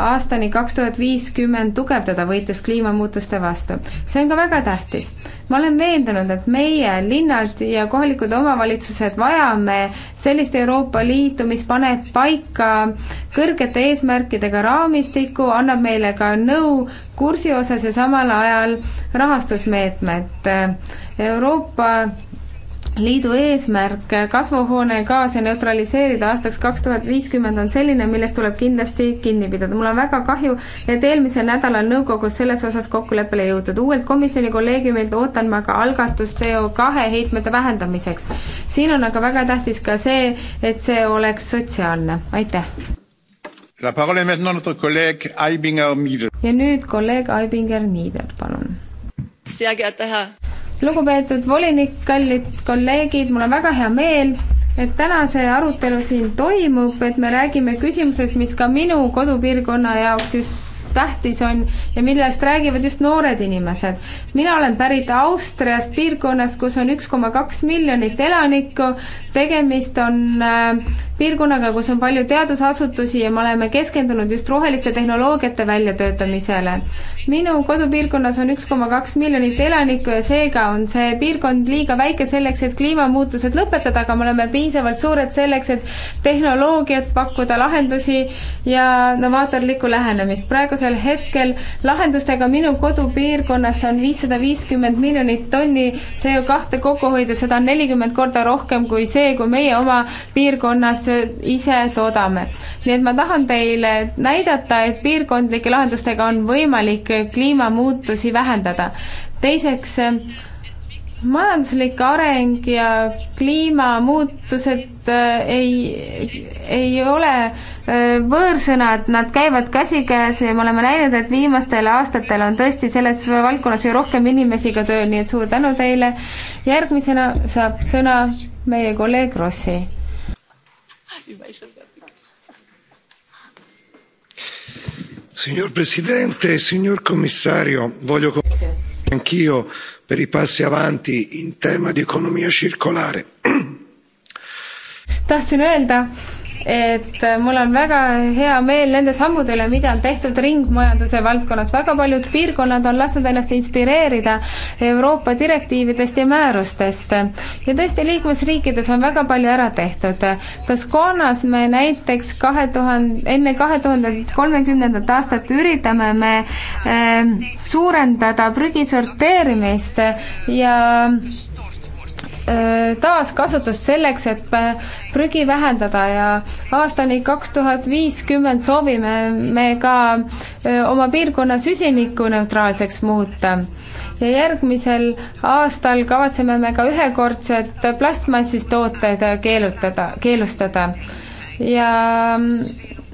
aastani kaks tuhat viiskümmend tugevdada võitlust kliimamuutuste vastu. see on ka väga tähtis. ma olen veendunud, et meie linnad ja kohalikud omavalitsused vajame sellist Euroopa Liitu, mis paneb paika kõrgete eesmärkidega raamistiku, annab meile ka nõu kursi osas ja samal ajal rahastusmeetmed. Euroopa liidu eesmärk kasvuhoonegaase neutraliseerida aastaks kaks tuhat viiskümmend on selline, millest tuleb kindlasti kinni pidada. mul on väga kahju, et eelmisel nädalal nõukogus selles osas kokkuleppele jõutud. uuelt komisjoni kolleegiumilt ootan ma ka algatust CO kahe heitmete vähendamiseks. siin on aga väga tähtis ka see, et see oleks sotsiaalne. aitäh! ja nüüd kolleeg Aibinger Niider, palun lugupeetud volinik, kallid kolleegid, mul on väga hea meel, et täna see arutelu siin toimub, et me räägime küsimusest, mis ka minu kodupiirkonna jaoks just tähtis on ja millest räägivad just noored inimesed. mina olen pärit Austriast, piirkonnast, kus on üks koma kaks miljonit elanikku. tegemist on äh, piirkonnaga, kus on palju teadusasutusi ja me oleme keskendunud just roheliste tehnoloogiate väljatöötamisele minu kodupiirkonnas on üks koma kaks miljonit elanikku ja seega on see piirkond liiga väike selleks, et kliimamuutused lõpetada, aga me oleme piisavalt suured selleks, et tehnoloogiat pakkuda, lahendusi ja novaatorlikku lähenemist. praegusel hetkel lahendustega minu kodupiirkonnast on viissada viiskümmend miljonit tonni CO kahte kokku hoida, seda on nelikümmend korda rohkem kui see, kui meie oma piirkonnas ise toodame. nii et ma tahan teile näidata, et piirkondlike lahendustega on võimalik kliimamuutusi vähendada. teiseks, eh, majanduslik areng ja kliimamuutused eh, ei, ei ole eh, võõrsõnad, nad käivad käsikäes ja me oleme näinud, et viimastel aastatel on tõesti selles valdkonnas ju rohkem inimesi ka tööl, nii et suur tänu teile. järgmisena saab sõna meie kolleeg Rossi. Signor Presidente, signor Commissario, voglio anch'io per i passi avanti in tema di economia circolare. tahtsin öelda, et äh, mul on väga hea meel nende sammude üle, mida on tehtud ringmajanduse valdkonnas. väga paljud piirkonnad on lasknud ennast inspireerida Euroopa direktiividest ja määrustest. ja tõesti, liikmesriikides on väga palju ära tehtud. Toskaanas me näiteks kahe tuhande, enne kahe tuhande kolmekümnendat aastat üritame me äh, suurendada prügi sorteerimist ja Äh, taaskasutust selleks, et äh, prügi vähendada ja aastani kaks tuhat viiskümmend soovime me ka äh, oma piirkonna süsinikuneutraalseks muuta. ja järgmisel aastal kavatseme me ka ühekordsed plastmassist tooted keelutada, keelustada ja mm,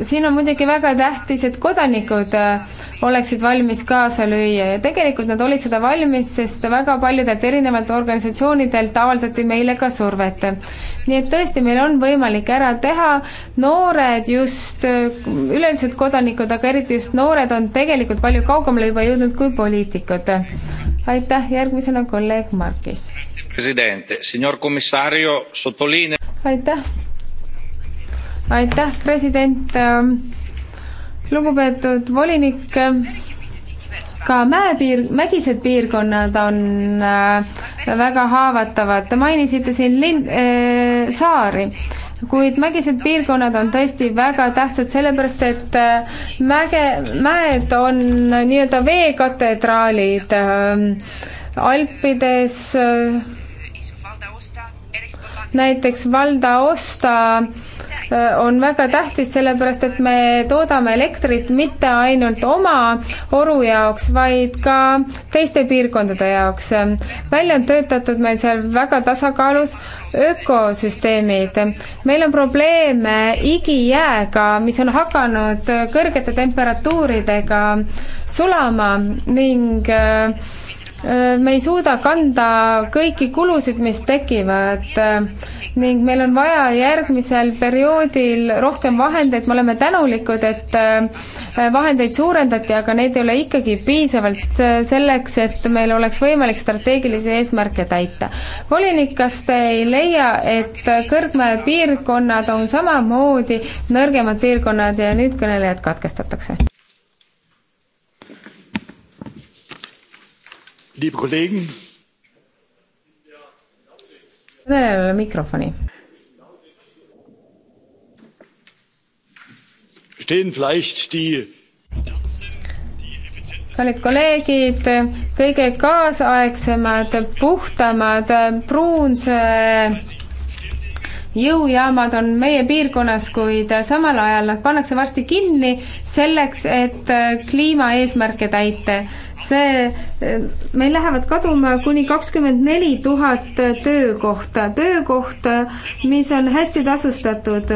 siin on muidugi väga tähtis, et kodanikud äh, oleksid valmis kaasa lüüa ja tegelikult nad olid seda valmis, sest väga paljudelt erinevalt organisatsioonidelt avaldati meile ka survet. nii et tõesti, meil on võimalik ära teha, noored just, äh, üleüldiselt kodanikud, aga eriti just noored on tegelikult palju kaugemale juba jõudnud kui poliitikud. aitäh, järgmisena kolleeg Markis. aitäh aitäh, president, ähm, lugupeetud volinik, ähm, ka mäepiir, mägised piirkonnad on äh, väga haavatavad, te mainisite siin linn äh,, saari kuid mägised piirkonnad on tõesti väga tähtsad, sellepärast et äh, mäge, mäed on nii-öelda veekatedraalid ähm, Alpides, äh, näiteks Valda Osta Äh, on väga tähtis, sellepärast et me toodame elektrit mitte ainult oma oru jaoks, vaid ka teiste piirkondade jaoks. välja on töötatud meil seal väga tasakaalus ökosüsteemid. meil on probleeme igijääga, mis on hakanud kõrgete temperatuuridega sulama ning äh, Äh, me ei suuda kanda kõiki kulusid, mis tekivad äh, ning meil on vaja järgmisel perioodil rohkem vahendeid, me oleme tänulikud, et äh, vahendeid suurendati, aga neid ei ole ikkagi piisavalt selleks, et meil oleks võimalik strateegilisi eesmärke täita. volinik, kas te ei leia, et kõrgmäe piirkonnad on samamoodi nõrgemad piirkonnad ja nüüd kõnelejad katkestatakse? liebe Kollegen. kõnelejale mikrofoni. Stehen vielleicht die kallid kolleegid, kõige kaasaegsemad, puhtamad, pruunse jõujaamad on meie piirkonnas, kuid samal ajal nad pannakse varsti kinni selleks, et äh, kliimaeesmärke täita. see, äh, meil lähevad kaduma kuni kakskümmend neli tuhat töökohta, töökohta, äh, mis on hästi tasustatud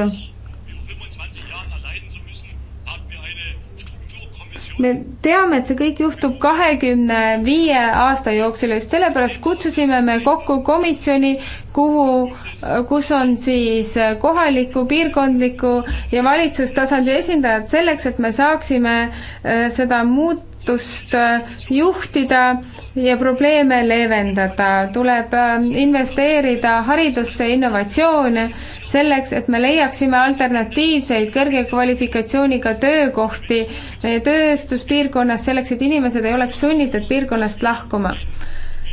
me teame, et see kõik juhtub kahekümne viie aasta jooksul ja just sellepärast kutsusime me kokku komisjoni, kuhu, kus on siis kohaliku, piirkondliku ja valitsustasandi esindajad selleks, et me saaksime äh, seda muut-, majandust äh, juhtida ja probleeme leevendada. tuleb äh, investeerida haridusse, innovatsioone, selleks et me leiaksime alternatiivseid kõrge kvalifikatsiooniga töökohti meie tööstuspiirkonnas, selleks et inimesed ei oleks sunnitud piirkonnast lahkuma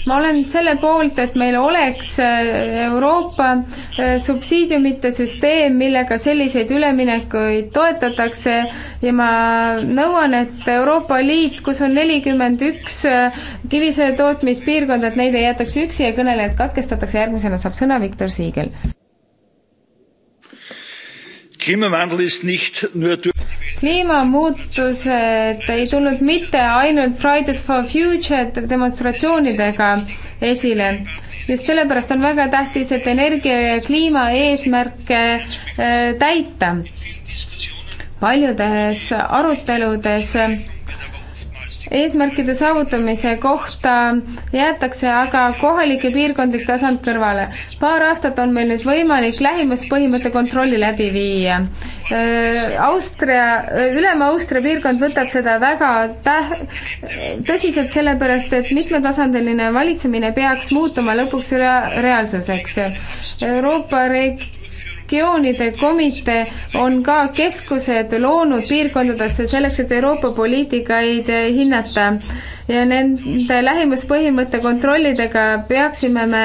ma olen selle poolt, et meil oleks äh, Euroopa äh, subsiidiumite süsteem, millega selliseid üleminekuid toetatakse ja ma nõuan, et Euroopa Liit, kus on nelikümmend üks äh, kivisöe tootmispiirkonda, et neid ei jäetaks üksi ja kõnelejad katkestatakse, järgmisena saab sõna Viktor Siigel. klimawandel ist nicht nur kliimamuutused ei tulnud mitte ainult Fridays for Future demonstratsioonidega esile. just sellepärast on väga tähtis, et energia ja kliima eesmärke äh, täita. paljudes aruteludes eesmärkide saavutamise kohta jäetakse aga kohalik ja piirkondlik tasand kõrvale. paar aastat on meil nüüd võimalik lähimuspõhimõtte kontrolli läbi viia. Äh, Austria, äh, Ülema-Austria piirkond võtab seda väga täh-, tõsiselt, sellepärast et mitmetasandiline valitsemine peaks muutuma lõpuks rea-, reaalsuseks. Euroopa reg-, regioonide komitee on ka keskused loonud piirkondadesse selleks, et Euroopa poliitikaid hinnata ja nende lähimuspõhimõtte kontrollidega peaksime me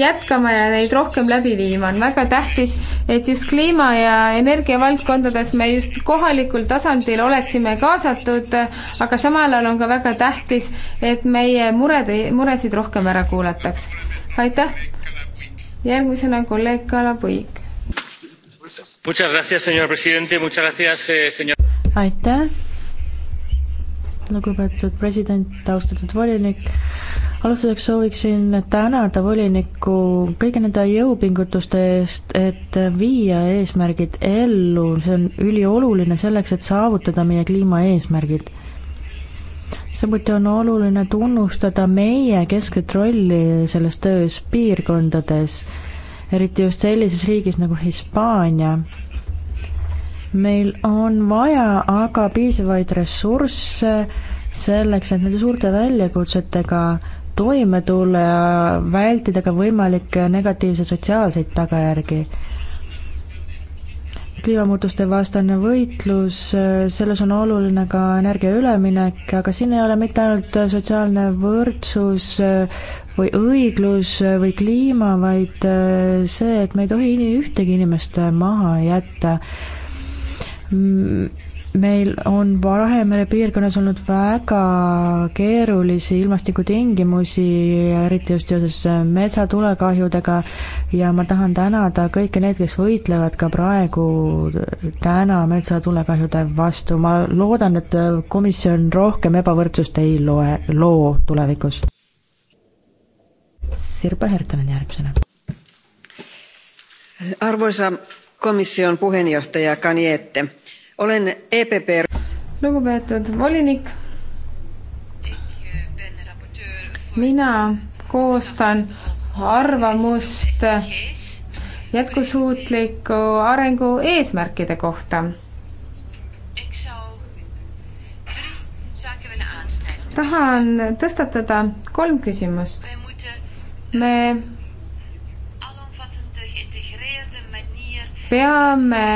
jätkama ja neid rohkem läbi viima. on väga tähtis, et just kliima ja energia valdkondades me just kohalikul tasandil oleksime kaasatud, aga samal ajal on ka väga tähtis, et meie mured, muresid rohkem ära kuulataks. aitäh! järgmisena kolleeg Kalapuik Eh, aitäh, lugupeetud president, austatud volinik. alustuseks sooviksin tänada volinikku kõigi nende jõupingutuste eest, et viia eesmärgid ellu, see on ülioluline selleks, et saavutada meie kliimaeesmärgid samuti on oluline tunnustada meie keskset rolli selles töös piirkondades eriti just sellises riigis nagu Hispaania. meil on vaja aga piisavaid ressursse selleks, et nende suurte väljakutsetega toime tulla ja vältida ka võimalikke negatiivseid sotsiaalseid tagajärgi kliimamuutuste vastane võitlus, selles on oluline ka energia üleminek, aga siin ei ole mitte ainult sotsiaalne võrdsus äh, või õiglus äh, või kliima, vaid äh, see, et me ei tohi ühtegi inimest maha jätta meil on Vahemere piirkonnas olnud väga keerulisi ilmastikutingimusi, eriti just seoses metsatulekahjudega ja ma tahan tänada kõiki neid, kes võitlevad ka praegu täna metsatulekahjude vastu. ma loodan, et komisjon rohkem ebavõrdsust ei loe, loo tulevikus. Sirpa Hertonen järgmisena. arvoisa komission puheenjohtaja Kaniete olen EPP. lugupeetud volinik. mina koostan arvamust jätkusuutliku arengu eesmärkide kohta. tahan tõstatada kolm küsimust. me peame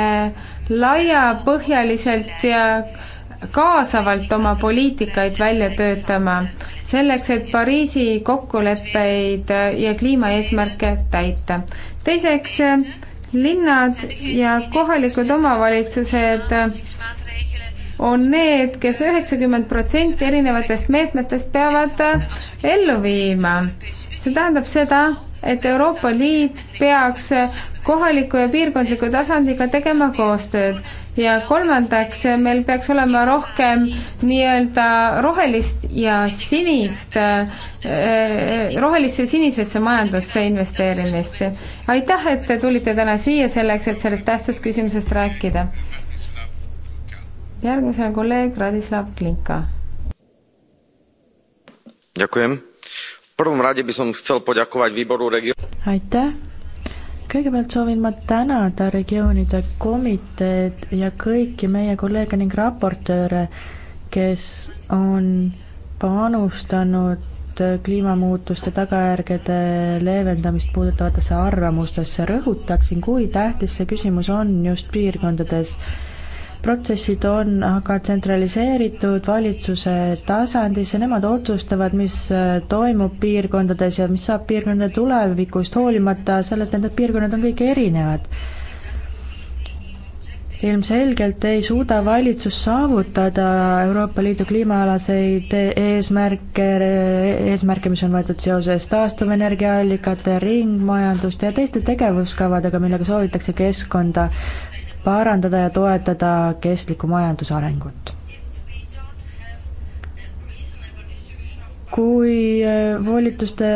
laiapõhjaliselt ja kaasavalt oma poliitikaid välja töötama, selleks et Pariisi kokkuleppeid ja kliimaeesmärke täita. teiseks, linnad ja kohalikud omavalitsused on need kes, kes üheksakümmend protsenti erinevatest meetmetest peavad ellu viima. see tähendab seda, et Euroopa Liit peaks kohaliku ja piirkondliku tasandiga tegema koostööd. ja kolmandaks, meil peaks olema rohkem nii-öelda rohelist ja sinist, eh, rohelisse ja sinisesse majandusse investeerimist. aitäh, et te tulite täna siia selleks, et sellest tähtsast küsimusest rääkida. järgmisena kolleeg Radislav Klinka. Ďakujem. V prvom rade by som chcel poďakovať výboru regionu. Aitäh kõigepealt soovin ma tänada regioonide komiteed ja kõiki meie kolleege ning raportööre, kes on panustanud kliimamuutuste tagajärgede leevendamist puudutavatesse arvamustesse. rõhutaksin, kui tähtis see küsimus on just piirkondades, protsessid on aga tsentraliseeritud valitsuse tasandis ja nemad otsustavad, mis äh, toimub piirkondades ja mis saab piirkondade tulevikust, hoolimata sellest, et need piirkonnad on kõik erinevad. ilmselgelt ei suuda valitsus saavutada Euroopa Liidu kliimaalaseid eesmärke, eesmärke, mis on võetud seoses taastuvenergiaallikate, ringmajandust ja teiste tegevuskavadega, millega soovitakse keskkonda parandada ja toetada kestliku majanduse arengut. kui äh, volituste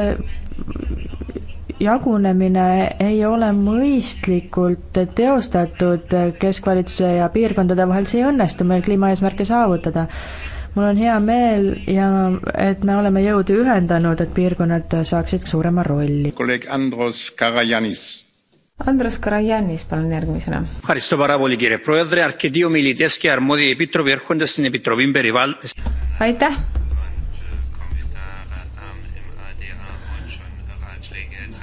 jagunemine ei ole mõistlikult teostatud keskvalitsuse ja piirkondade vahel, see ei õnnestu meil kliimaeesmärke saavutada. mul on hea meel ja et me oleme jõud ühendanud, et piirkonnad saaksid suurema rolli. kolleeg Andrus Karajanis Andres Καραγιάννης, πάλι järgmisena. Ευχαριστώ πάρα πολύ κύριε Πρόεδρε. Αρκετοί ομιλητές και αρμόδιοι επίτροποι έρχονται στην Επιτροπή Περιβάλλοντος. Aitäh.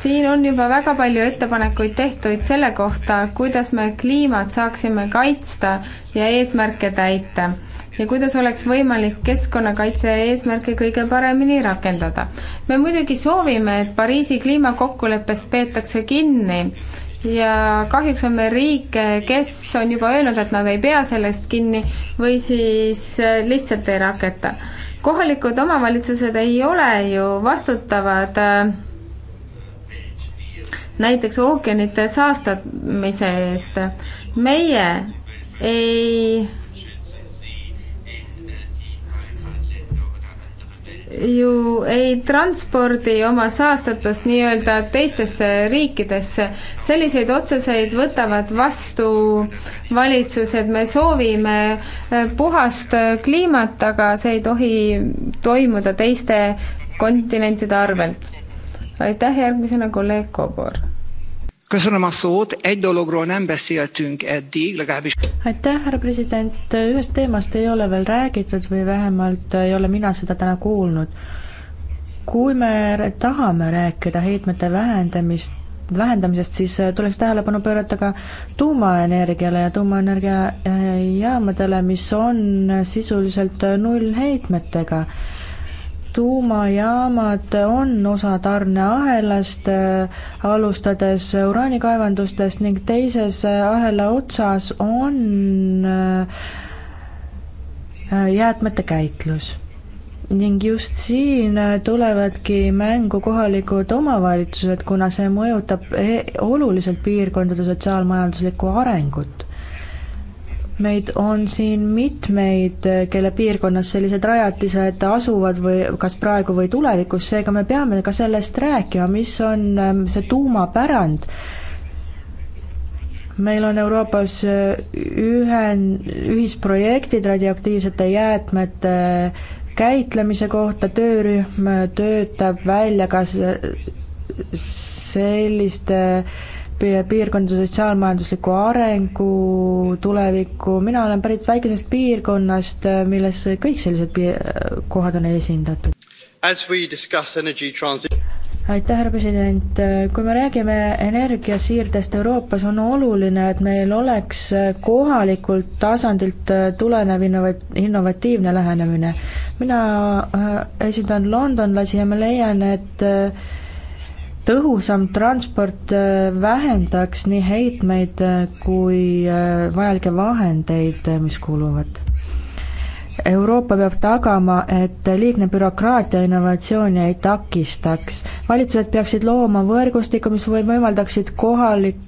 siin on juba väga palju ettepanekuid tehtud selle kohta, kuidas me kliimat saaksime kaitsta ja eesmärke täita ja kuidas oleks võimalik keskkonnakaitse eesmärke kõige paremini rakendada. me muidugi soovime, et Pariisi kliimakokkuleppest peetakse kinni ja kahjuks on meil riike, kes on juba öelnud, et nad ei pea sellest kinni või siis äh, lihtsalt ei raketa. kohalikud omavalitsused ei ole ju vastutavad äh, näiteks ookeanite saastamise eest. meie ei ju ei transpordi oma saastatust nii-öelda teistesse riikidesse. selliseid otseseid võtavad vastu valitsused, me soovime äh, puhast kliimat, aga see ei tohi toimuda teiste kontinentide arvelt. aitäh, järgmisena kolleeg Kobor aitäh, härra president, ühest teemast ei ole veel räägitud või vähemalt ei ole mina seda täna kuulnud. kui me tahame rääkida heitmete vähendamist, vähendamisest, siis tuleks tähelepanu pöörata ka tuumaenergiale ja tuumaenergiajaamadele, mis on sisuliselt nullheitmetega tuumajaamad on osa tarneahelast, äh, alustades uraanikaevandustest ning teises äh, ahela otsas on äh, jäätmete käitlus ning just siin tulevadki mängu kohalikud omavalitsused, kuna see mõjutab eh, oluliselt piirkondade sotsiaalmajanduslikku arengut meid on siin mitmeid, kelle piirkonnas sellised rajatised asuvad või kas praegu või tulevikus, seega me peame ka sellest rääkima, mis on ähm, see tuumapärand. meil on Euroopas äh, ühen, ühisprojektid radioaktiivsete jäätmete äh, käitlemise kohta, töörühm äh, töötab välja ka selliste äh, piirkondade sotsiaalmajandusliku arengu tulevikku, mina olen pärit väikesest piirkonnast, milles kõik sellised pi-, kohad on esindatud. aitäh, härra president, kui me räägime energiasiirdest Euroopas, on oluline, et meil oleks kohalikult tasandilt tulenev innovat-, innovatiivne lähenemine. mina äh, esindan londonlasi ja ma leian, et äh, tõhusam transport äh, vähendaks nii heitmeid äh, kui äh, vajalikke vahendeid, mis kuluvad. Euroopa peab tagama, et liigne bürokraatia innovatsiooni ei takistaks. valitsused peaksid looma võrgustiku, mis võimaldaksid kohalik,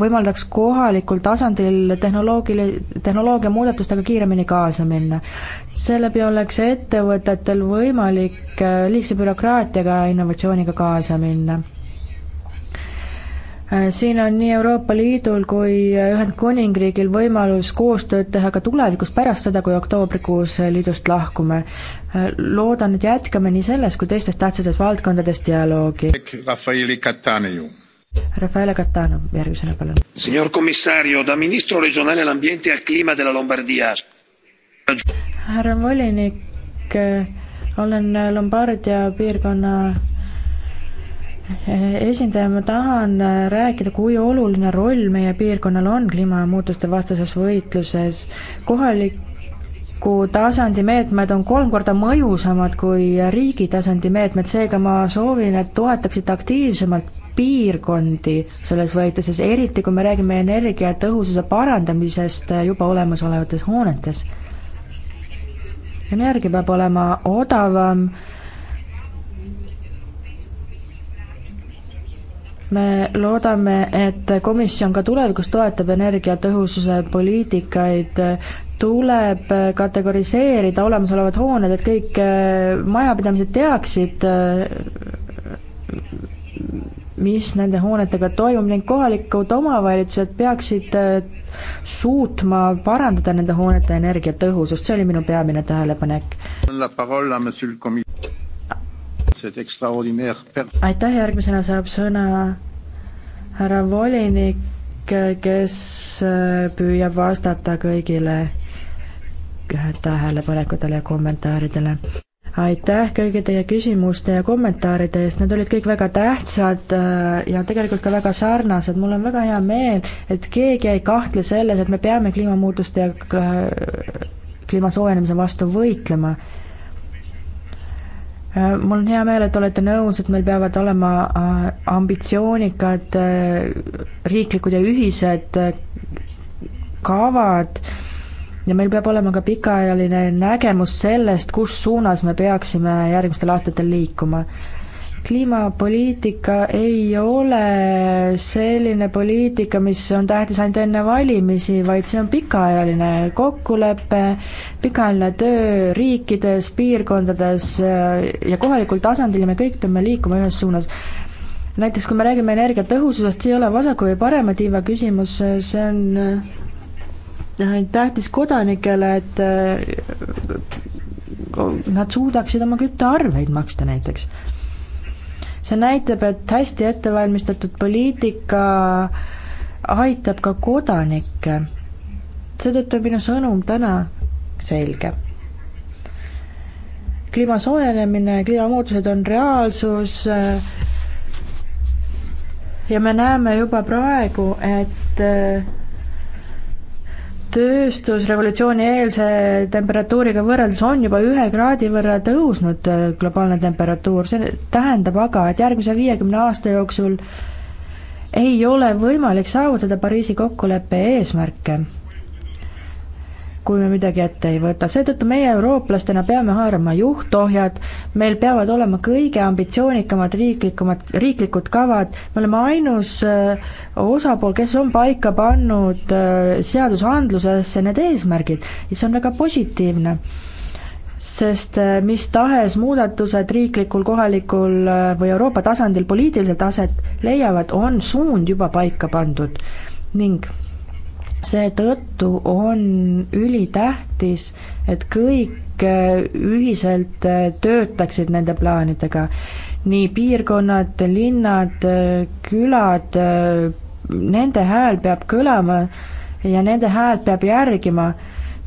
võimaldaks kohalikul tasandil tehnoloogili-, tehnoloogia muudatustega kiiremini kaasa minna. seeläbi oleks ettevõtetel võimalik äh, liigse bürokraatiaga innovatsiooniga kaasa minna äh, siin on nii Euroopa Liidul kui Ühendkuningriigil võimalus koostööd teha ka tulevikus, pärast seda, kui oktoobrikuus liidust lahkume. Äh, loodan, et jätkame nii selles kui teistes tähtsates valdkondades dialoogi. Rafaeli Cataniu Raffaele Cattano, järgmisena palun. Signor commissario, da ministro regionale all'ambiente e al clima della Lombardia. härra volinik, olen Lombardia piirkonna eh, esindaja, ma tahan eh, rääkida, kui oluline roll meie piirkonnal on kliimamuutuste vastases võitluses. kohalik kohaliku tasandi meetmed on kolm korda mõjusamad kui riigi tasandi meetmed, seega ma soovin, et toetaksite aktiivsemalt piirkondi selles võitluses, eriti kui me räägime energiatõhususe parandamisest juba olemasolevates hoonetes. energia peab olema odavam, me loodame, et komisjon ka tulevikus toetab energiatõhususe poliitikaid tuleb äh, kategoriseerida olemasolevad hooned, et kõik äh, majapidamised teaksid, äh, mis nende hoonetega toimub ning kohalikud omavalitsused peaksid suutma parandada nende hoonete energiatõhusust, see oli minu peamine tähelepanek. aitäh, järgmisena saab sõna härra volinik, kes püüab vastata kõigile tähelepanekutele ja kommentaaridele. aitäh kõigi teie küsimuste ja kommentaaride eest, need olid kõik väga tähtsad äh, ja tegelikult ka väga sarnased, mul on väga hea meel, et keegi ei kahtle selles, et me peame kliimamuutuste ja äh, kliima soojenemise vastu võitlema äh, mul on hea meel, et olete nõus, et meil peavad olema ambitsioonikad riiklikud ja ühised kavad ja meil peab olema ka pikaajaline nägemus sellest, kus suunas me peaksime järgmistel aastatel liikuma kliimapoliitika ei ole selline poliitika, mis on tähtis ainult enne valimisi, vaid see on pikaajaline kokkulepe, pikaajaline töö riikides, piirkondades äh, ja kohalikul tasandil ja me kõik peame liikuma ühes suunas. näiteks kui me räägime energiatõhususest, see ei ole vasaku või parema tiiva küsimus, see on äh, Äh, tähtis kodanikele, et äh, nad suudaksid oma küttearveid maksta näiteks. see näitab, et hästi ettevalmistatud poliitika aitab ka kodanikke. seetõttu on minu sõnum täna selge. kliima soojenemine, kliimamuutused on reaalsus äh, ja me näeme juba praegu, et tööstusrevolutsiooni eelse temperatuuriga võrreldes on juba ühe kraadi võrra tõusnud äh, globaalne temperatuur, see tähendab aga, et järgmise viiekümne aasta jooksul ei ole võimalik saavutada Pariisi kokkuleppe eesmärke kui me midagi ette ei võta, seetõttu meie eurooplastena peame haarama juhtohjad, meil peavad olema kõige ambitsioonikamad riiklikumad, riiklikud kavad, me oleme ainus äh, osapool, kes on paika pannud äh, seadusandlusesse need eesmärgid ja see on väga positiivne sest äh, mis tahes muudatused riiklikul, kohalikul või Euroopa tasandil poliitiliselt aset leiavad, on suund juba paika pandud ning seetõttu on ülitähtis, et kõik äh, ühiselt äh, töötaksid nende plaanidega. nii piirkonnad, linnad, äh, külad, nende hääl peab kõlama ja nende häält peab järgima,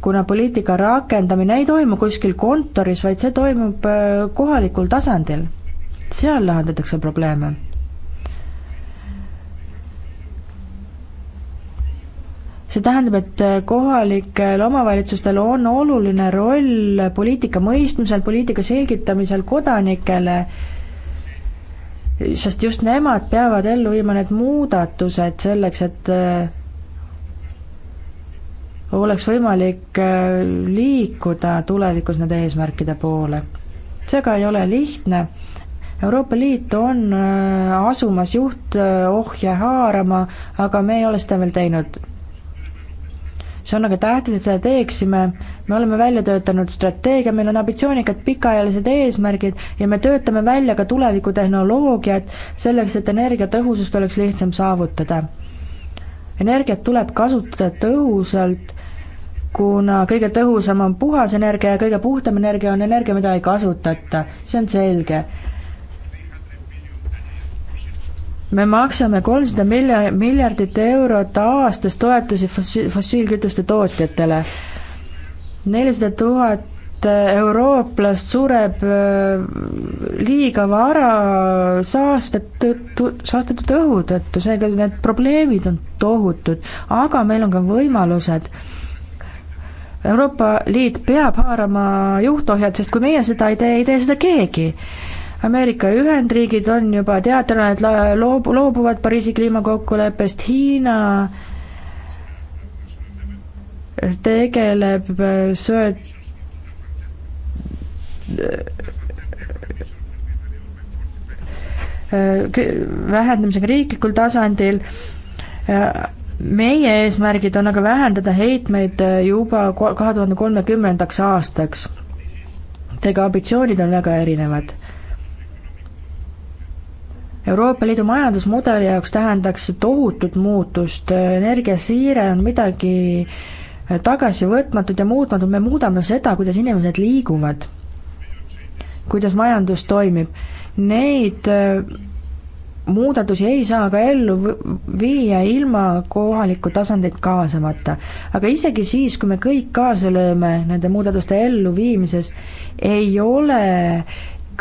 kuna poliitika rakendamine ei toimu kuskil kontoris, vaid see toimub kohalikul tasandil. seal lahendatakse probleeme see tähendab, et äh, kohalikel omavalitsustel on oluline roll poliitika mõistmisel, poliitika selgitamisel kodanikele, sest just nemad peavad ellu viima need muudatused selleks, et äh, oleks võimalik äh, liikuda tulevikus nende eesmärkide poole. seega ei ole lihtne. Euroopa Liit on asumas juhtohje haarama, aga me ei ole seda veel teinud see on aga tähtis, et seda teeksime, me oleme välja töötanud strateegia, meil on ambitsioonikad pikaajalised eesmärgid ja me töötame välja ka tulevikutehnoloogiat selleks, et energiatõhusust oleks lihtsam saavutada. energiat tuleb kasutada tõhusalt kuna kõige tõhusam on puhas energia ja kõige puhtam energia on energia, mida ei kasutata, see on selge me maksame kolmsada milja-, miljardit eurot aastas toetusi fossi-, fossiilkütuste tootjatele. nelisada tuhat eurooplast sureb äh, liiga vara saastatud, saastatud õhu tõttu, seega need probleemid on tohutud, aga meil on ka võimalused Euroopa Liit peab haarama juhtohjad, sest kui meie seda ei tee, ei tee seda keegi. Ameerika Ühendriigid on juba teatanud, et loobu-, loobuvad Pariisi kliimakokkuleppest, Hiina tegeleb äh, sööt-, äh, vähendamisega riiklikul tasandil, äh, meie eesmärgid on aga vähendada heitmeid juba kahe tuhande kolmekümnendaks aastaks. seega ambitsioonid on väga erinevad Euroopa Liidu majandusmudeli jaoks tähendaks see tohutut muutust, energiasiire on midagi tagasivõtmatut ja muutmatut, me muudame seda, kuidas inimesed liiguvad, kuidas majandus toimib. Neid äh, muudatusi ei saa ka ellu viia ilma kohalikku tasandit kaasamata. aga isegi siis, kui me kõik kaasa lööme nende muudatuste elluviimises, ei ole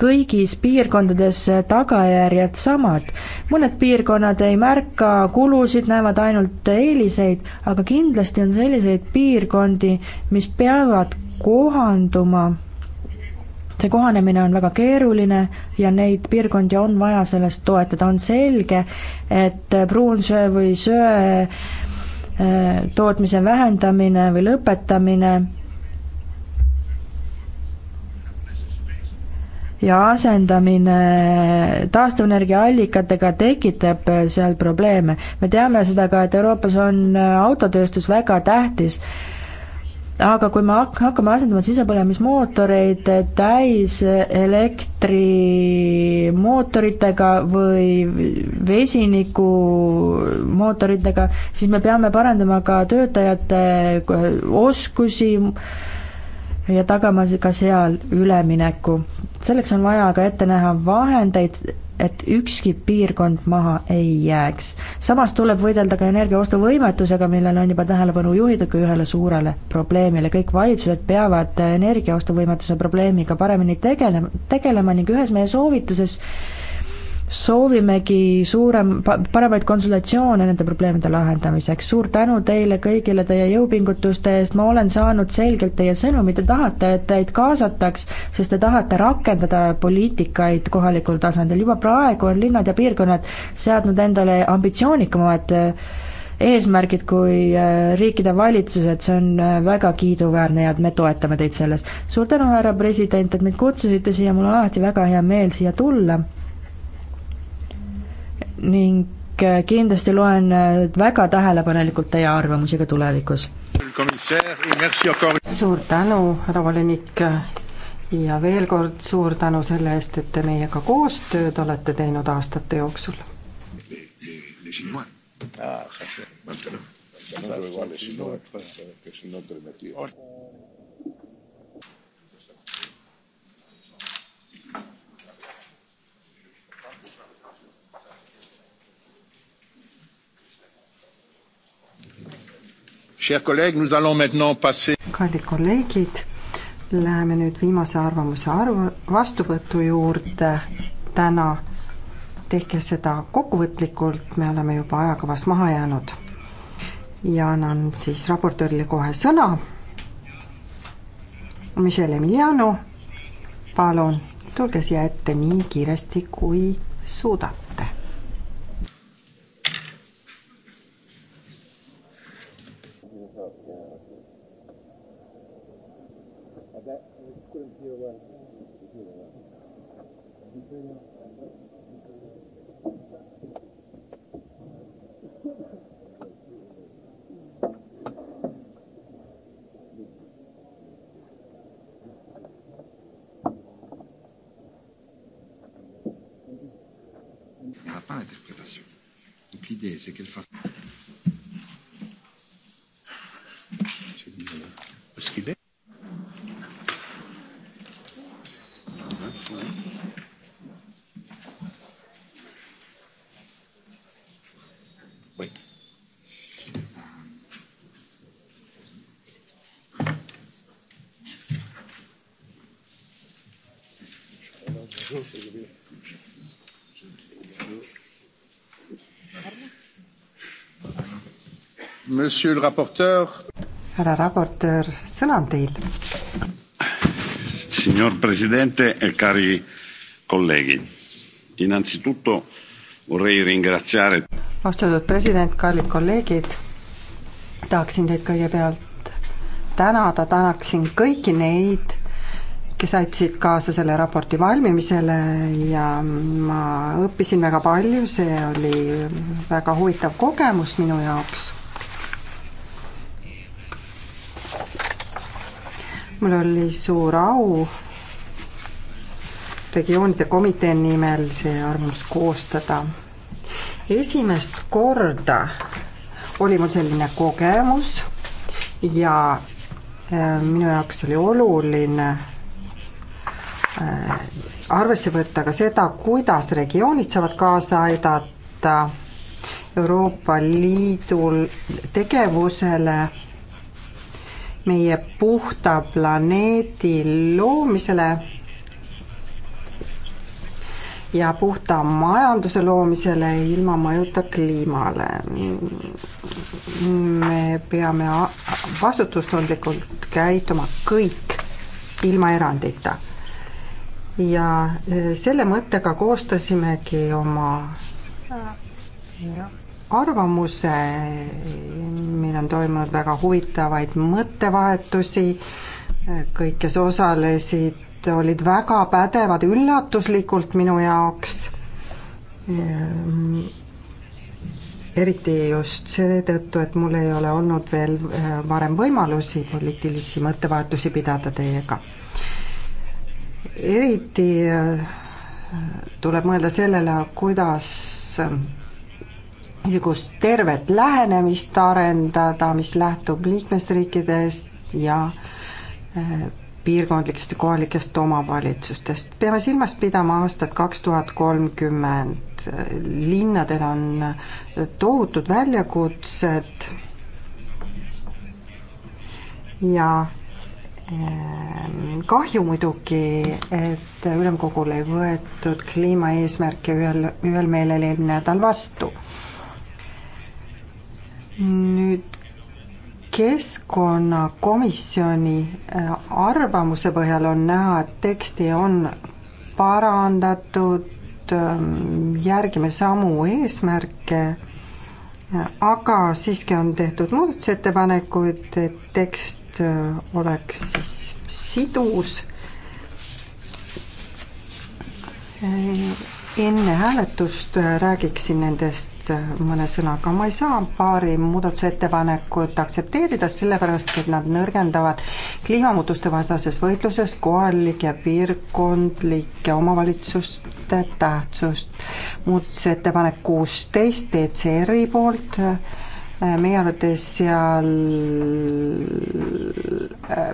kõigis piirkondades tagajärjed samad. mõned piirkonnad ei märka kulusid, näevad ainult eeliseid, aga kindlasti on selliseid piirkondi, mis peavad kohanduma. see kohanemine on väga keeruline ja neid piirkondi on vaja sellest toetada, on selge, et pruunsöö või söe äh, tootmise vähendamine või lõpetamine ja asendamine taastuvenergiaallikatega tekitab seal probleeme. me teame seda ka, et Euroopas on autotööstus väga tähtis aga kui me hak-, hakkame asendama sisepõlemismootoreid täiselektrimootoritega või vesinikumootoritega, siis me peame parandama ka töötajate oskusi, ja tagama ka seal ülemineku. selleks on vaja aga ette näha vahendeid, et ükski piirkond maha ei jääks. samas tuleb võidelda ka energiaostuvõimetusega, millele on juba tähelepanu juhitud kui ühele suurele probleemile. kõik valitsused peavad energiaostuvõimetuse probleemiga paremini tegele-, tegelema ning ühes meie soovituses soovimegi suurem, paremaid konsultatsioone nende probleemide lahendamiseks, suur tänu teile kõigile teie jõupingutuste eest, ma olen saanud selgelt teie sõnumi, te tahate, et teid kaasataks, sest te tahate rakendada poliitikaid kohalikul tasandil, juba praegu on linnad ja piirkonnad seadnud endale ambitsioonikamad eh, eesmärgid kui eh, riikide valitsused, see on eh, väga kiiduväärne ja me toetame teid selles. suur tänu, härra president, et mind kutsusite siia, mul on alati väga hea meel siia tulla ning kindlasti loen väga tähelepanelikult teie arvamusi ka tulevikus. suur tänu, härra volinik, ja veel kord suur tänu selle eest, et te meiega koostööd olete teinud aastate jooksul. Ah, kallid kolleegid, läheme nüüd viimase arvamuse arvu, vastuvõtu juurde täna. tehke seda kokkuvõtlikult, me oleme juba ajakavas maha jäänud. ja annan siis raportöörile kohe sõna. Michel Emiliano, palun, tulge siia ette nii kiiresti, kui suudate l'idée, c'est qu'elle fasse. Scrivete. Oui. Je regarde, je härra raportöör, sõna on teil. Signor Presidente e cari colleghi, innanzitutto vorrei ringraziare. austatud president, kallid kolleegid, tahaksin teid kõigepealt tänada, tänaksin kõiki neid, kes aitasid kaasa selle raporti valmimisele ja ma õppisin väga palju, see oli väga huvitav kogemus minu jaoks mul oli suur au regioonide komitee nimel see arvamus koostada. esimest korda oli mul selline kogemus ja äh, minu jaoks oli oluline äh, arvesse võtta ka seda, kuidas regioonid saavad kaasa aidata Euroopa Liidul tegevusele meie puhta planeedi loomisele ja puhta majanduse loomisele ilma mõjuta kliimale. me peame vastutustundlikult käituma kõik, ilma erandita. ja e, selle mõttega koostasimegi oma äh, arvamuse, meil on toimunud väga huvitavaid mõttevahetusi, kõik, kes osalesid, olid väga pädevad üllatuslikult minu jaoks, eriti just selle tõttu, et mul ei ole olnud veel eh, varem võimalusi poliitilisi mõttevahetusi pidada teiega. eriti eh, tuleb mõelda sellele, kuidas niisugust tervet lähenemist arendada, mis lähtub liikmesriikidest ja eh, piirkondlikest ja kohalikest omavalitsustest. peame silmas pidama aastat kaks tuhat kolmkümmend. linnadel on tohutud väljakutsed ja eh, kahju muidugi, et ülemkogul ei võetud kliimaeesmärke ühel, ühel meelel eelmine nädal vastu nüüd keskkonnakomisjoni äh, arvamuse põhjal on näha, et teksti on parandatud, ähm, järgime samu eesmärke, äh, aga siiski on tehtud muudatusettepanekuid, et tekst äh, oleks siis sidus enne hääletust äh, räägiksin nendest äh, mõne sõnaga. ma ei saa paari muudatusettepanekut aktsepteerida, sellepärast et nad nõrgendavad kliimamuutuste vastases võitluses kohalike piirkondlike omavalitsuste tähtsust. muudatusettepanek kuusteist DCR-i poolt äh, meie arvates seal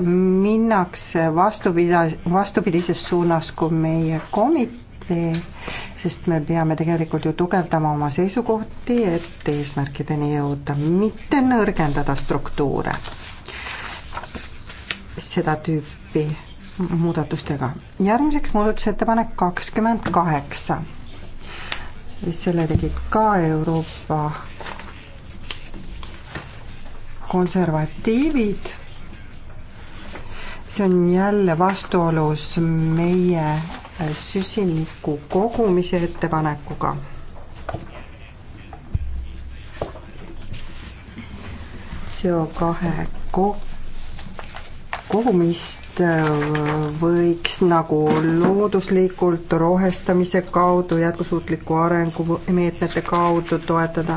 minnakse vastupida-, vastupidises suunas kui meie komi-, tee, sest me peame tegelikult ju tugevdama oma seisukohti, et eesmärkideni jõuda, mitte nõrgendada struktuure seda tüüpi muudatustega. järgmiseks muudatusettepanek kakskümmend kaheksa. selle tegi ka Euroopa konservatiivid see on jälle vastuolus meie süsiniku kogumise ettepanekuga. CO kahe kogumist äh, võiks nagu looduslikult rohestamise kaudu, jätkusuutliku arengu meetmete kaudu toetada,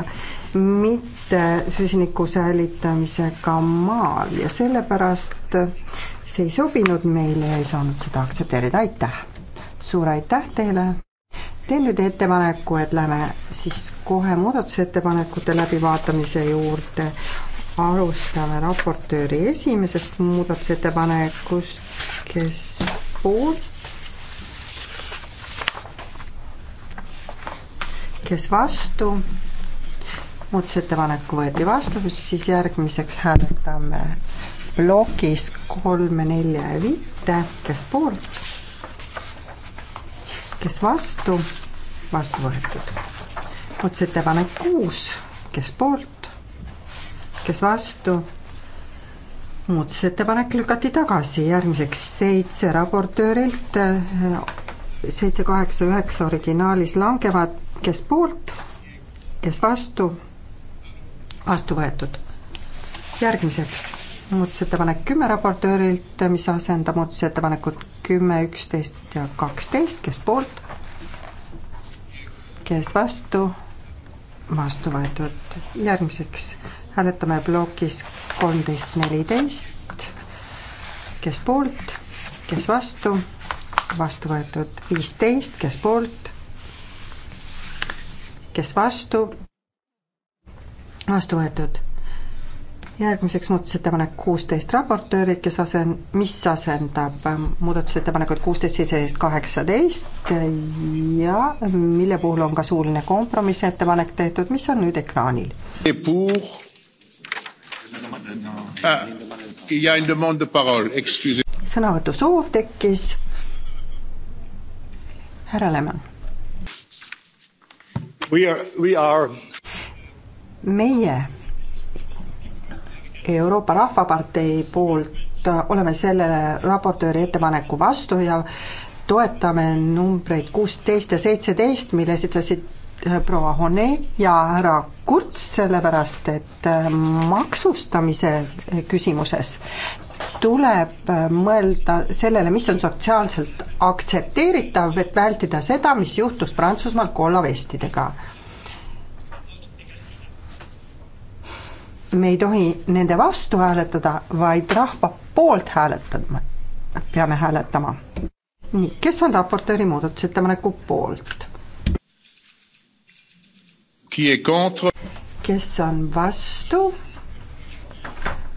mitte süsiniku säilitamisega maal ja sellepärast see ei sobinud meile ja ei saanud seda aktsepteerida, aitäh! suur aitäh teile! teen nüüd ettepaneku, et lähme siis kohe muudatusettepanekute läbivaatamise juurde. alustame raportööri esimesest muudatusettepanekust, kes poolt, kes vastu, muudatusettepanek võeti vastu, siis järgmiseks hääletame plokis kolme, nelja ja viite, kes poolt kes vastu, vastu võetud. muudatusettepanek kuus, kes poolt, kes vastu, muudatusettepanek lükati tagasi, järgmiseks seitse raportöörilt, seitse, kaheksa, üheksa originaalis langevad, kes poolt, kes vastu, vastu võetud. järgmiseks muudatusettepanek kümme raportöörilt, mis asendab muudatusettepanekut kümme, üksteist ja kaksteist, kes poolt, kes vastu, vastu võetud. järgmiseks hääletame plokis kolmteist, neliteist, kes poolt, kes vastu, vastu võetud viisteist, kes poolt, kes vastu, vastu võetud järgmiseks muudatusettepanek kuusteist raportöörid, kes asen-, mis asendab ähm, muudatusettepanekut kuusteist, seitseteist, kaheksateist ja mille puhul on ka suuline kompromissettepanek tehtud, mis on nüüd ekraanil. Ah, sõnavõtusoov tekkis. härra Lemann. We are, we are meie Euroopa Rahvapartei poolt oleme sellele raportööri ettepaneku vastu ja toetame numbreid kuusteist ja seitseteist, mille esitasid äh, proua Hone ja härra Kurts, sellepärast et äh, maksustamise äh, küsimuses tuleb mõelda sellele, mis on sotsiaalselt aktsepteeritav, et vältida seda, mis juhtus Prantsusmaal kollavestidega me ei tohi nende vastu hääletada, vaid rahva poolt hääletada, peame hääletama. nii, kes on raportööri muudatusettepaneku poolt? kes on vastu?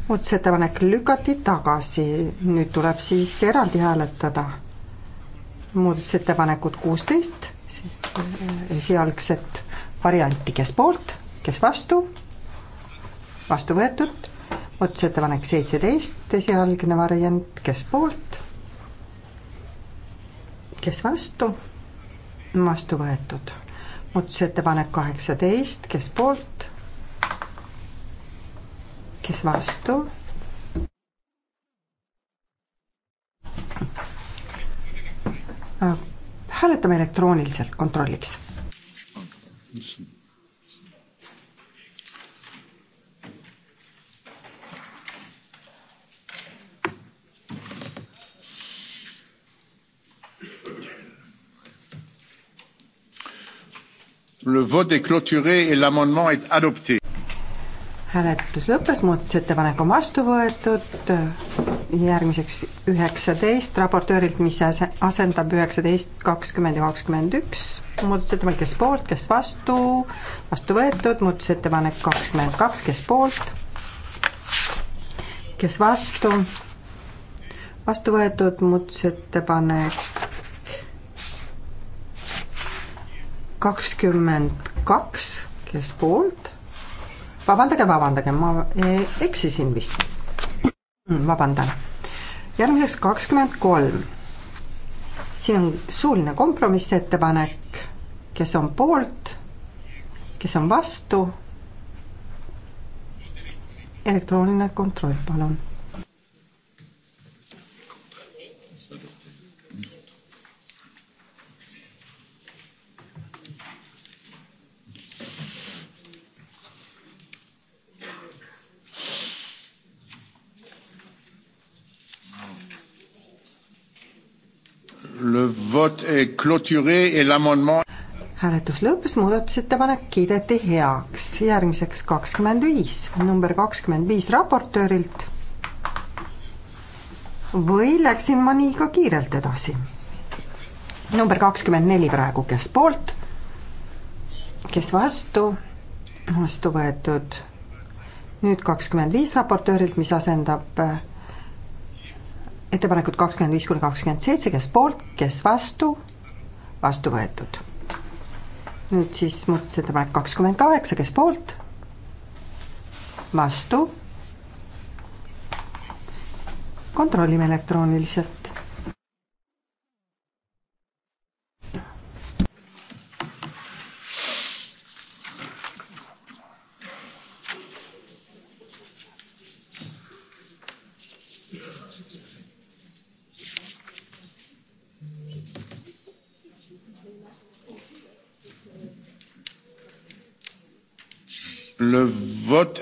muudatusettepanek lükati tagasi, nüüd tuleb siis eraldi hääletada muudatusettepanekut kuusteist, eh, esialgset varianti, kes poolt, kes vastu, vastu võetud, otsusettepanek seitseteist, esialgne variant, kes poolt, kes vastu, vastu võetud. otsusettepanek kaheksateist, kes poolt, kes vastu, äh, hääletame elektrooniliselt kontrolliks. Le vote est clôturé et l'amendement est adopté. hääletus lõppes, muudatusettepanek on vastu võetud, järgmiseks üheksateist raportöörilt, mis asendab üheksateist, kakskümmend ja kakskümmend üks, muudatusettepanek, kes poolt, kes vastu, vastu võetud, muudatusettepanek kakskümmend kaks, kes poolt, kes vastu, vastu võetud muudatusettepanek kakskümmend kaks, kes poolt? vabandage, vabandage, ma eh, eksisin vist. Hmm, vabandan. järgmiseks kakskümmend kolm. siin on suuline kompromissettepanek, kes on poolt, kes on vastu. elektrooniline kontroll, palun hääletus lõppes, muudatusettepanek kiideti heaks. järgmiseks kakskümmend viis, number kakskümmend viis raportöörilt. või läksin ma liiga kiirelt edasi? number kakskümmend neli praegu, kes poolt, kes vastu, vastu võetud. nüüd kakskümmend viis raportöörilt, mis asendab äh, ettepanekud kakskümmend viis kuni kakskümmend seitse, kes poolt, kes vastu vastu võetud. nüüd siis muudatusettepanek kakskümmend kaheksa, kes poolt? vastu. kontrollime elektrooniliselt.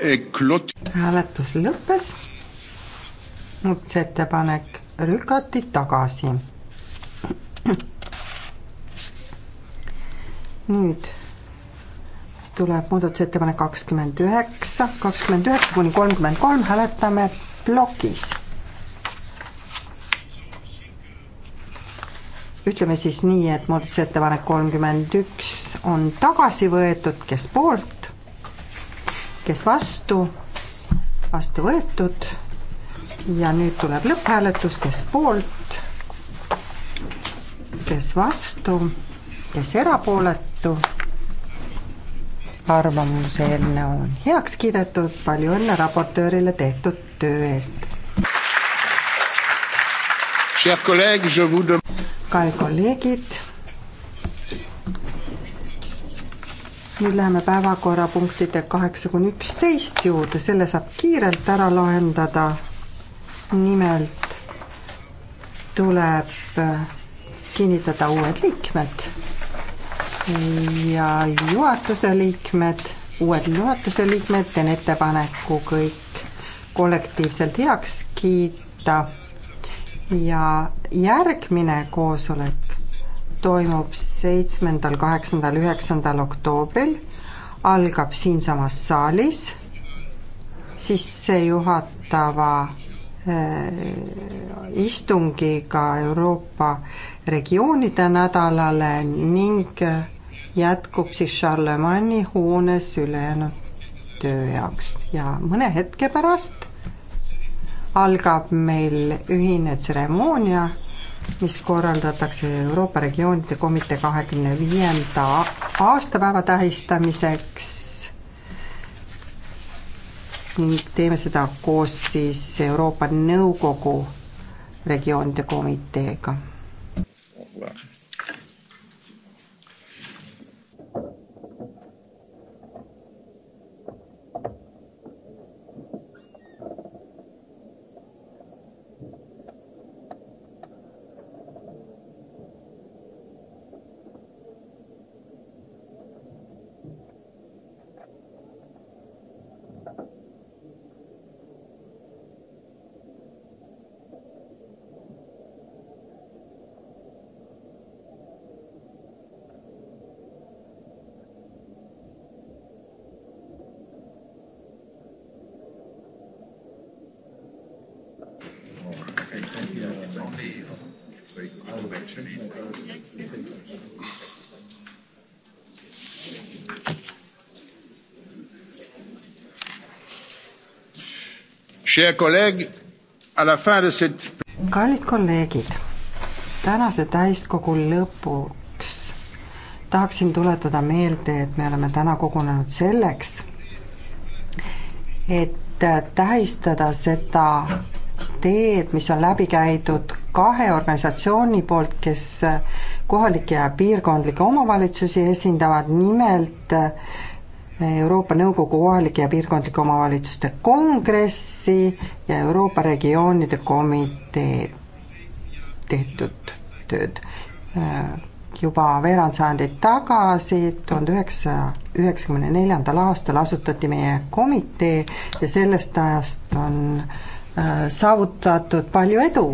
E hääletus lõppes. muudatusettepanek lükati tagasi. nüüd tuleb muudatusettepanek kakskümmend üheksa, kakskümmend üheksa kuni kolmkümmend kolm hääletame plokis. ütleme siis nii, et muudatusettepanek kolmkümmend üks on tagasi võetud, kes poolt, kes vastu, vastu võetud ja nüüd tuleb lõpphääletus, kes poolt, kes vastu, kes erapooletu. arvamuse eelnõu on heaks kiidetud, palju õnne raportöörile tehtud töö eest. kallid kolleegid nüüd läheme päevakorrapunktide kaheksa kuni üksteist juurde, selle saab kiirelt ära lahendada. nimelt tuleb kinnitada uued liikmed ja juhatuse liikmed, uued juhatuse liikmed, teen ettepaneku kõik kollektiivselt heaks kiita ja järgmine koosolek toimub seitsmendal, kaheksandal, üheksandal oktoobril, algab siinsamas saalis, sissejuhatava äh, istungiga Euroopa regioonide nädalale ning äh, jätkub siis Charlemagne'i hoones ülejäänud töö jaoks ja mõne hetke pärast algab meil ühine tseremoonia mis korraldatakse Euroopa Regioonide Komitee kahekümne viienda aastapäeva tähistamiseks ning teeme seda koos siis Euroopa Nõukogu regioonide komiteega. kallid kolleegid, tänase täiskogu lõpuks tahaksin tuletada meelde, et me oleme täna kogunenud selleks, et tähistada seda teed, mis on läbi käidud kahe organisatsiooni poolt, kes kohalikke ja piirkondlikke omavalitsusi esindavad, nimelt äh, Euroopa Nõukogu kohalike ja piirkondlike omavalitsuste kongressi ja Euroopa regioonide komitee tehtud tööd. Äh, juba veerand sajandit tagasi, tuhande üheksasaja üheksakümne neljandal aastal asutati meie komitee ja sellest ajast on äh, saavutatud palju edu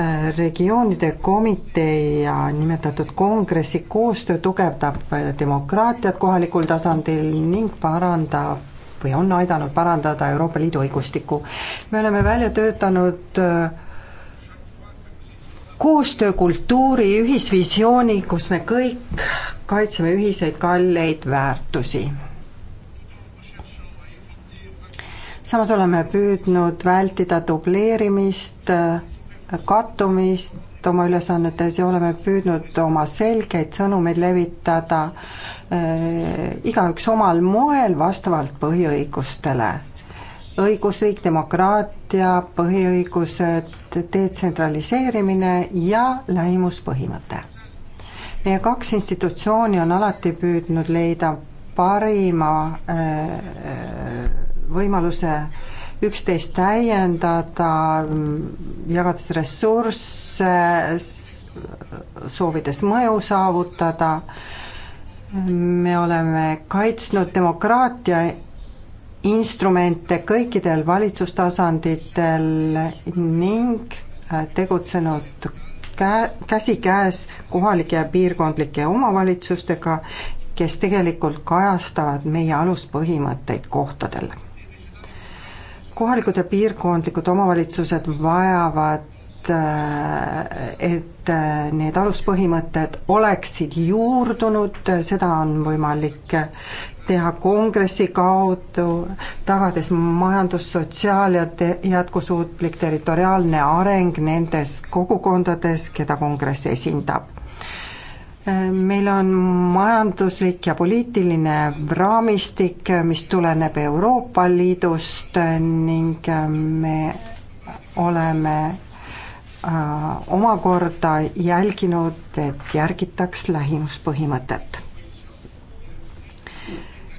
Äh, regioonide komitee ja nimetatud kongressi koostöö tugevdab äh, demokraatiat kohalikul tasandil ning parandab või on aidanud parandada Euroopa Liidu õigustikku. me oleme välja töötanud äh, koostöökultuuri ühisvisiooni, kus me kõik kaitseme ühiseid kalleid väärtusi samas oleme püüdnud vältida dubleerimist kattumist oma ülesannetes ja oleme püüdnud oma selgeid sõnumeid levitada äh, igaüks omal moel vastavalt põhiõigustele. õigusriik, demokraatia, põhiõigused, detsentraliseerimine ja lähimuspõhimõte. meie kaks institutsiooni on alati püüdnud leida parima äh, võimaluse äh, üksteist täiendada, jagades ressursse, soovides mõju saavutada, me oleme kaitsnud demokraatia instrumente kõikidel valitsustasanditel ning tegutsenud kä-, käsikäes kohalike ja piirkondlike omavalitsustega, kes tegelikult kajastavad meie aluspõhimõtteid kohtadel kohalikud ja piirkondlikud omavalitsused vajavad, äh, et äh, need aluspõhimõtted oleksid juurdunud, seda on võimalik teha kongressi kaudu, tagades majandus, sotsiaal- ja te-, jätkusuutlik territoriaalne areng nendes kogukondades, keda kongress esindab meil on majanduslik ja poliitiline raamistik, mis tuleneb Euroopa Liidust ning me oleme äh, omakorda jälginud, et järgitaks lähimuspõhimõtet.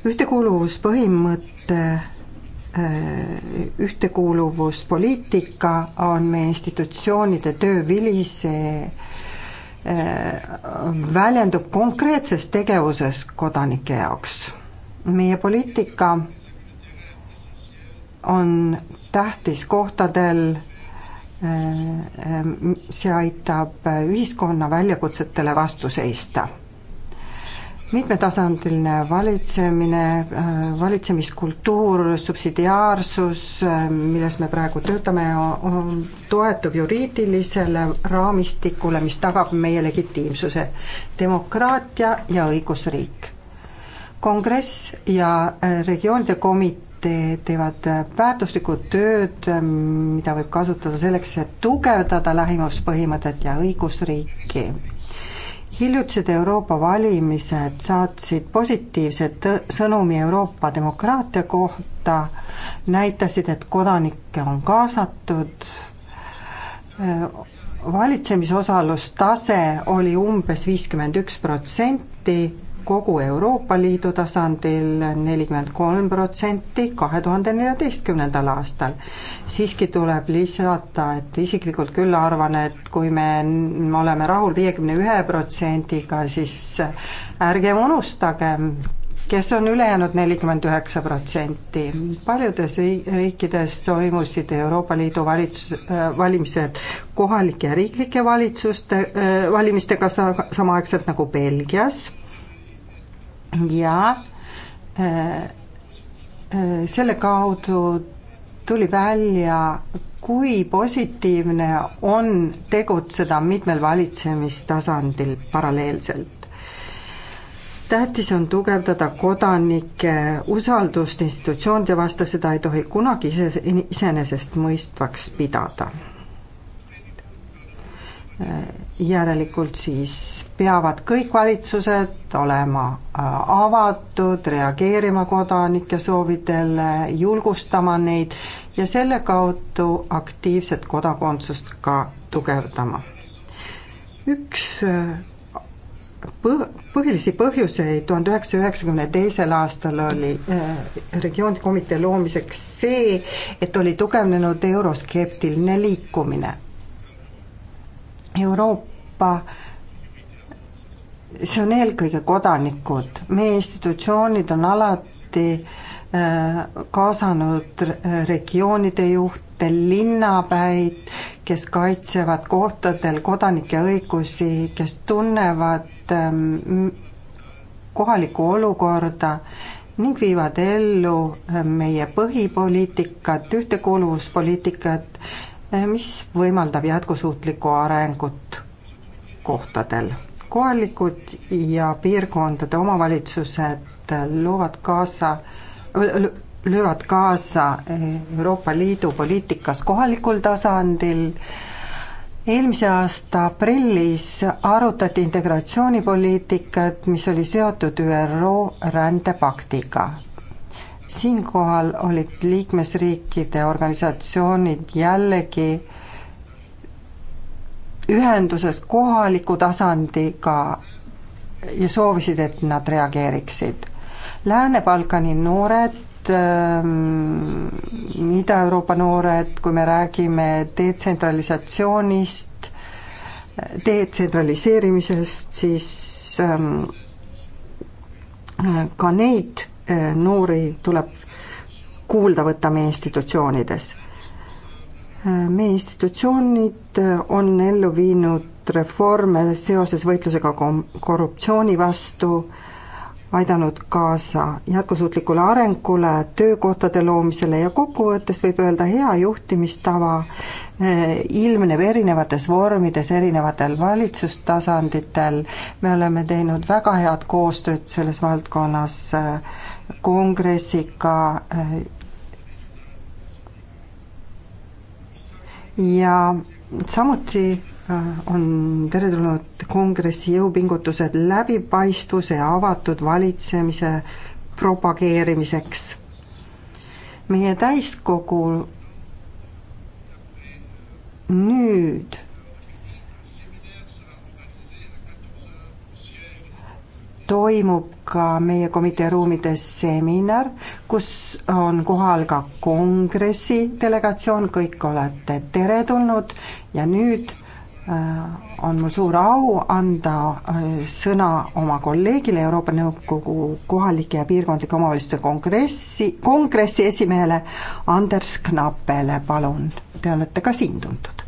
ühtekuuluvuspõhimõte äh, ühtekuuluvuspoliitika on meie institutsioonide töö vili, see Äh, väljendub konkreetses tegevuses kodanike jaoks. meie poliitika on tähtis kohtadel, äh, äh, see aitab ühiskonna väljakutsetele vastu seista mitmetasandiline valitsemine, äh, valitsemiskultuur, subsidiaarsus, äh, milles me praegu töötame, toetub juriidilisele raamistikule, mis tagab meie legitiimsuse, demokraatia ja õigusriik. kongress ja äh, regioonide komitee teevad väärtuslikku tööd, mida võib kasutada selleks, et tugevdada lähimuspõhimõtet ja õigusriiki hiljutised Euroopa valimised saatsid positiivset sõnumi Euroopa demokraatia kohta, näitasid, et kodanikke on kaasatud, äh, valitsemisosalustase oli umbes viiskümmend üks protsenti kogu Euroopa Liidu tasandil nelikümmend kolm protsenti kahe tuhande neljateistkümnendal aastal. siiski tuleb lisada, et isiklikult küll arvan, et kui me, me oleme rahul viiekümne ühe protsendiga, siis ärgem unustagem, kes on ülejäänud nelikümmend üheksa protsenti. paljudes riikides toimusid Euroopa Liidu valitsus, valimised kohalike ja riiklike valitsuste valimistega sa-, samaaegselt nagu Belgias ja äh, äh, selle kaudu tuli välja, kui positiivne on tegutseda mitmel valitsemistasandil paralleelselt. tähtis on tugevdada kodanike usaldust institutsioonide vastu, seda ei tohi kunagi ise, iseenesestmõistvaks pidada Äh, järelikult siis peavad kõik valitsused olema äh, avatud, reageerima kodanike soovidele, julgustama neid ja selle kaudu aktiivset kodakondsust ka tugevdama. üks äh, põh-, põhilisi põhjuseid tuhande üheksasaja üheksakümne teisel aastal oli regioonide komitee loomiseks see, et oli tugevnenud euroskeptiline liikumine Euroopa see on eelkõige kodanikud, meie institutsioonid on alati äh, kaasanud regioonide juhte, linnapäid, kes kaitsevad kohtadel kodanike õigusi, kes tunnevad ähm, kohalikku olukorda ning viivad ellu äh, meie põhipoliitikat, ühtekuuluvuspoliitikat Eh, mis võimaldab jätkusuutlikku arengut kohtadel. kohalikud ja piirkondade omavalitsused loovad kaasa, löövad kaasa eh, Euroopa Liidu poliitikas kohalikul tasandil, eelmise aasta aprillis arutati integratsioonipoliitikat, mis oli seotud ÜRO rändepaktiga siinkohal olid liikmesriikide organisatsioonid jällegi ühenduses kohaliku tasandiga ja soovisid, et nad reageeriksid. Lääne-Balkani noored, ähm, Ida-Euroopa noored, kui me räägime detsentralisatsioonist, detsentraliseerimisest, siis ähm, ka neid Äh, noori tuleb kuulda võtta meie institutsioonides. Äh, meie institutsioonid äh, on ellu viinud reforme seoses võitlusega korruptsiooni vastu, aidanud kaasa jätkusuutlikule arengule, töökohtade loomisele ja kokkuvõttes võib öelda, hea juhtimistava eh, ilmneb erinevates vormides, erinevatel valitsustasanditel, me oleme teinud väga head koostööd selles valdkonnas eh, kongressiga eh, ja samuti Äh, on teretulnud kongressi jõupingutused läbipaistvuse ja avatud valitsemise propageerimiseks. meie täiskogul nüüd toimub ka meie komitee ruumides seminar, kus on kohal ka kongressi delegatsioon, kõik olete teretulnud ja nüüd Äh, on mul suur au anda äh, sõna oma kolleegile Euroopa Nõukogu kohalike ja piirkondlike omavalitsuste kongressi, kongressi esimehele Anders Knappele, palun. Te olete ka siin tuntud.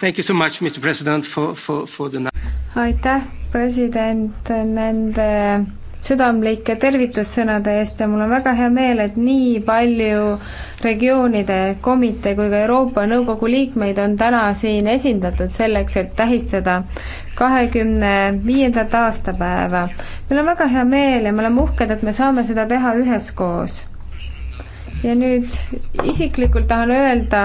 Thank you so much, Mr President, for, for, for the aitäh, president, nende südamlike tervitussõnade eest ja mul on väga hea meel, et nii palju regioonide komitee kui ka Euroopa Nõukogu liikmeid on täna siin esindatud selleks, et tähistada kahekümne viiendat aastapäeva. meil on väga hea meel ja me oleme uhked, et me saame seda teha üheskoos ja nüüd isiklikult tahan öelda,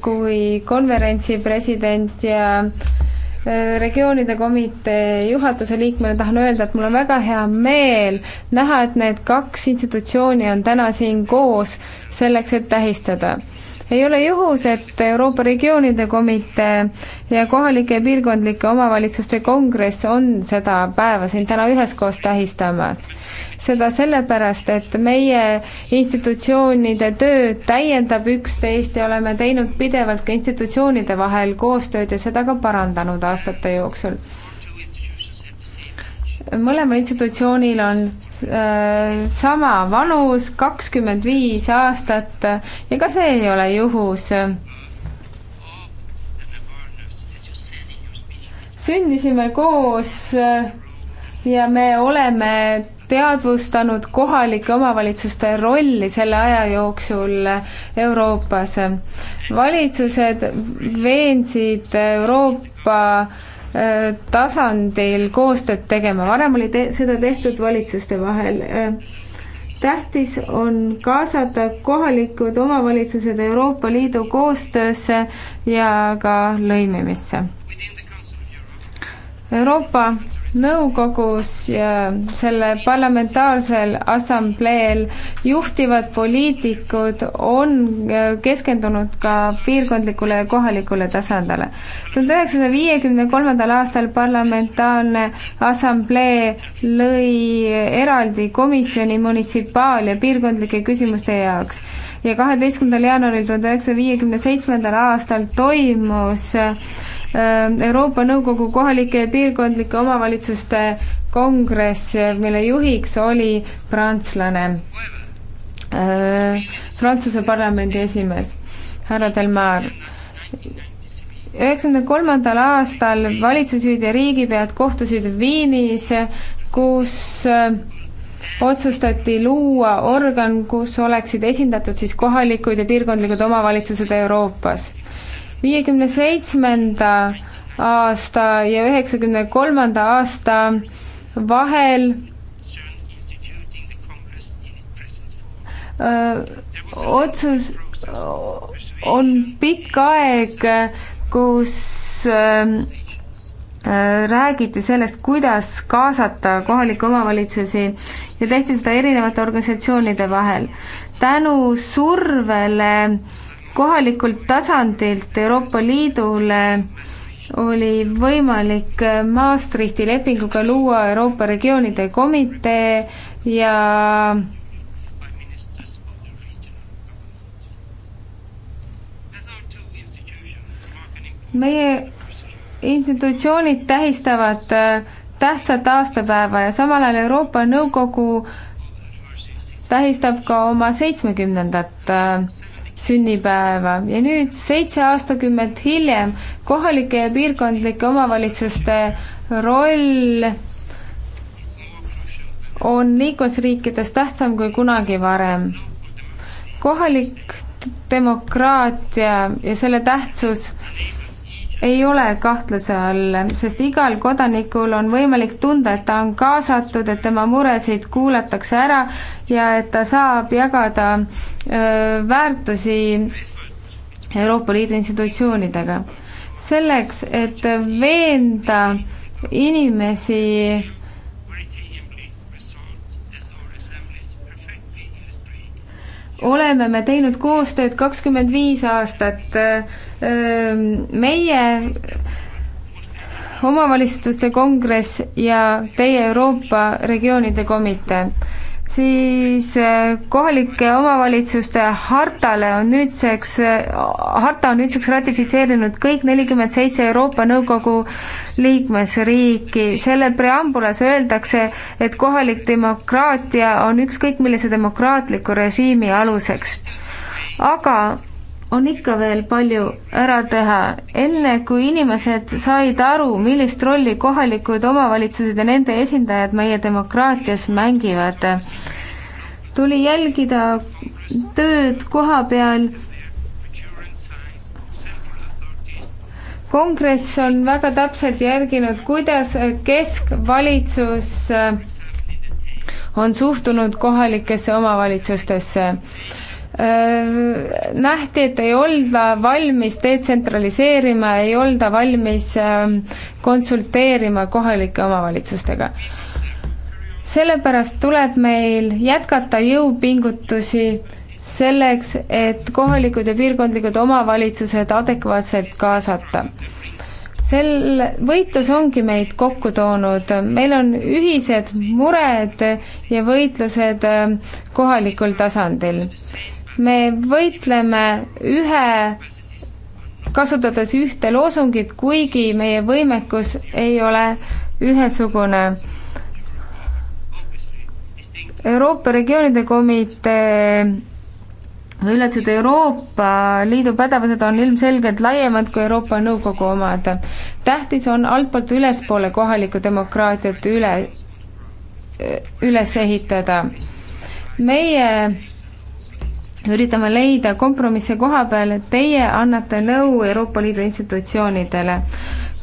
kui konverentsi president ja Äh, regioonide komitee juhatuse liikmena tahan öelda, et mul on väga hea meel näha, et need kaks institutsiooni on täna siin koos selleks, et tähistada ei ole juhus, et Euroopa Regioonide Komitee ja kohalike piirkondlike omavalitsuste kongress on seda päeva siin täna üheskoos tähistamas. seda sellepärast, et meie institutsioonide töö täiendab üksteist ja oleme teinud pidevalt ka institutsioonide vahel koostööd ja seda ka parandanud aastate jooksul. mõlemal institutsioonil on Äh, sama vanus, kakskümmend viis aastat äh, ja ka see ei ole juhus. sündisime koos äh, ja me oleme teadvustanud kohalike omavalitsuste rolli selle aja jooksul Euroopas. valitsused veensid Euroopa Äh, tasandil koostööd tegema, varem oli te seda tehtud valitsuste vahel. Äh, tähtis on kaasata kohalikud omavalitsused Euroopa Liidu koostöösse ja ka lõimimisse. Euroopa nõukogus ja selle parlamentaarsel assambleel juhtivad poliitikud on äh, keskendunud ka piirkondlikule ja kohalikule tasandile. tuhande üheksasaja viiekümne kolmandal aastal parlamentaarne assamblee lõi eraldi komisjoni munitsipaal- ja piirkondlike küsimuste jaoks ja kaheteistkümnendal jaanuaril tuhande üheksasaja viiekümne seitsmendal aastal toimus äh, Äh, Euroopa Nõukogu kohalike ja piirkondlike omavalitsuste kongress, mille juhiks oli prantslane, äh, Prantsuse parlamendi esimees härra Delmar. üheksakümne kolmandal aastal valitsusjuhid ja riigipead kohtusid Viinis, kus äh, otsustati luua organ, kus oleksid esindatud siis kohalikud ja piirkondlikud omavalitsused Euroopas viiekümne seitsmenda aasta ja üheksakümne kolmanda aasta vahel öö, äh, otsus on pikk aeg, kus öö, äh, äh, räägiti sellest, kuidas kaasata kohalikke omavalitsusi ja tehti seda erinevate organisatsioonide vahel. tänu survele äh, kohalikult tasandilt Euroopa Liidule oli võimalik Maastrichti lepinguga luua Euroopa regioonide komitee ja meie institutsioonid tähistavad tähtsat aastapäeva ja samal ajal Euroopa Nõukogu tähistab ka oma seitsmekümnendat sünnipäeva ja nüüd seitse aastakümmet hiljem kohalike ja piirkondlike omavalitsuste roll on liikmesriikides tähtsam kui kunagi varem. kohalik demokraatia ja selle tähtsus ei ole kahtluse all, sest igal kodanikul on võimalik tunda, et ta on kaasatud, et tema muresid kuulatakse ära ja et ta saab jagada öö, väärtusi Euroopa Liidu institutsioonidega. selleks, et veenda inimesi oleme me teinud koostööd kakskümmend viis aastat. meie omavalitsuste kongress ja teie Euroopa regioonide komitee siis äh, kohalike omavalitsuste hartale on nüüdseks, äh, harta on nüüdseks ratifitseerinud kõik nelikümmend seitse Euroopa Nõukogu liikmesriiki. selle preambulas öeldakse, et kohalik demokraatia on ükskõik millise demokraatliku režiimi aluseks. aga on ikka veel palju ära teha. enne kui inimesed said aru, millist rolli kohalikud omavalitsused ja nende esindajad meie demokraatias mängivad, tuli jälgida tööd koha peal kongress on väga täpselt järginud, kuidas keskvalitsus on suhtunud kohalikesse omavalitsustesse nähti, et ei olda valmis detsentraliseerima, ei olda valmis konsulteerima kohalike omavalitsustega. sellepärast tuleb meil jätkata jõupingutusi selleks, et kohalikud ja piirkondlikud omavalitsused adekvaatselt kaasata sel, võitlus ongi meid kokku toonud, meil on ühised mured ja võitlused kohalikul tasandil me võitleme ühe, kasutades ühte loosungit, kuigi meie võimekus ei ole ühesugune. Euroopa regioonide komitee või üleüldse Euroopa Liidu pädevused on ilmselgelt laiemad kui Euroopa Nõukogu omad. tähtis on altpoolt ülespoole kohalikku demokraatiat üle, üles ehitada. meie üritame leida kompromisse koha peal, et teie annate nõu Euroopa Liidu institutsioonidele.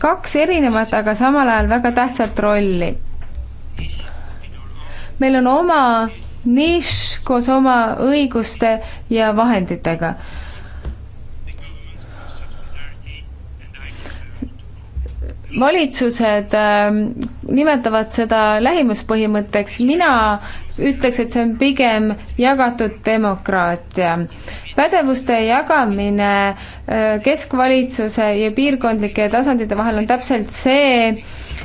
kaks erinevat, aga samal ajal väga tähtsat rolli. meil on oma nišš koos oma õiguste ja vahenditega. valitsused äh, nimetavad seda lähimuspõhimõtteks, mina ütleks, et see on pigem jagatud demokraatia. pädevuste jagamine äh, keskvalitsuse ja piirkondlike tasandite vahel on täpselt see,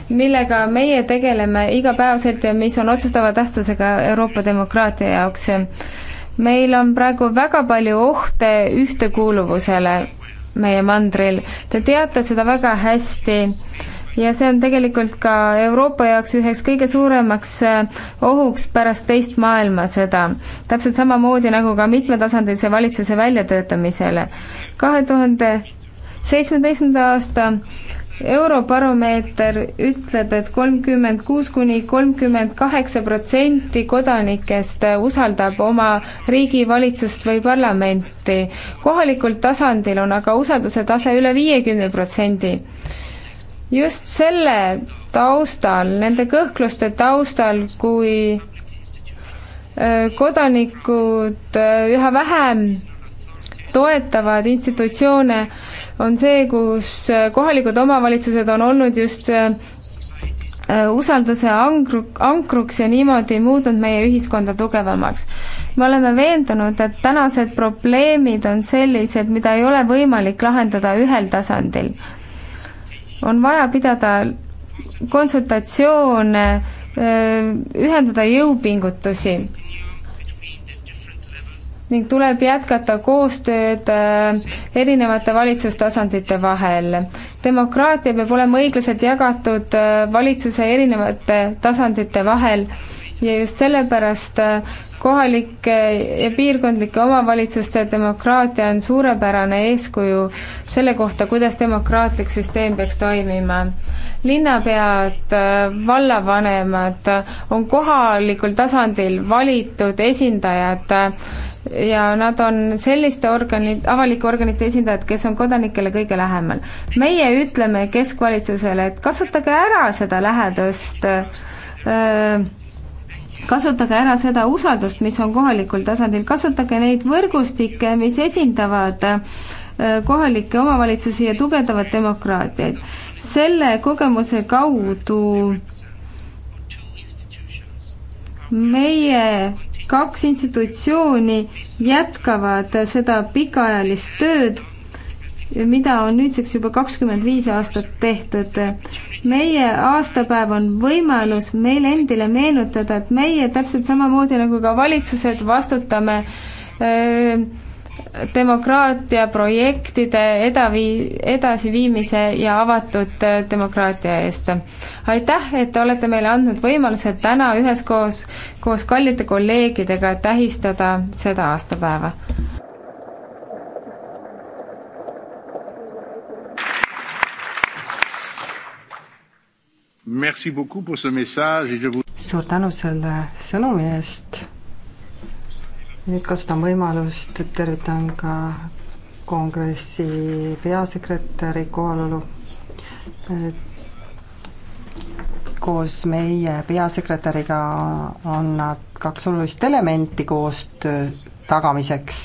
millega meie tegeleme igapäevaselt ja mis on otsustava tähtsusega Euroopa demokraatia jaoks. meil on praegu väga palju ohte ühtekuuluvusele meie mandril, te teate seda väga hästi ja see on tegelikult ka Euroopa jaoks üheks kõige suuremaks äh, ohuks pärast teist maailmasõda. täpselt samamoodi nagu ka mitmetasandilise valitsuse väljatöötamisele. kahe tuhande seitsmeteistkümnenda aasta Eurobaromeeter ütleb et, et kolmkümmend kuus kuni kolmkümmend kaheksa protsenti kodanikest äh, usaldab oma riigi valitsust või parlamenti. kohalikul tasandil on aga usalduse tase üle viiekümne protsendi just selle taustal, nende kõhkluste taustal, kui äh, kodanikud äh, üha vähem toetavad institutsioone, on see, kus äh, kohalikud omavalitsused on olnud just usalduse ankru-, ankruks ja niimoodi muutnud meie ühiskonda tugevamaks. me oleme veendunud, et tänased probleemid on sellised, mida ei ole võimalik lahendada ühel tasandil on vaja pidada konsultatsioone, ühendada jõupingutusi ning tuleb jätkata koostööd erinevate valitsustasandite vahel. demokraatia peab olema õiglaselt jagatud valitsuse erinevate tasandite vahel ja just sellepärast äh, kohalike ja piirkondlike omavalitsuste demokraatia on suurepärane eeskuju selle kohta, kuidas demokraatlik süsteem peaks toimima. linnapead, äh, vallavanemad on kohalikul tasandil valitud esindajad äh, ja nad on selliste organid, avalike organite esindajad, kes on kodanikele kõige lähemal. meie ütleme keskvalitsusele, et kasutage ära seda lähedust öö, kasutage ära seda usaldust, mis on kohalikul tasandil, kasutage neid võrgustikke, mis esindavad äh, kohalikke omavalitsusi ja tugevdavad demokraatiaid. selle kogemuse kaudu meie kaks institutsiooni jätkavad seda pikaajalist tööd mida on nüüdseks juba kakskümmend viis aastat tehtud. meie aastapäev on võimalus meile endile meenutada, et meie täpselt samamoodi nagu ka valitsused vastutame öö, demokraatia projektide edavi-, edasiviimise ja avatud demokraatia eest. aitäh, et te olete meile andnud võimaluse täna üheskoos, koos kallite kolleegidega tähistada seda aastapäeva. suur tänu selle sõnumi eest. nüüd kasutan võimalust, et tervitan ka kongressi peasekretäri kohalolu. koos meie peasekretäriga on nad kaks olulist elementi koostöö tagamiseks.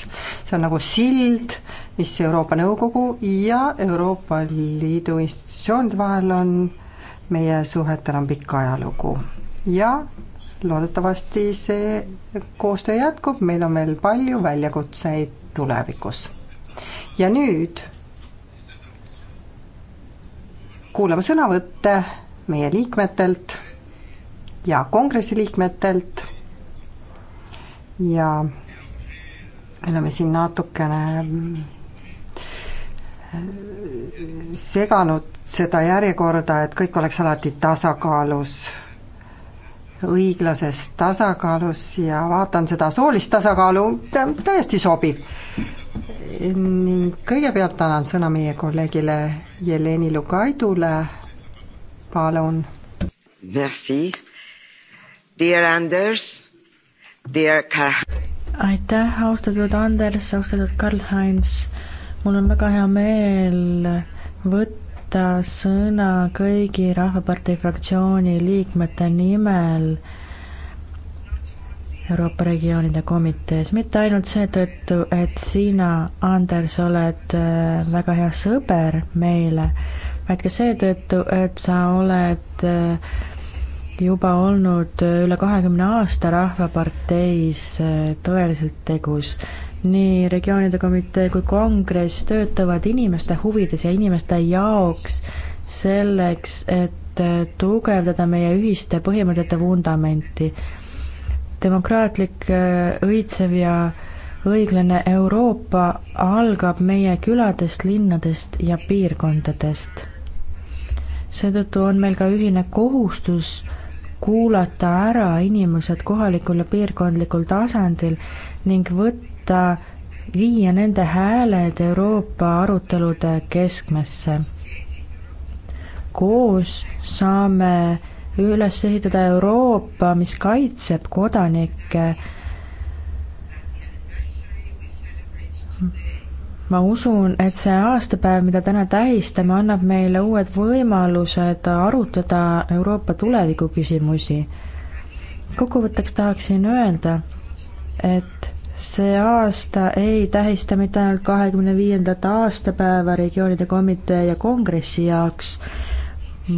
see on nagu sild, mis Euroopa Nõukogu ja Euroopa Liidu institutsioonide vahel on meie suhetel on pikk ajalugu ja loodetavasti see koostöö jätkub, meil on veel palju väljakutseid tulevikus. ja nüüd kuulame sõnavõtte meie liikmetelt ja kongressi liikmetelt ja me oleme siin natukene seganud seda järjekorda, et kõik oleks alati tasakaalus, õiglases tasakaalus ja vaatan seda soolist tasakaalu, täiesti sobiv. ning kõigepealt annan sõna meie kolleegile Jeleni Lukaidule, palun. Merci, dear Anders, dear Karl. aitäh, austatud Anders, austatud Karl-Heinz mul on väga hea meel võtta sõna kõigi Rahvapartei fraktsiooni liikmete nimel Euroopa regioonide komitees, mitte ainult seetõttu, et sina, Anders, oled äh, väga hea sõber meile, vaid ka seetõttu, et sa oled äh, juba olnud äh, üle kahekümne aasta Rahvaparteis tõeliselt tegus nii regioonide komitee kui kongress töötavad inimeste huvides ja inimeste jaoks selleks, et äh, tugevdada meie ühiste põhimõtete vundamenti. demokraatlik, äh, õitsev ja õiglane Euroopa algab meie küladest, linnadest ja piirkondadest. seetõttu on meil ka ühine kohustus kuulata ära inimesed kohalikul ja piirkondlikul tasandil ning võtta üritada viia nende hääled Euroopa arutelude keskmesse. koos saame üles ehitada Euroopa, mis kaitseb kodanikke. ma usun, et see aastapäev, mida täna tähistame, annab meile uued võimalused arutada Euroopa tuleviku küsimusi. kokkuvõtteks tahaksin öelda, et see aasta ei tähista mitte ainult kahekümne viiendat aastapäeva regioonide komitee ja kongressi jaoks,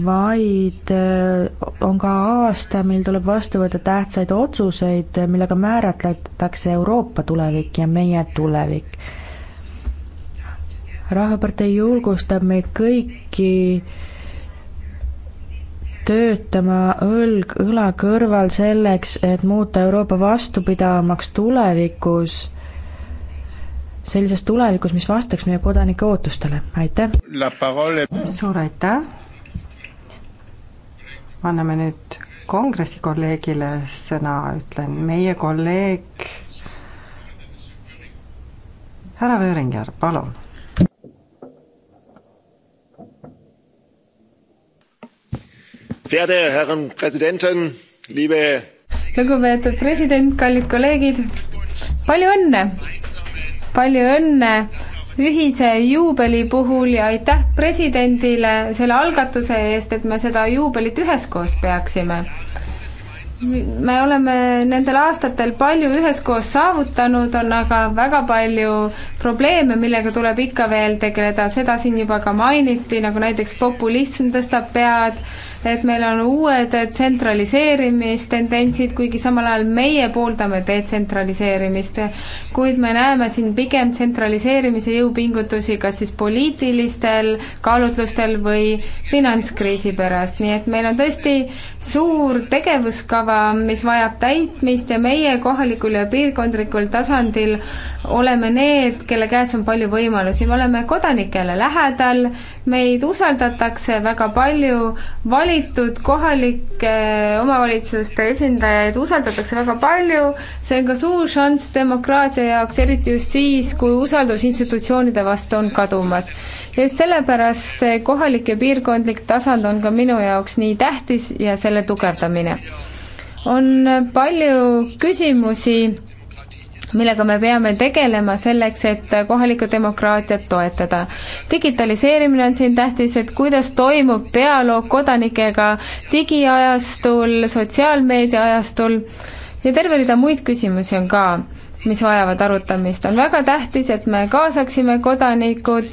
vaid äh, on ka aasta, mil tuleb vastu võtta tähtsaid otsuseid, millega määratletakse Euroopa tulevik ja meie tulevik. rahvapartei julgustab meid kõiki töötama õlg õla kõrval selleks, et muuta Euroopa vastupidavamaks tulevikus, sellises tulevikus, mis vastaks meie kodanike ootustele, aitäh! suur aitäh! anname nüüd kongressi kolleegile sõna, ütlen meie kolleeg härra Vööringer, palun lugupeetud president, kallid kolleegid, palju õnne! palju õnne ühise juubeli puhul ja aitäh presidendile selle algatuse eest, et me seda juubelit üheskoos peaksime. me oleme nendel aastatel palju üheskoos saavutanud, on aga väga palju probleeme, millega tuleb ikka veel tegeleda, seda siin juba ka mainiti, nagu näiteks populism tõstab pead et meil on uued tsentraliseerimistendentsid, kuigi samal ajal meie pooldame detsentraliseerimist, kuid me näeme siin pigem tsentraliseerimise jõupingutusi kas siis poliitilistel kaalutlustel või finantskriisi pärast, nii et meil on tõesti suur tegevuskava, mis vajab täitmist ja meie kohalikul ja piirkondlikul tasandil oleme need, kelle käes on palju võimalusi, me oleme kodanikele lähedal, meid usaldatakse väga palju, vali-, valitud kohalike omavalitsuste esindajaid usaldatakse väga palju, see on ka suur šanss demokraatia jaoks, eriti just siis, kui usaldus institutsioonide vastu on kadumas. ja just sellepärast see kohalik ja piirkondlik tasand on ka minu jaoks nii tähtis ja selle tugevdamine. on palju küsimusi millega me peame tegelema selleks, et kohalikku demokraatiat toetada. digitaliseerimine on siin tähtis, et kuidas toimub dialoog kodanikega digiajastul, sotsiaalmeedia ajastul ja terve rida muid küsimusi on ka mis vajavad arutamist. on väga tähtis, et me kaasaksime kodanikud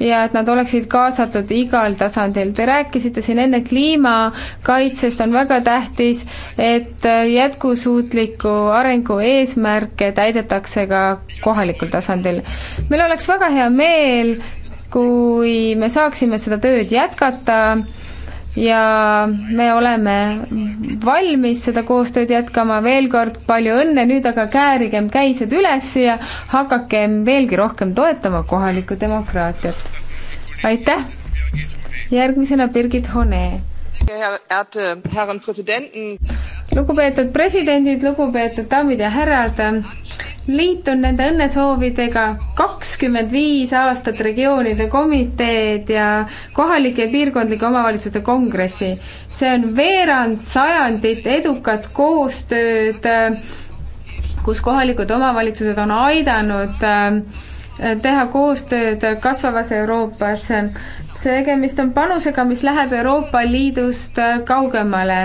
ja et nad oleksid kaasatud igal tasandil. Te rääkisite siin enne kliimakaitsest, on väga tähtis, et jätkusuutliku arengu eesmärke täidetakse ka kohalikul tasandil. meil oleks väga hea meel, kui me saaksime seda tööd jätkata ja me oleme valmis seda koostööd jätkama, veel kord palju õnne, nüüd aga käärigem käised üles ja hakakem veelgi rohkem toetama kohalikku demokraatiat. aitäh! järgmisena Birgit Honee lugupeetud presidendid, lugupeetud daamid ja härrad. liitun nende õnnesoovidega kakskümmend viis aastat regioonide komiteed ja kohalike ja piirkondlike omavalitsuste kongressi. see on veerand sajandit edukat koostööd, kus kohalikud omavalitsused on aidanud äh, teha koostööd kasvavas Euroopas see tegemist on panusega, mis läheb Euroopa Liidust äh, kaugemale.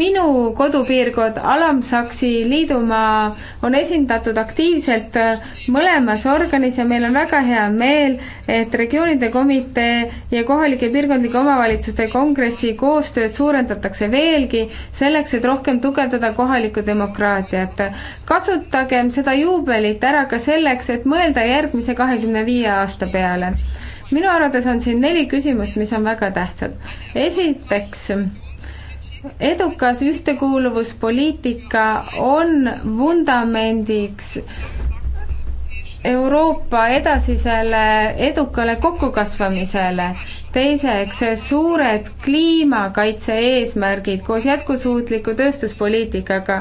minu kodupiirkond Alam-Saksi liidumaa on esindatud aktiivselt äh, mõlemas organis ja meil on väga hea meel, et regioonide komitee ja kohalike piirkondlike omavalitsuste kongressi koostööd suurendatakse veelgi, selleks et rohkem tugevdada kohalikku demokraatiat. kasutagem seda juubelit ära ka selleks, et mõelda järgmise kahekümne viie aasta peale minu arvates on siin neli küsimust, mis on väga tähtsad. esiteks, edukas ühtekuuluvuspoliitika on vundamendiks Euroopa edasisele edukale kokkukasvamisele teiseks, suured kliimakaitse eesmärgid koos jätkusuutliku tööstuspoliitikaga,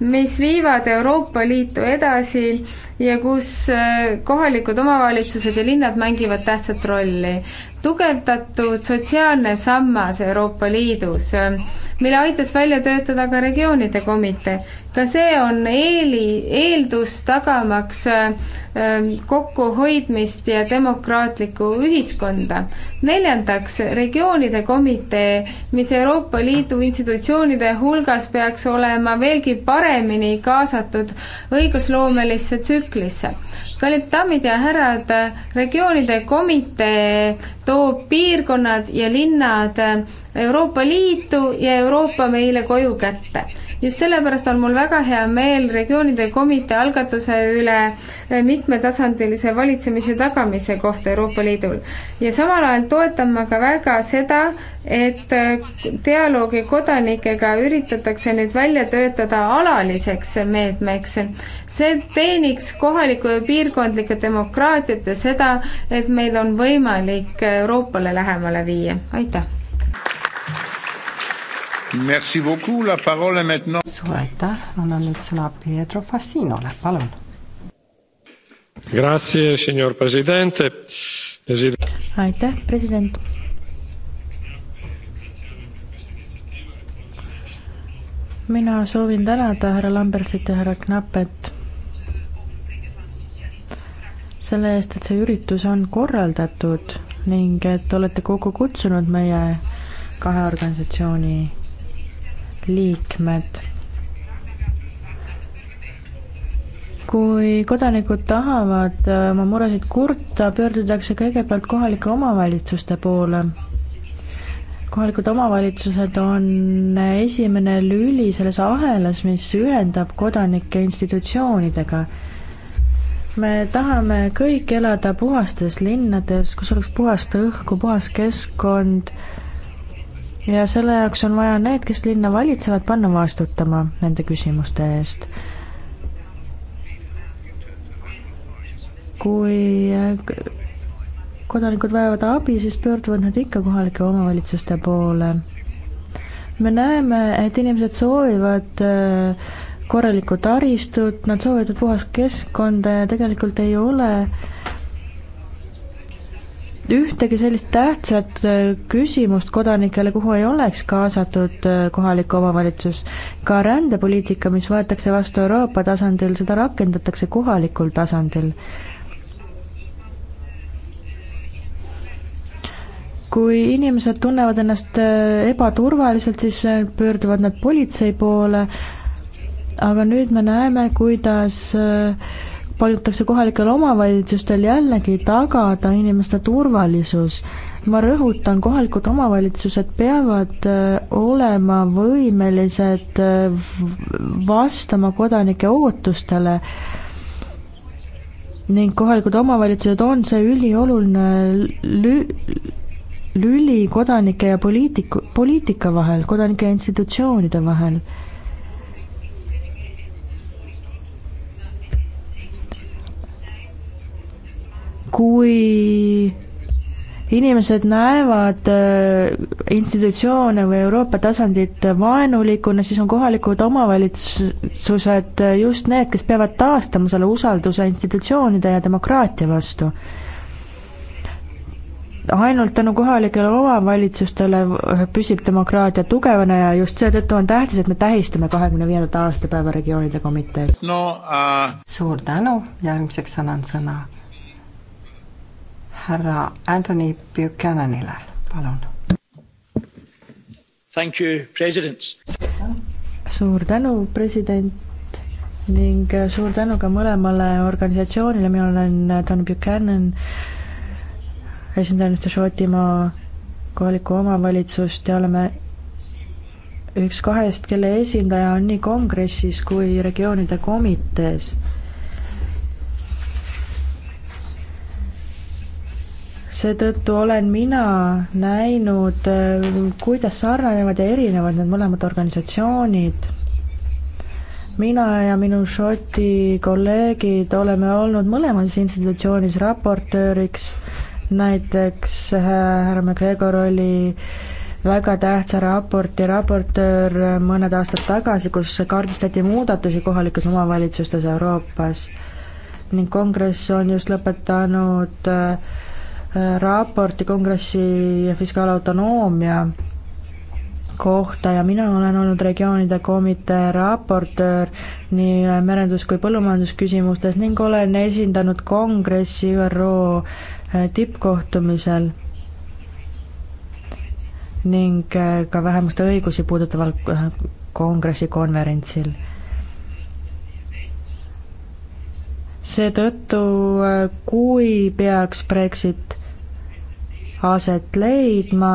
mis viivad Euroopa Liitu edasi ja kus äh, kohalikud omavalitsused ja linnad mängivad tähtsat rolli. tugevdatud sotsiaalne sammas Euroopa Liidus, mille aitas välja töötada ka regioonide komitee, ka see on eeli, eeldus tagamaks äh, äh, kokkuhoidmist ja demokraatlikku ühiskonda. nelja neljandaks, regioonide komitee, mis Euroopa Liidu institutsioonide hulgas peaks olema veelgi paremini kaasatud õigusloomelisse tsüklisse. kallid daamid ja härrad, regioonide komitee toob piirkonnad ja linnad Euroopa Liitu ja Euroopa meile koju kätte just sellepärast on mul väga hea meel regioonide komitee algatuse üle eh, mitmetasandilise valitsemise tagamise kohta Euroopa Liidul. ja samal ajal toetan ma ka väga seda, et eh, dialoogi kodanikega üritatakse nüüd välja töötada alaliseks meetmeks. see teeniks kohalikku ja piirkondlikku demokraatiat ja seda, et meil on võimalik Euroopale lähemale viia. aitäh! suur aitäh, annan nüüd sõna Pietro Fassinole, palun. aitäh, president. mina soovin tänada härra Lambertsit ja härra Knappet selle eest, et see üritus on korraldatud ning et olete kokku kutsunud meie kahe organisatsiooni liikmed. kui kodanikud tahavad äh, oma muresid kurta, pöördutakse kõigepealt kohalike omavalitsuste poole. kohalikud omavalitsused on äh, esimene lüli selles ahelas, mis ühendab kodanikke institutsioonidega me tahame kõik elada puhastes linnades, kus oleks puhast õhku, puhas keskkond, ja selle jaoks on vaja need, kes linna valitsevad, panna vastutama nende küsimuste eest. kui äh, kodanikud vajavad abi, siis pöörduvad nad ikka kohalike omavalitsuste poole. me näeme, et inimesed soovivad äh, korralikku taristut, nad soovivad puhast keskkonda ja tegelikult ei ole ühtegi sellist tähtsat äh, küsimust kodanikele, kuhu ei oleks kaasatud äh, kohalik omavalitsus. ka rändepoliitika, mis võetakse vastu Euroopa tasandil, seda rakendatakse kohalikul tasandil. kui inimesed tunnevad ennast äh, ebaturvaliselt, siis pöörduvad nad politsei poole, aga nüüd me näeme, kuidas äh, palutakse kohalikel omavalitsustel jällegi tagada inimeste turvalisus. ma rõhutan, kohalikud omavalitsused peavad äh, olema võimelised äh, vastama kodanike ootustele ning kohalikud omavalitsused on see ülioluline lü-, lüli kodanike ja poliitiku, poliitika vahel, kodanike ja institutsioonide vahel kui inimesed näevad äh, institutsioone või Euroopa tasandit vaenulikuna, siis on kohalikud omavalitsused äh, just need, kes peavad taastama selle usalduse institutsioonide ja demokraatia vastu. ainult tänu kohalikele omavalitsustele püsib demokraatia tugevana ja just seetõttu on tähtis, et me tähistame kahekümne viiendat aastapäeva regioonide komitees. no uh... suur tänu, järgmiseks annan sõna härra Anthony Buchananile, palun. suur tänu, president ning suur tänu ka mõlemale organisatsioonile, mina olen Don Buchanan, esindan ühte Šotimaa kohalikku omavalitsust ja oleme üks kahest, kelle esindaja on nii kongressis kui regioonide komitees seetõttu olen mina näinud, kuidas sarnanevad ja erinevad need mõlemad organisatsioonid. mina ja minu Šoti kolleegid oleme olnud mõlemas institutsioonis raportööriks, näiteks äh, härra McGregor oli väga tähtsa raporti raportöör mõned aastad tagasi, kus kaardistati muudatusi kohalikes omavalitsustes Euroopas ning kongress on just lõpetanud äh, raporti kongressi fiskaalautonoomia kohta ja mina olen olnud regioonide komitee raportöör nii merendus- kui põllumajandusküsimustes ning olen esindanud kongressi ÜRO äh, tippkohtumisel ning äh, ka vähemuste õigusi puudutaval äh, kongressi konverentsil. seetõttu, kui peaks Brexit aset leidma,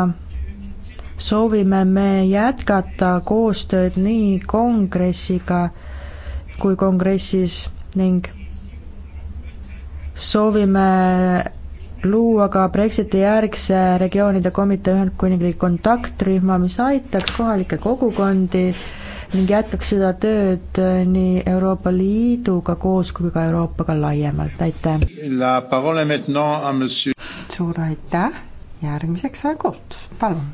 soovime me jätkata koostööd nii kongressiga kui kongressis ning soovime luua ka Brexiti järgse regioonide komitee Ühendkuningriigi kontaktrühma, mis aitaks kohalikke kogukondi ning jätkaks seda tööd nii Euroopa Liiduga koos kui ka Euroopaga laiemalt, aitäh! suur aitäh! järgmiseks härra Kolt, palun.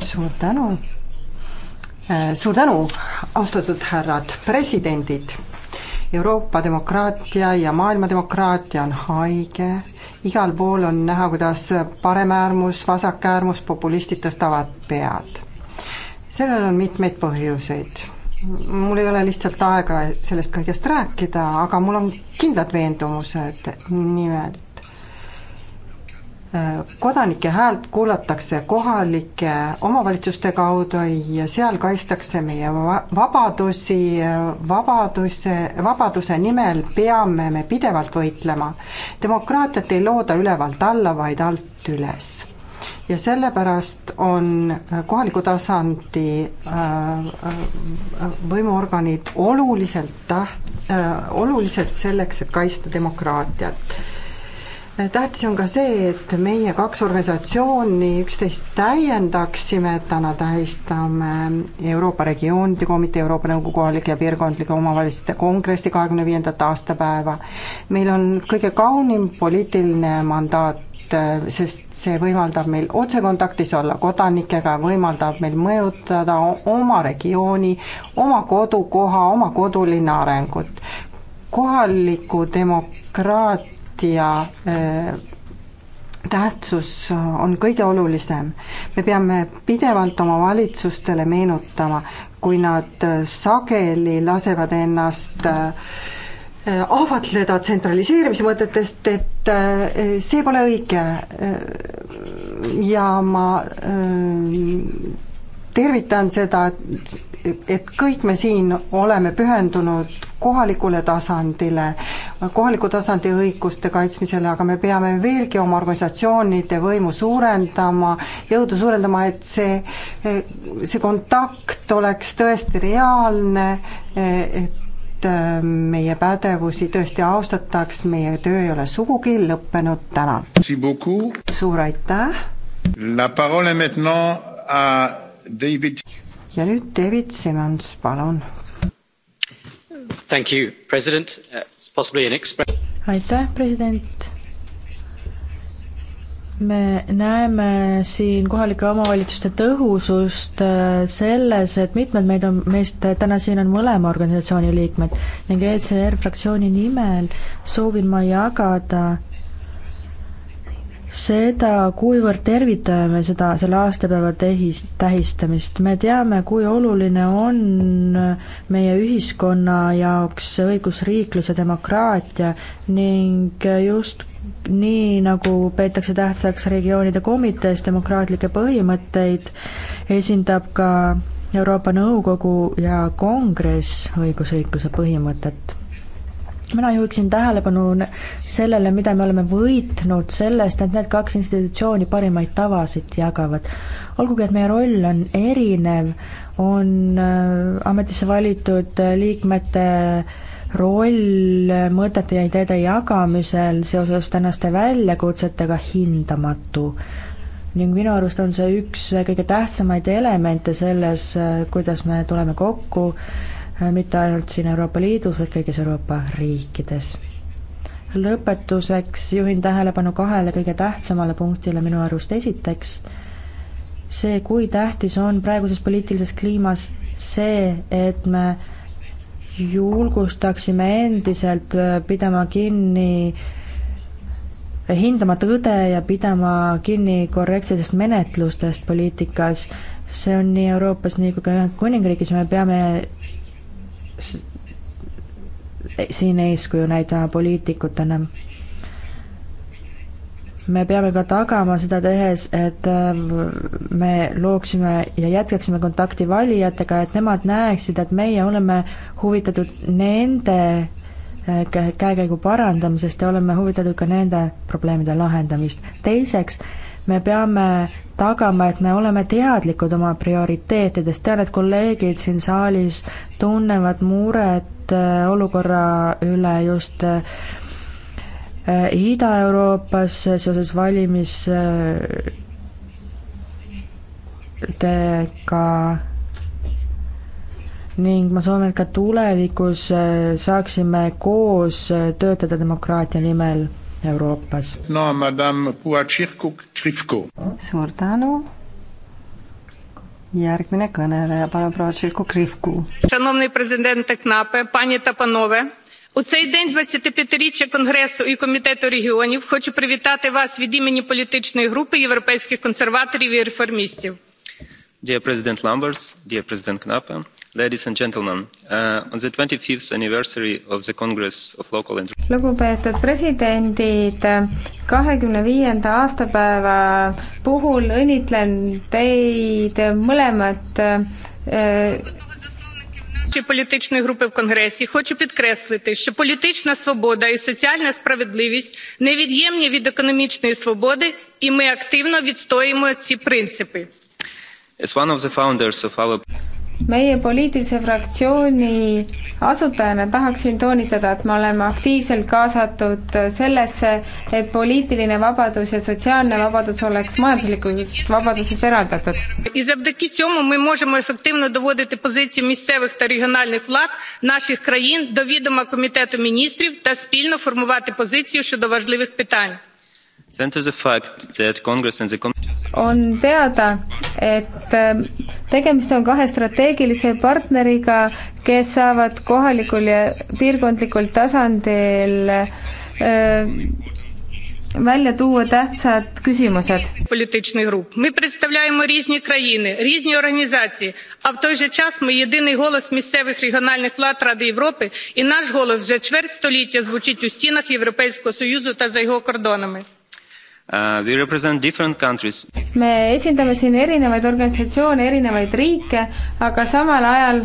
suur tänu. Äh, suur tänu, austatud härrad presidendid. Euroopa demokraatia ja maailma demokraatia on haige, igal pool on näha, kuidas paremäärmus, vasakäärmus, populistid tõstavad pead. sellel on mitmeid põhjuseid mul ei ole lihtsalt aega sellest kõigest rääkida, aga mul on kindlad veendumused, nimelt kodanike häält kuulatakse kohalike omavalitsuste kaudu ja seal kaitstakse meie vabadusi, vabaduse, vabaduse nimel peame me pidevalt võitlema. demokraatiat ei looda ülevalt alla, vaid alt üles ja sellepärast on kohaliku tasandi äh, äh, võimuorganid oluliselt täht-, äh, oluliselt selleks, et kaitsta demokraatiat tähtis on ka see, et meie kaks organisatsiooni üksteist täiendaksime, täna tähistame Euroopa Regioonide Komitee, Euroopa Nõukogu kohalike ja piirkondlike omavalitsuste kongressi kahekümne viiendat aastapäeva. meil on kõige kaunim poliitiline mandaat, sest see võimaldab meil otsekontaktis olla kodanikega, võimaldab meil mõjutada oma regiooni, oma kodukoha, oma kodulinna arengut. kohaliku demokraatia demokraatia äh, tähtsus on kõige olulisem. me peame pidevalt oma valitsustele meenutama, kui nad äh, sageli lasevad ennast äh, ahvatleda tsentraliseerimise mõtetest, et see pole õige. ja ma tervitan seda et kõik me siin oleme pühendunud kohalikule tasandile, kohaliku tasandi õiguste kaitsmisele, aga me peame veelgi oma organisatsioonide võimu suurendama, jõudu suurendama, et see, see kontakt oleks tõesti reaalne, et ähm, meie pädevusi tõesti austataks, meie töö ei ole sugugi lõppenud, tänan. suur aitäh! La parole est maintenant à David ja nüüd David Simmons, palun. Thank you, president. Uh, it's possibly an express. aitäh, president me näeme siin kohalike omavalitsuste tõhusust uh, selles, et mitmed meid on, meist täna siin on mõlema organisatsiooni liikmed ning ECR fraktsiooni nimel soovin ma jagada seda, kuivõrd tervitame seda, selle aastapäeva tehis, tähistamist. me teame, kui oluline on meie ühiskonna jaoks õigusriiklus ja demokraatia ning just nii, nagu peetakse tähtsaks regioonide komitees demokraatlikke põhimõtteid, esindab ka Euroopa Nõukogu ja Kongress õigusriikluse põhimõtet mina juhiksin tähelepanu sellele, mida me oleme võitnud sellest, et need kaks institutsiooni parimaid tavasid jagavad. olgugi, et meie roll on erinev, on äh, ametisse valitud liikmete roll mõtete ja ideede jagamisel seoses tänaste väljakutsetega hindamatu ning minu arust on see üks kõige tähtsamaid elemente selles, äh, kuidas me tuleme kokku Äh, mitte ainult siin Euroopa Liidus, vaid kõigis Euroopa riikides. lõpetuseks juhin tähelepanu kahele kõige tähtsamale punktile minu arust, esiteks see, kui tähtis on praeguses poliitilises kliimas see, et me julgustaksime endiselt äh, pidama kinni, hindama tõde ja pidama kinni korrektsetest menetlustest poliitikas, see on nii Euroopas nii kui ka Ühendkuningriigis, me peame siin eeskuju näitama poliitikutena. me peame ka tagama seda tehes, et äh, me looksime ja jätkaksime kontakti valijatega, et nemad näeksid, et meie oleme huvitatud nende äh, käekäigu parandamisest ja oleme huvitatud ka nende probleemide lahendamist. teiseks, me peame tagama, et me oleme teadlikud oma prioriteetidest, tean, et kolleegid siin saalis tunnevad muret äh, olukorra üle just äh, Ida-Euroopas seoses valimistega ning ma soovin, et ka tulevikus äh, saaksime koos töötada demokraatia nimel Euroopas. no madame Puatširku-Krivko. suur tänu. järgmine kõneleja, palun proua Tširku-Krivku. Šanovnõi president Teknape, pani Tapanove. У цей день 25-річчя Конгресу і Комітету регіонів хочу привітати вас від імені політичної групи європейських консерваторів і реформістів. Dear President Lambers, dear President Knappe, Ladies and gentlemen, uh, on the 25th anniversary of the Congress of Local and lugupeetud presidendid, kahekümne viienda aastapäeva puhul õnnitlen teid mõlemat uh, äh, політичної групи в Конгресі хочу підкреслити, що політична свобода і соціальна справедливість невід'ємні від економічної свободи, і ми активно відстоюємо ці принципи. As one of the founders of our meie poliitilise fraktsiooni asutajana tahaksin toonitada, et me oleme aktiivselt kaasatud sellesse, et poliitiline vabadus ja sotsiaalne vabadus oleks majanduslikust vabadusest eraldatud. ja завдяки цьому ми можемо ефективно доводити позиції місцевих та регіональних влад наших країн до відома комітету міністрів та спільно формувати позицію щодо важливих питань on teada, et äh, tegemist on kahe strateegilise partneriga, kes saavad kohalikul ja piirkondlikul tasandil äh, välja tuua tähtsad küsimused. Політичний груп. Ми представляємо різні країни, різні організації, а в той же час ми єдиний голос місцевих регіональних влад Ради Європи, і наш голос вже чверть століття звучить у стінах Європейського Союзу та за його кордонами. Uh, me esindame siin erinevaid organisatsioone, erinevaid riike, aga samal ajal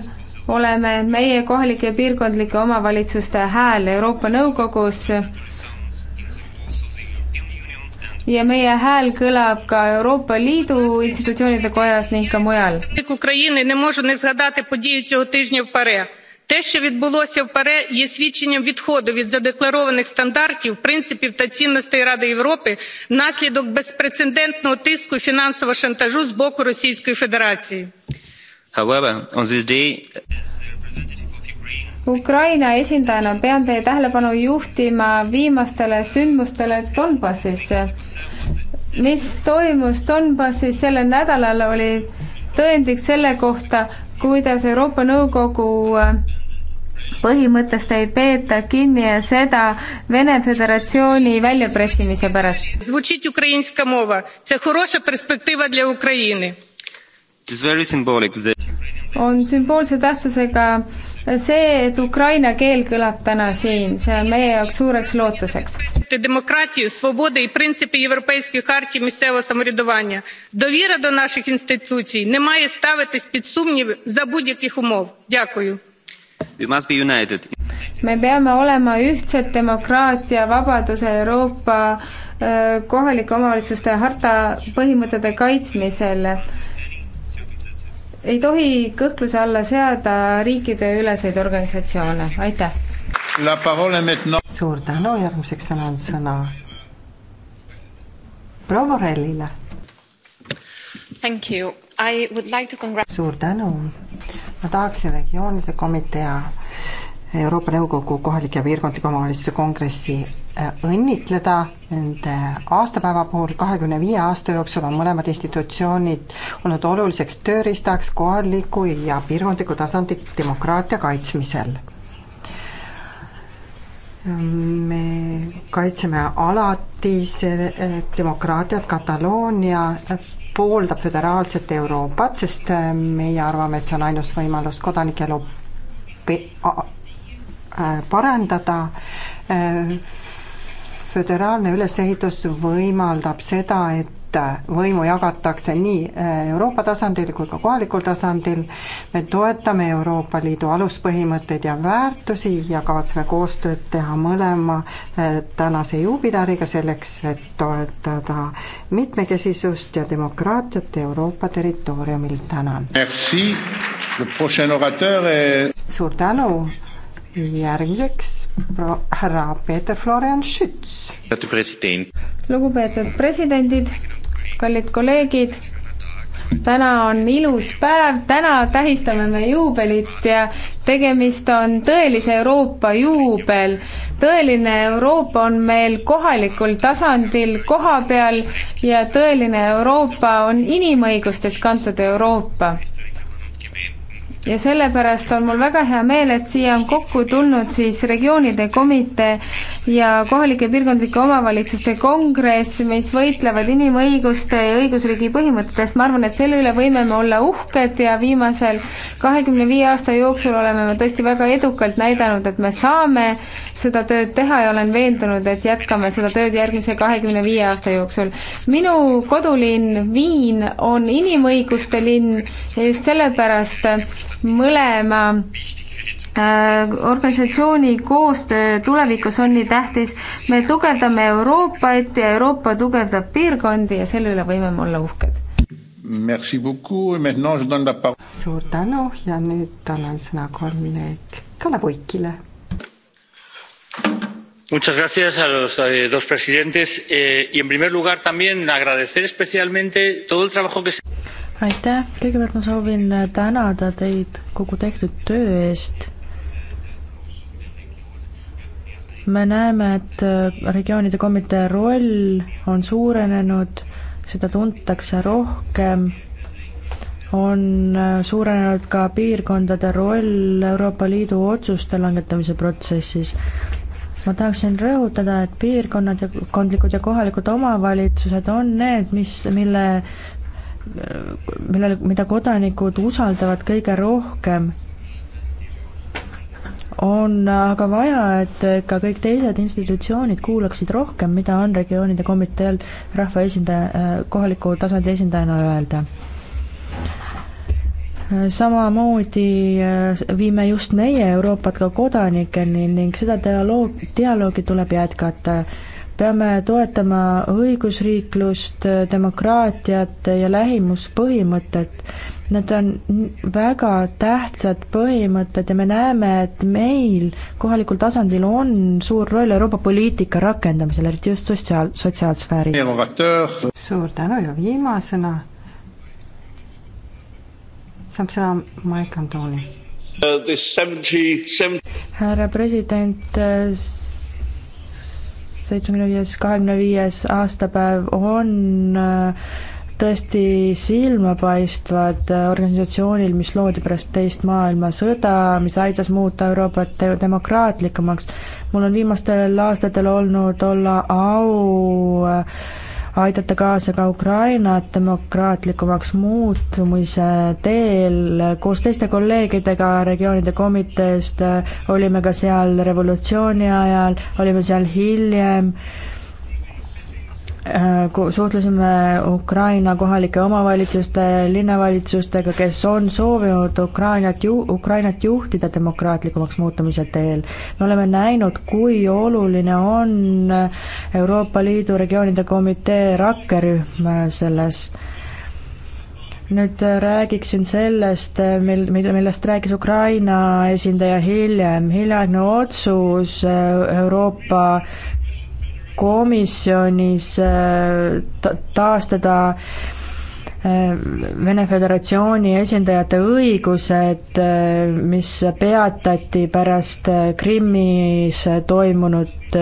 oleme meie kohalike ja piirkondlike omavalitsuste hääl Euroopa Nõukogus ja meie hääl kõlab ka Euroopa Liidu institutsioonide kojas ning ka mujal те що відбулося в паре є свідченням відходу від задекларованих стандартів принципів та цінностей ради європи внаслідок безпрецедентного тиску і фінансового шантажу з боку російської федерації. Ukraina esindajana pean teie tähelepanu juhtima viimastele sündmustele Donbassis. mis toimus Donbassis sellel nädalal, oli tõendiks selle kohta, kuidas Euroopa Nõukogu põhimõttest ei peeta kinni ja seda Vene Föderatsiooni väljapressimise pärast. Звучит украинская мова. Це хороша перспектива для України. It's very symbolic that on sümboolse tähtsusega see, et ukraina keel kõlab täna siin, see on meie jaoks suureks lootuseks. demokraatia, svoboda ja printsiibi Euroopa harti missevo samoridovanja. Довіра до наших інституцій не має ставитись під сумнів за будь-яких умов. Дякую me peame olema ühtsed demokraatia, vabaduse, Euroopa äh, kohalike omavalitsuste harta põhimõtete kaitsmisel. ei tohi kõhkluse alla seada riikideüleseid organisatsioone, aitäh. suur tänu, järgmiseks tänan sõna proua Borrellile. Like suur tänu ma tahaksin regioonide komitee ja Euroopa Nõukogu kohalike ja piirkondlike omavalitsuste kongressi äh, õnnitleda nende aastapäeva puhul, kahekümne viie aasta jooksul on mõlemad institutsioonid olnud oluliseks tööriistaks kohaliku ja piirkondliku tasandi demokraatia kaitsmisel. me kaitseme alati see demokraatiat Kataloonia pooldab föderaalset Euroopat, sest äh, meie arvame, et see on ainus võimalus kodanike elu äh, parandada. Äh, föderaalne ülesehitus võimaldab seda, et mitte äh, võimu jagatakse nii äh, Euroopa tasandil kui ka kohalikul tasandil. me toetame Euroopa Liidu aluspõhimõtteid ja väärtusi ja kavatseme koostööd teha mõlema äh, tänase juubilariga selleks, et toetada mitmekesisust ja demokraatiat Euroopa territooriumil. tänan. suur tänu järgmiseks härra Peeter Florian Schütz. lugupeetud presidendid kallid kolleegid. täna on ilus päev, täna tähistame me juubelit ja tegemist on tõelise Euroopa juubel. tõeline Euroopa on meil kohalikul tasandil kohapeal ja tõeline Euroopa on inimõigustest kantud Euroopa ja sellepärast on mul väga hea meel, et siia on kokku tulnud siis regioonide komitee ja kohalike piirkondlike omavalitsuste kongress, mis võitlevad inimõiguste ja õigusriigi põhimõtetest. ma arvan, et selle üle võime me olla uhked ja viimasel kahekümne viie aasta jooksul oleme me tõesti väga edukalt näidanud, et me saame seda tööd teha ja olen veendunud, et jätkame seda tööd järgmise kahekümne viie aasta jooksul. minu kodulinn Viin on inimõiguste linn ja just sellepärast mõlema äh, organisatsiooni koostöö tulevikus on nii tähtis, me tugevdame Euroopat ja Euroopa tugevdab piirkondi ja selle üle võime me olla uhked. suur tänu ja nüüd annan sõna kolleeg Kalle Puikile. Muchas gracias a los eh, dos presidentes eh, y en primer lugar también agradecer especialmente todo el trabajo que se aitäh, kõigepealt ma soovin tänada teid kogu tehtud töö eest. me näeme, et regioonide komitee roll on suurenenud, seda tuntakse rohkem, on suurenenud ka piirkondade roll Euroopa Liidu otsuste langetamise protsessis ma tahaksin rõhutada, et piirkonnad ja kondlikud ja kohalikud omavalitsused on need, mis, mille millele, mida kodanikud usaldavad kõige rohkem, on aga vaja, et ka kõik teised institutsioonid kuulaksid rohkem, mida on regioonide komiteel rahvaesindaja, kohaliku tasandi esindajana öelda. samamoodi äh, viime just meie Euroopat ka kodanikeni ning seda dialoog, dialoogi tuleb jätkata peame toetama õigusriiklust, demokraatiat ja lähimuspõhimõtet. Need on väga tähtsad põhimõtted ja me näeme, et meil kohalikul tasandil on suur roll Euroopa poliitika rakendamisel, eriti just sotsiaal, sotsiaalsfääris. suur tänu ja viimasena saab sõna Maik Antoni. härra president seitsmekümne viies, kahekümne viies aastapäev on äh, tõesti silmapaistvad äh, organisatsioonil, mis loodi pärast teist maailmasõda, mis aitas muuta Euroopat demokraatlikumaks. mul on viimastel aastatel olnud olla au äh, aidata kaasa ka Ukraina demokraatlikumaks muutumise teel. koos teiste kolleegidega regioonide komiteest olime ka seal revolutsiooni ajal, olime seal hiljem Äh, suhtlesime Ukraina kohalike omavalitsuste, linnavalitsustega, kes on soovinud Ukrainat ju-, Ukrainat juhtida demokraatlikumaks muutumise teel. me oleme näinud, kui oluline on Euroopa Liidu regioonide komitee rakkerühm äh, selles nüüd äh, räägiksin sellest, mil, millest rääkis Ukraina esindaja hiljem, hiljaaegne otsus Euroopa komisjonis äh, taastada äh, Vene Föderatsiooni esindajate õigused, äh, mis peatati pärast Krimmis toimunud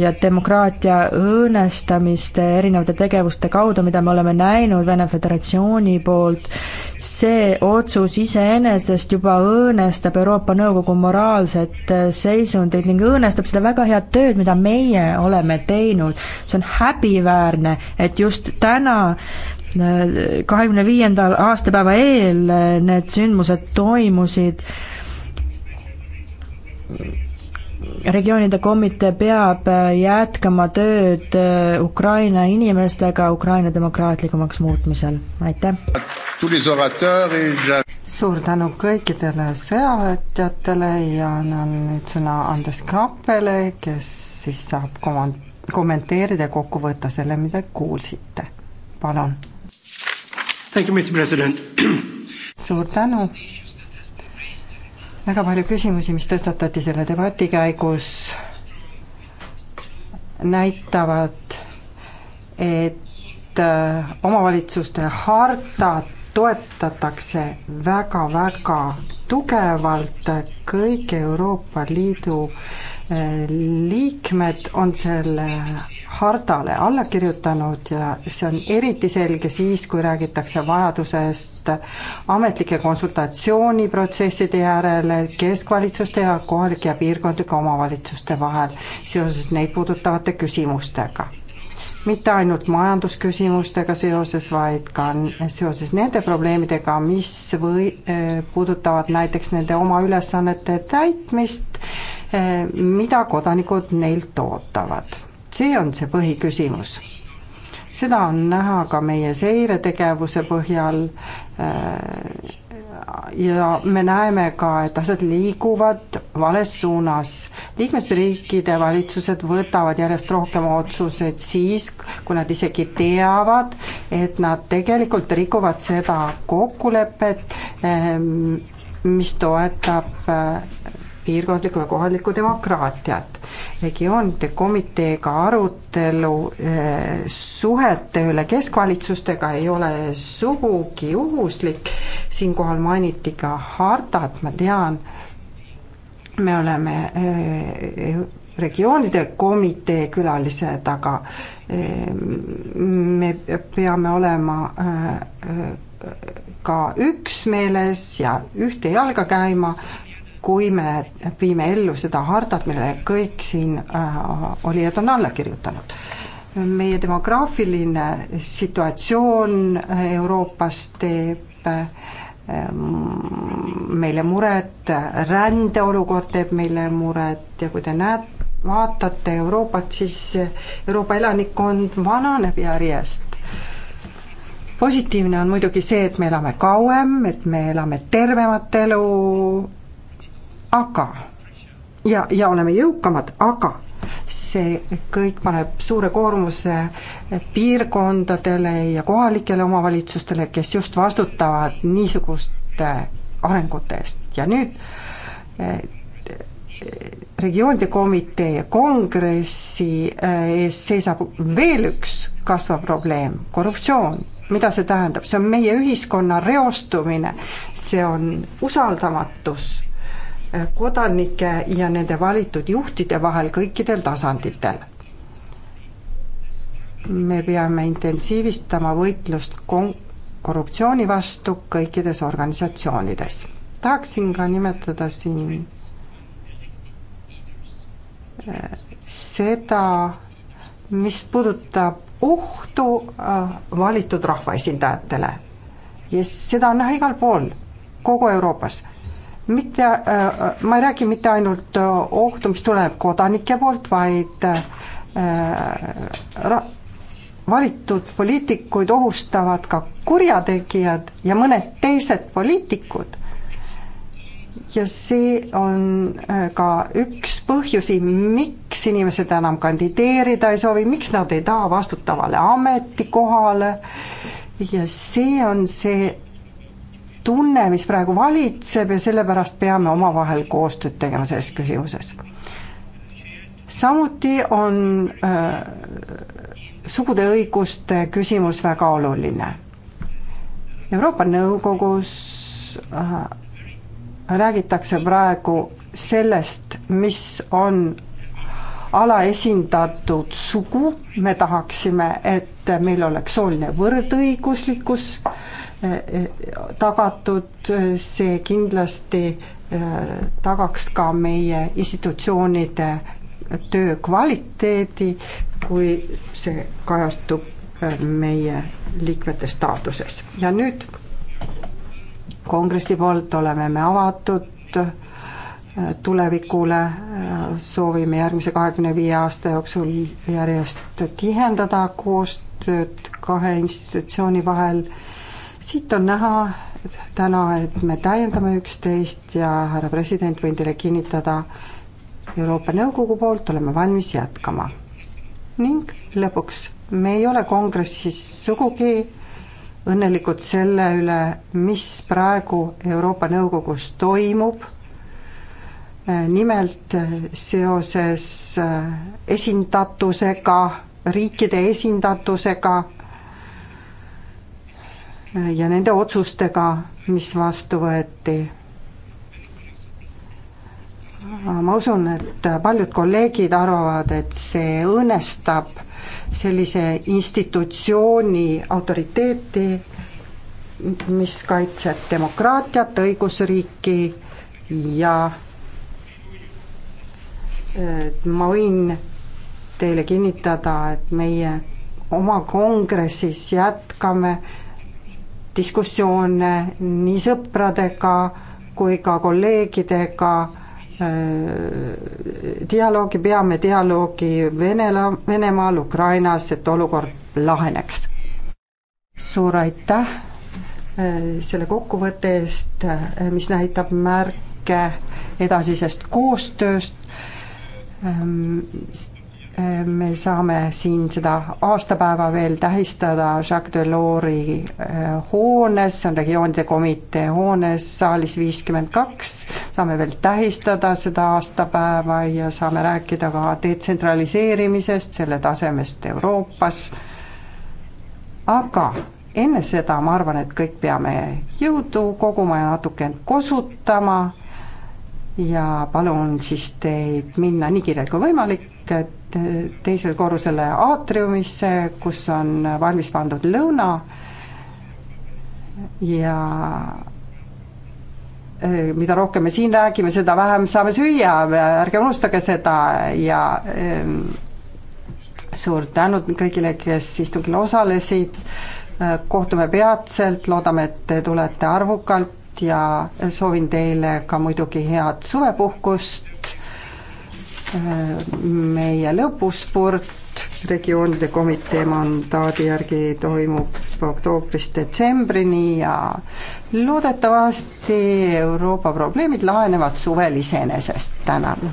ja demokraatia õõnestamist erinevate tegevuste kaudu, mida me oleme näinud Vene Föderatsiooni poolt, see otsus iseenesest juba õõnestab Euroopa Nõukogu moraalset äh, seisundit ning õõnestab seda väga head tööd, mida meie oleme teinud. see on häbiväärne, et just täna äh, kahekümne viiendal aastapäeva eel äh, need sündmused toimusid regioonide komitee peab äh, jätkama tööd äh, Ukraina inimestega Ukraina demokraatlikumaks muutmisel, aitäh! suur tänu kõikidele sõjaväetajatele ja annan nüüd sõna Andres Krappele, kes siis saab komand-, kommenteerida ja kokku võtta selle, mida kuulsite. palun! [clears throat] suur tänu! väga palju küsimusi, mis tõstatati selle debati käigus, näitavad, et äh, omavalitsuste hartat toetatakse väga-väga tugevalt kõik Euroopa Liidu äh, liikmed on selle hardale alla kirjutanud ja see on eriti selge siis, kui räägitakse vajadusest ametlike konsultatsiooniprotsesside järele keskvalitsuste ja kohalike ja piirkondlike omavalitsuste vahel seoses neid puudutavate küsimustega mitte ainult majandusküsimustega seoses, vaid ka seoses nende probleemidega, mis või eh, puudutavad näiteks nende oma ülesannete täitmist, eh, mida kodanikud neilt ootavad. see on see põhiküsimus. seda on näha ka meie seiretegevuse põhjal eh, ja me näeme ka, et asjad liiguvad vales suunas. liikmesriikide valitsused võtavad järjest rohkem otsuseid siis, kui nad isegi teavad, et nad tegelikult rikuvad seda kokkulepet, eh, mis toetab eh, piirkondlikku ja kohalikku demokraatiat. regioonide komiteega arutelu eh, suhete üle keskvalitsustega ei ole sugugi juhuslik, siinkohal mainiti ka hartat, ma tean, me oleme eh, regioonide komitee külalised, aga eh, me peame olema ka üksmeeles ja ühte jalga käima, kui me viime ellu seda hardat, millele kõik siin äh, olijad on alla kirjutanud. meie demograafiline situatsioon äh, Euroopas teeb äh, meile muret, rändeolukord teeb meile muret ja kui te näete, vaatate Euroopat, siis Euroopa elanikkond vananeb järjest positiivne on muidugi see, et me elame kauem, et me elame tervemat elu, aga ja, ja oleme jõukamad, aga see kõik paneb suure koormuse piirkondadele ja kohalikele omavalitsustele, kes just vastutavad niisuguste arengute eest ja nüüd eh, regioonide komitee ja kongressi eh, ees seisab veel üks kasvav probleem, korruptsioon. mida see tähendab, see on meie ühiskonna reostumine, see on usaldamatus kodanike ja nende valitud juhtide vahel kõikidel tasanditel. me peame intensiivistama võitlust kon-, korruptsiooni vastu kõikides organisatsioonides. tahaksin ka nimetada siin äh, seda, mis puudutab ohtu äh, valitud rahvaesindajatele ja seda on näha igal pool, kogu Euroopas mitte, äh, ma ei räägi mitte ainult äh, ohtu, mis tuleneb kodanike poolt, vaid äh, ra-, valitud poliitikuid ohustavad ka kurjategijad ja mõned teised poliitikud. ja see on ka üks põhjusi, miks inimesed enam kandideerida ei soovi, miks nad ei taha vastutavale ametikohale ja see on see tunne, mis praegu valitseb ja sellepärast peame omavahel koostööd tegema selles küsimuses. samuti on äh, sugude õiguste küsimus väga oluline. Euroopa Nõukogus äh, räägitakse praegu sellest, mis on alaesindatud sugu, me tahaksime, et meil oleks sooline võrdõiguslikkus eh, eh, tagatud, see kindlasti eh, tagaks ka meie institutsioonide töö kvaliteedi, kui see kajastub meie liikmete staatuses ja nüüd kongressi poolt oleme me avatud tulevikule äh, soovime järgmise kahekümne viie aasta jooksul järjest tihendada koostööd kahe institutsiooni vahel. siit on näha täna, et me täiendame üksteist ja härra president, võin teile kinnitada, Euroopa Nõukogu poolt oleme valmis jätkama. ning lõpuks, me ei ole kongressis sugugi õnnelikud selle üle, mis praegu Euroopa Nõukogus toimub Äh, nimelt äh, seoses äh, esindatusega, riikide esindatusega ja nende otsustega, mis vastu võeti ma usun, et paljud kolleegid arvavad, et see õõnestab sellise institutsiooni autoriteeti, mis kaitseb demokraatiat, õigusriiki ja ma võin teile kinnitada, et meie oma kongressis jätkame diskussioone nii sõpradega kui ka kolleegidega, äh, dialoogi, peame dialoogi Venela, Venemaal, Ukrainas, et olukord laheneks. suur aitäh äh, selle kokkuvõtte eest, äh, mis näitab märke edasisest koostööst, Ehm, ehm, me saame siin seda aastapäeva veel tähistada Jacques Delors'i ehm, hoones, see on regioonide komitee hoones, saalis viiskümmend kaks, saame veel tähistada seda aastapäeva ja saame rääkida ka detsentraliseerimisest, selle tasemest Euroopas, aga enne seda ma arvan, et kõik peame jõudu koguma ja natuke end kosutama ja palun siis teid minna nii kiirelt kui võimalik teisele korrusele aatriumisse, kus on valmis pandud lõuna ja eh, mida rohkem me siin räägime, seda vähem saame süüa, ärge unustage seda ja eh, suur tänu kõigile, kes istungil osalesid, eh, kohtume peatselt, loodame, et te tulete arvukalt ja soovin teile ka muidugi head suvepuhkust, meie lõpuspurt regioonide komitee mandaadi järgi toimub oktoobrist detsembrini ja loodetavasti Euroopa probleemid lahenevad suvel iseenesest, tänan!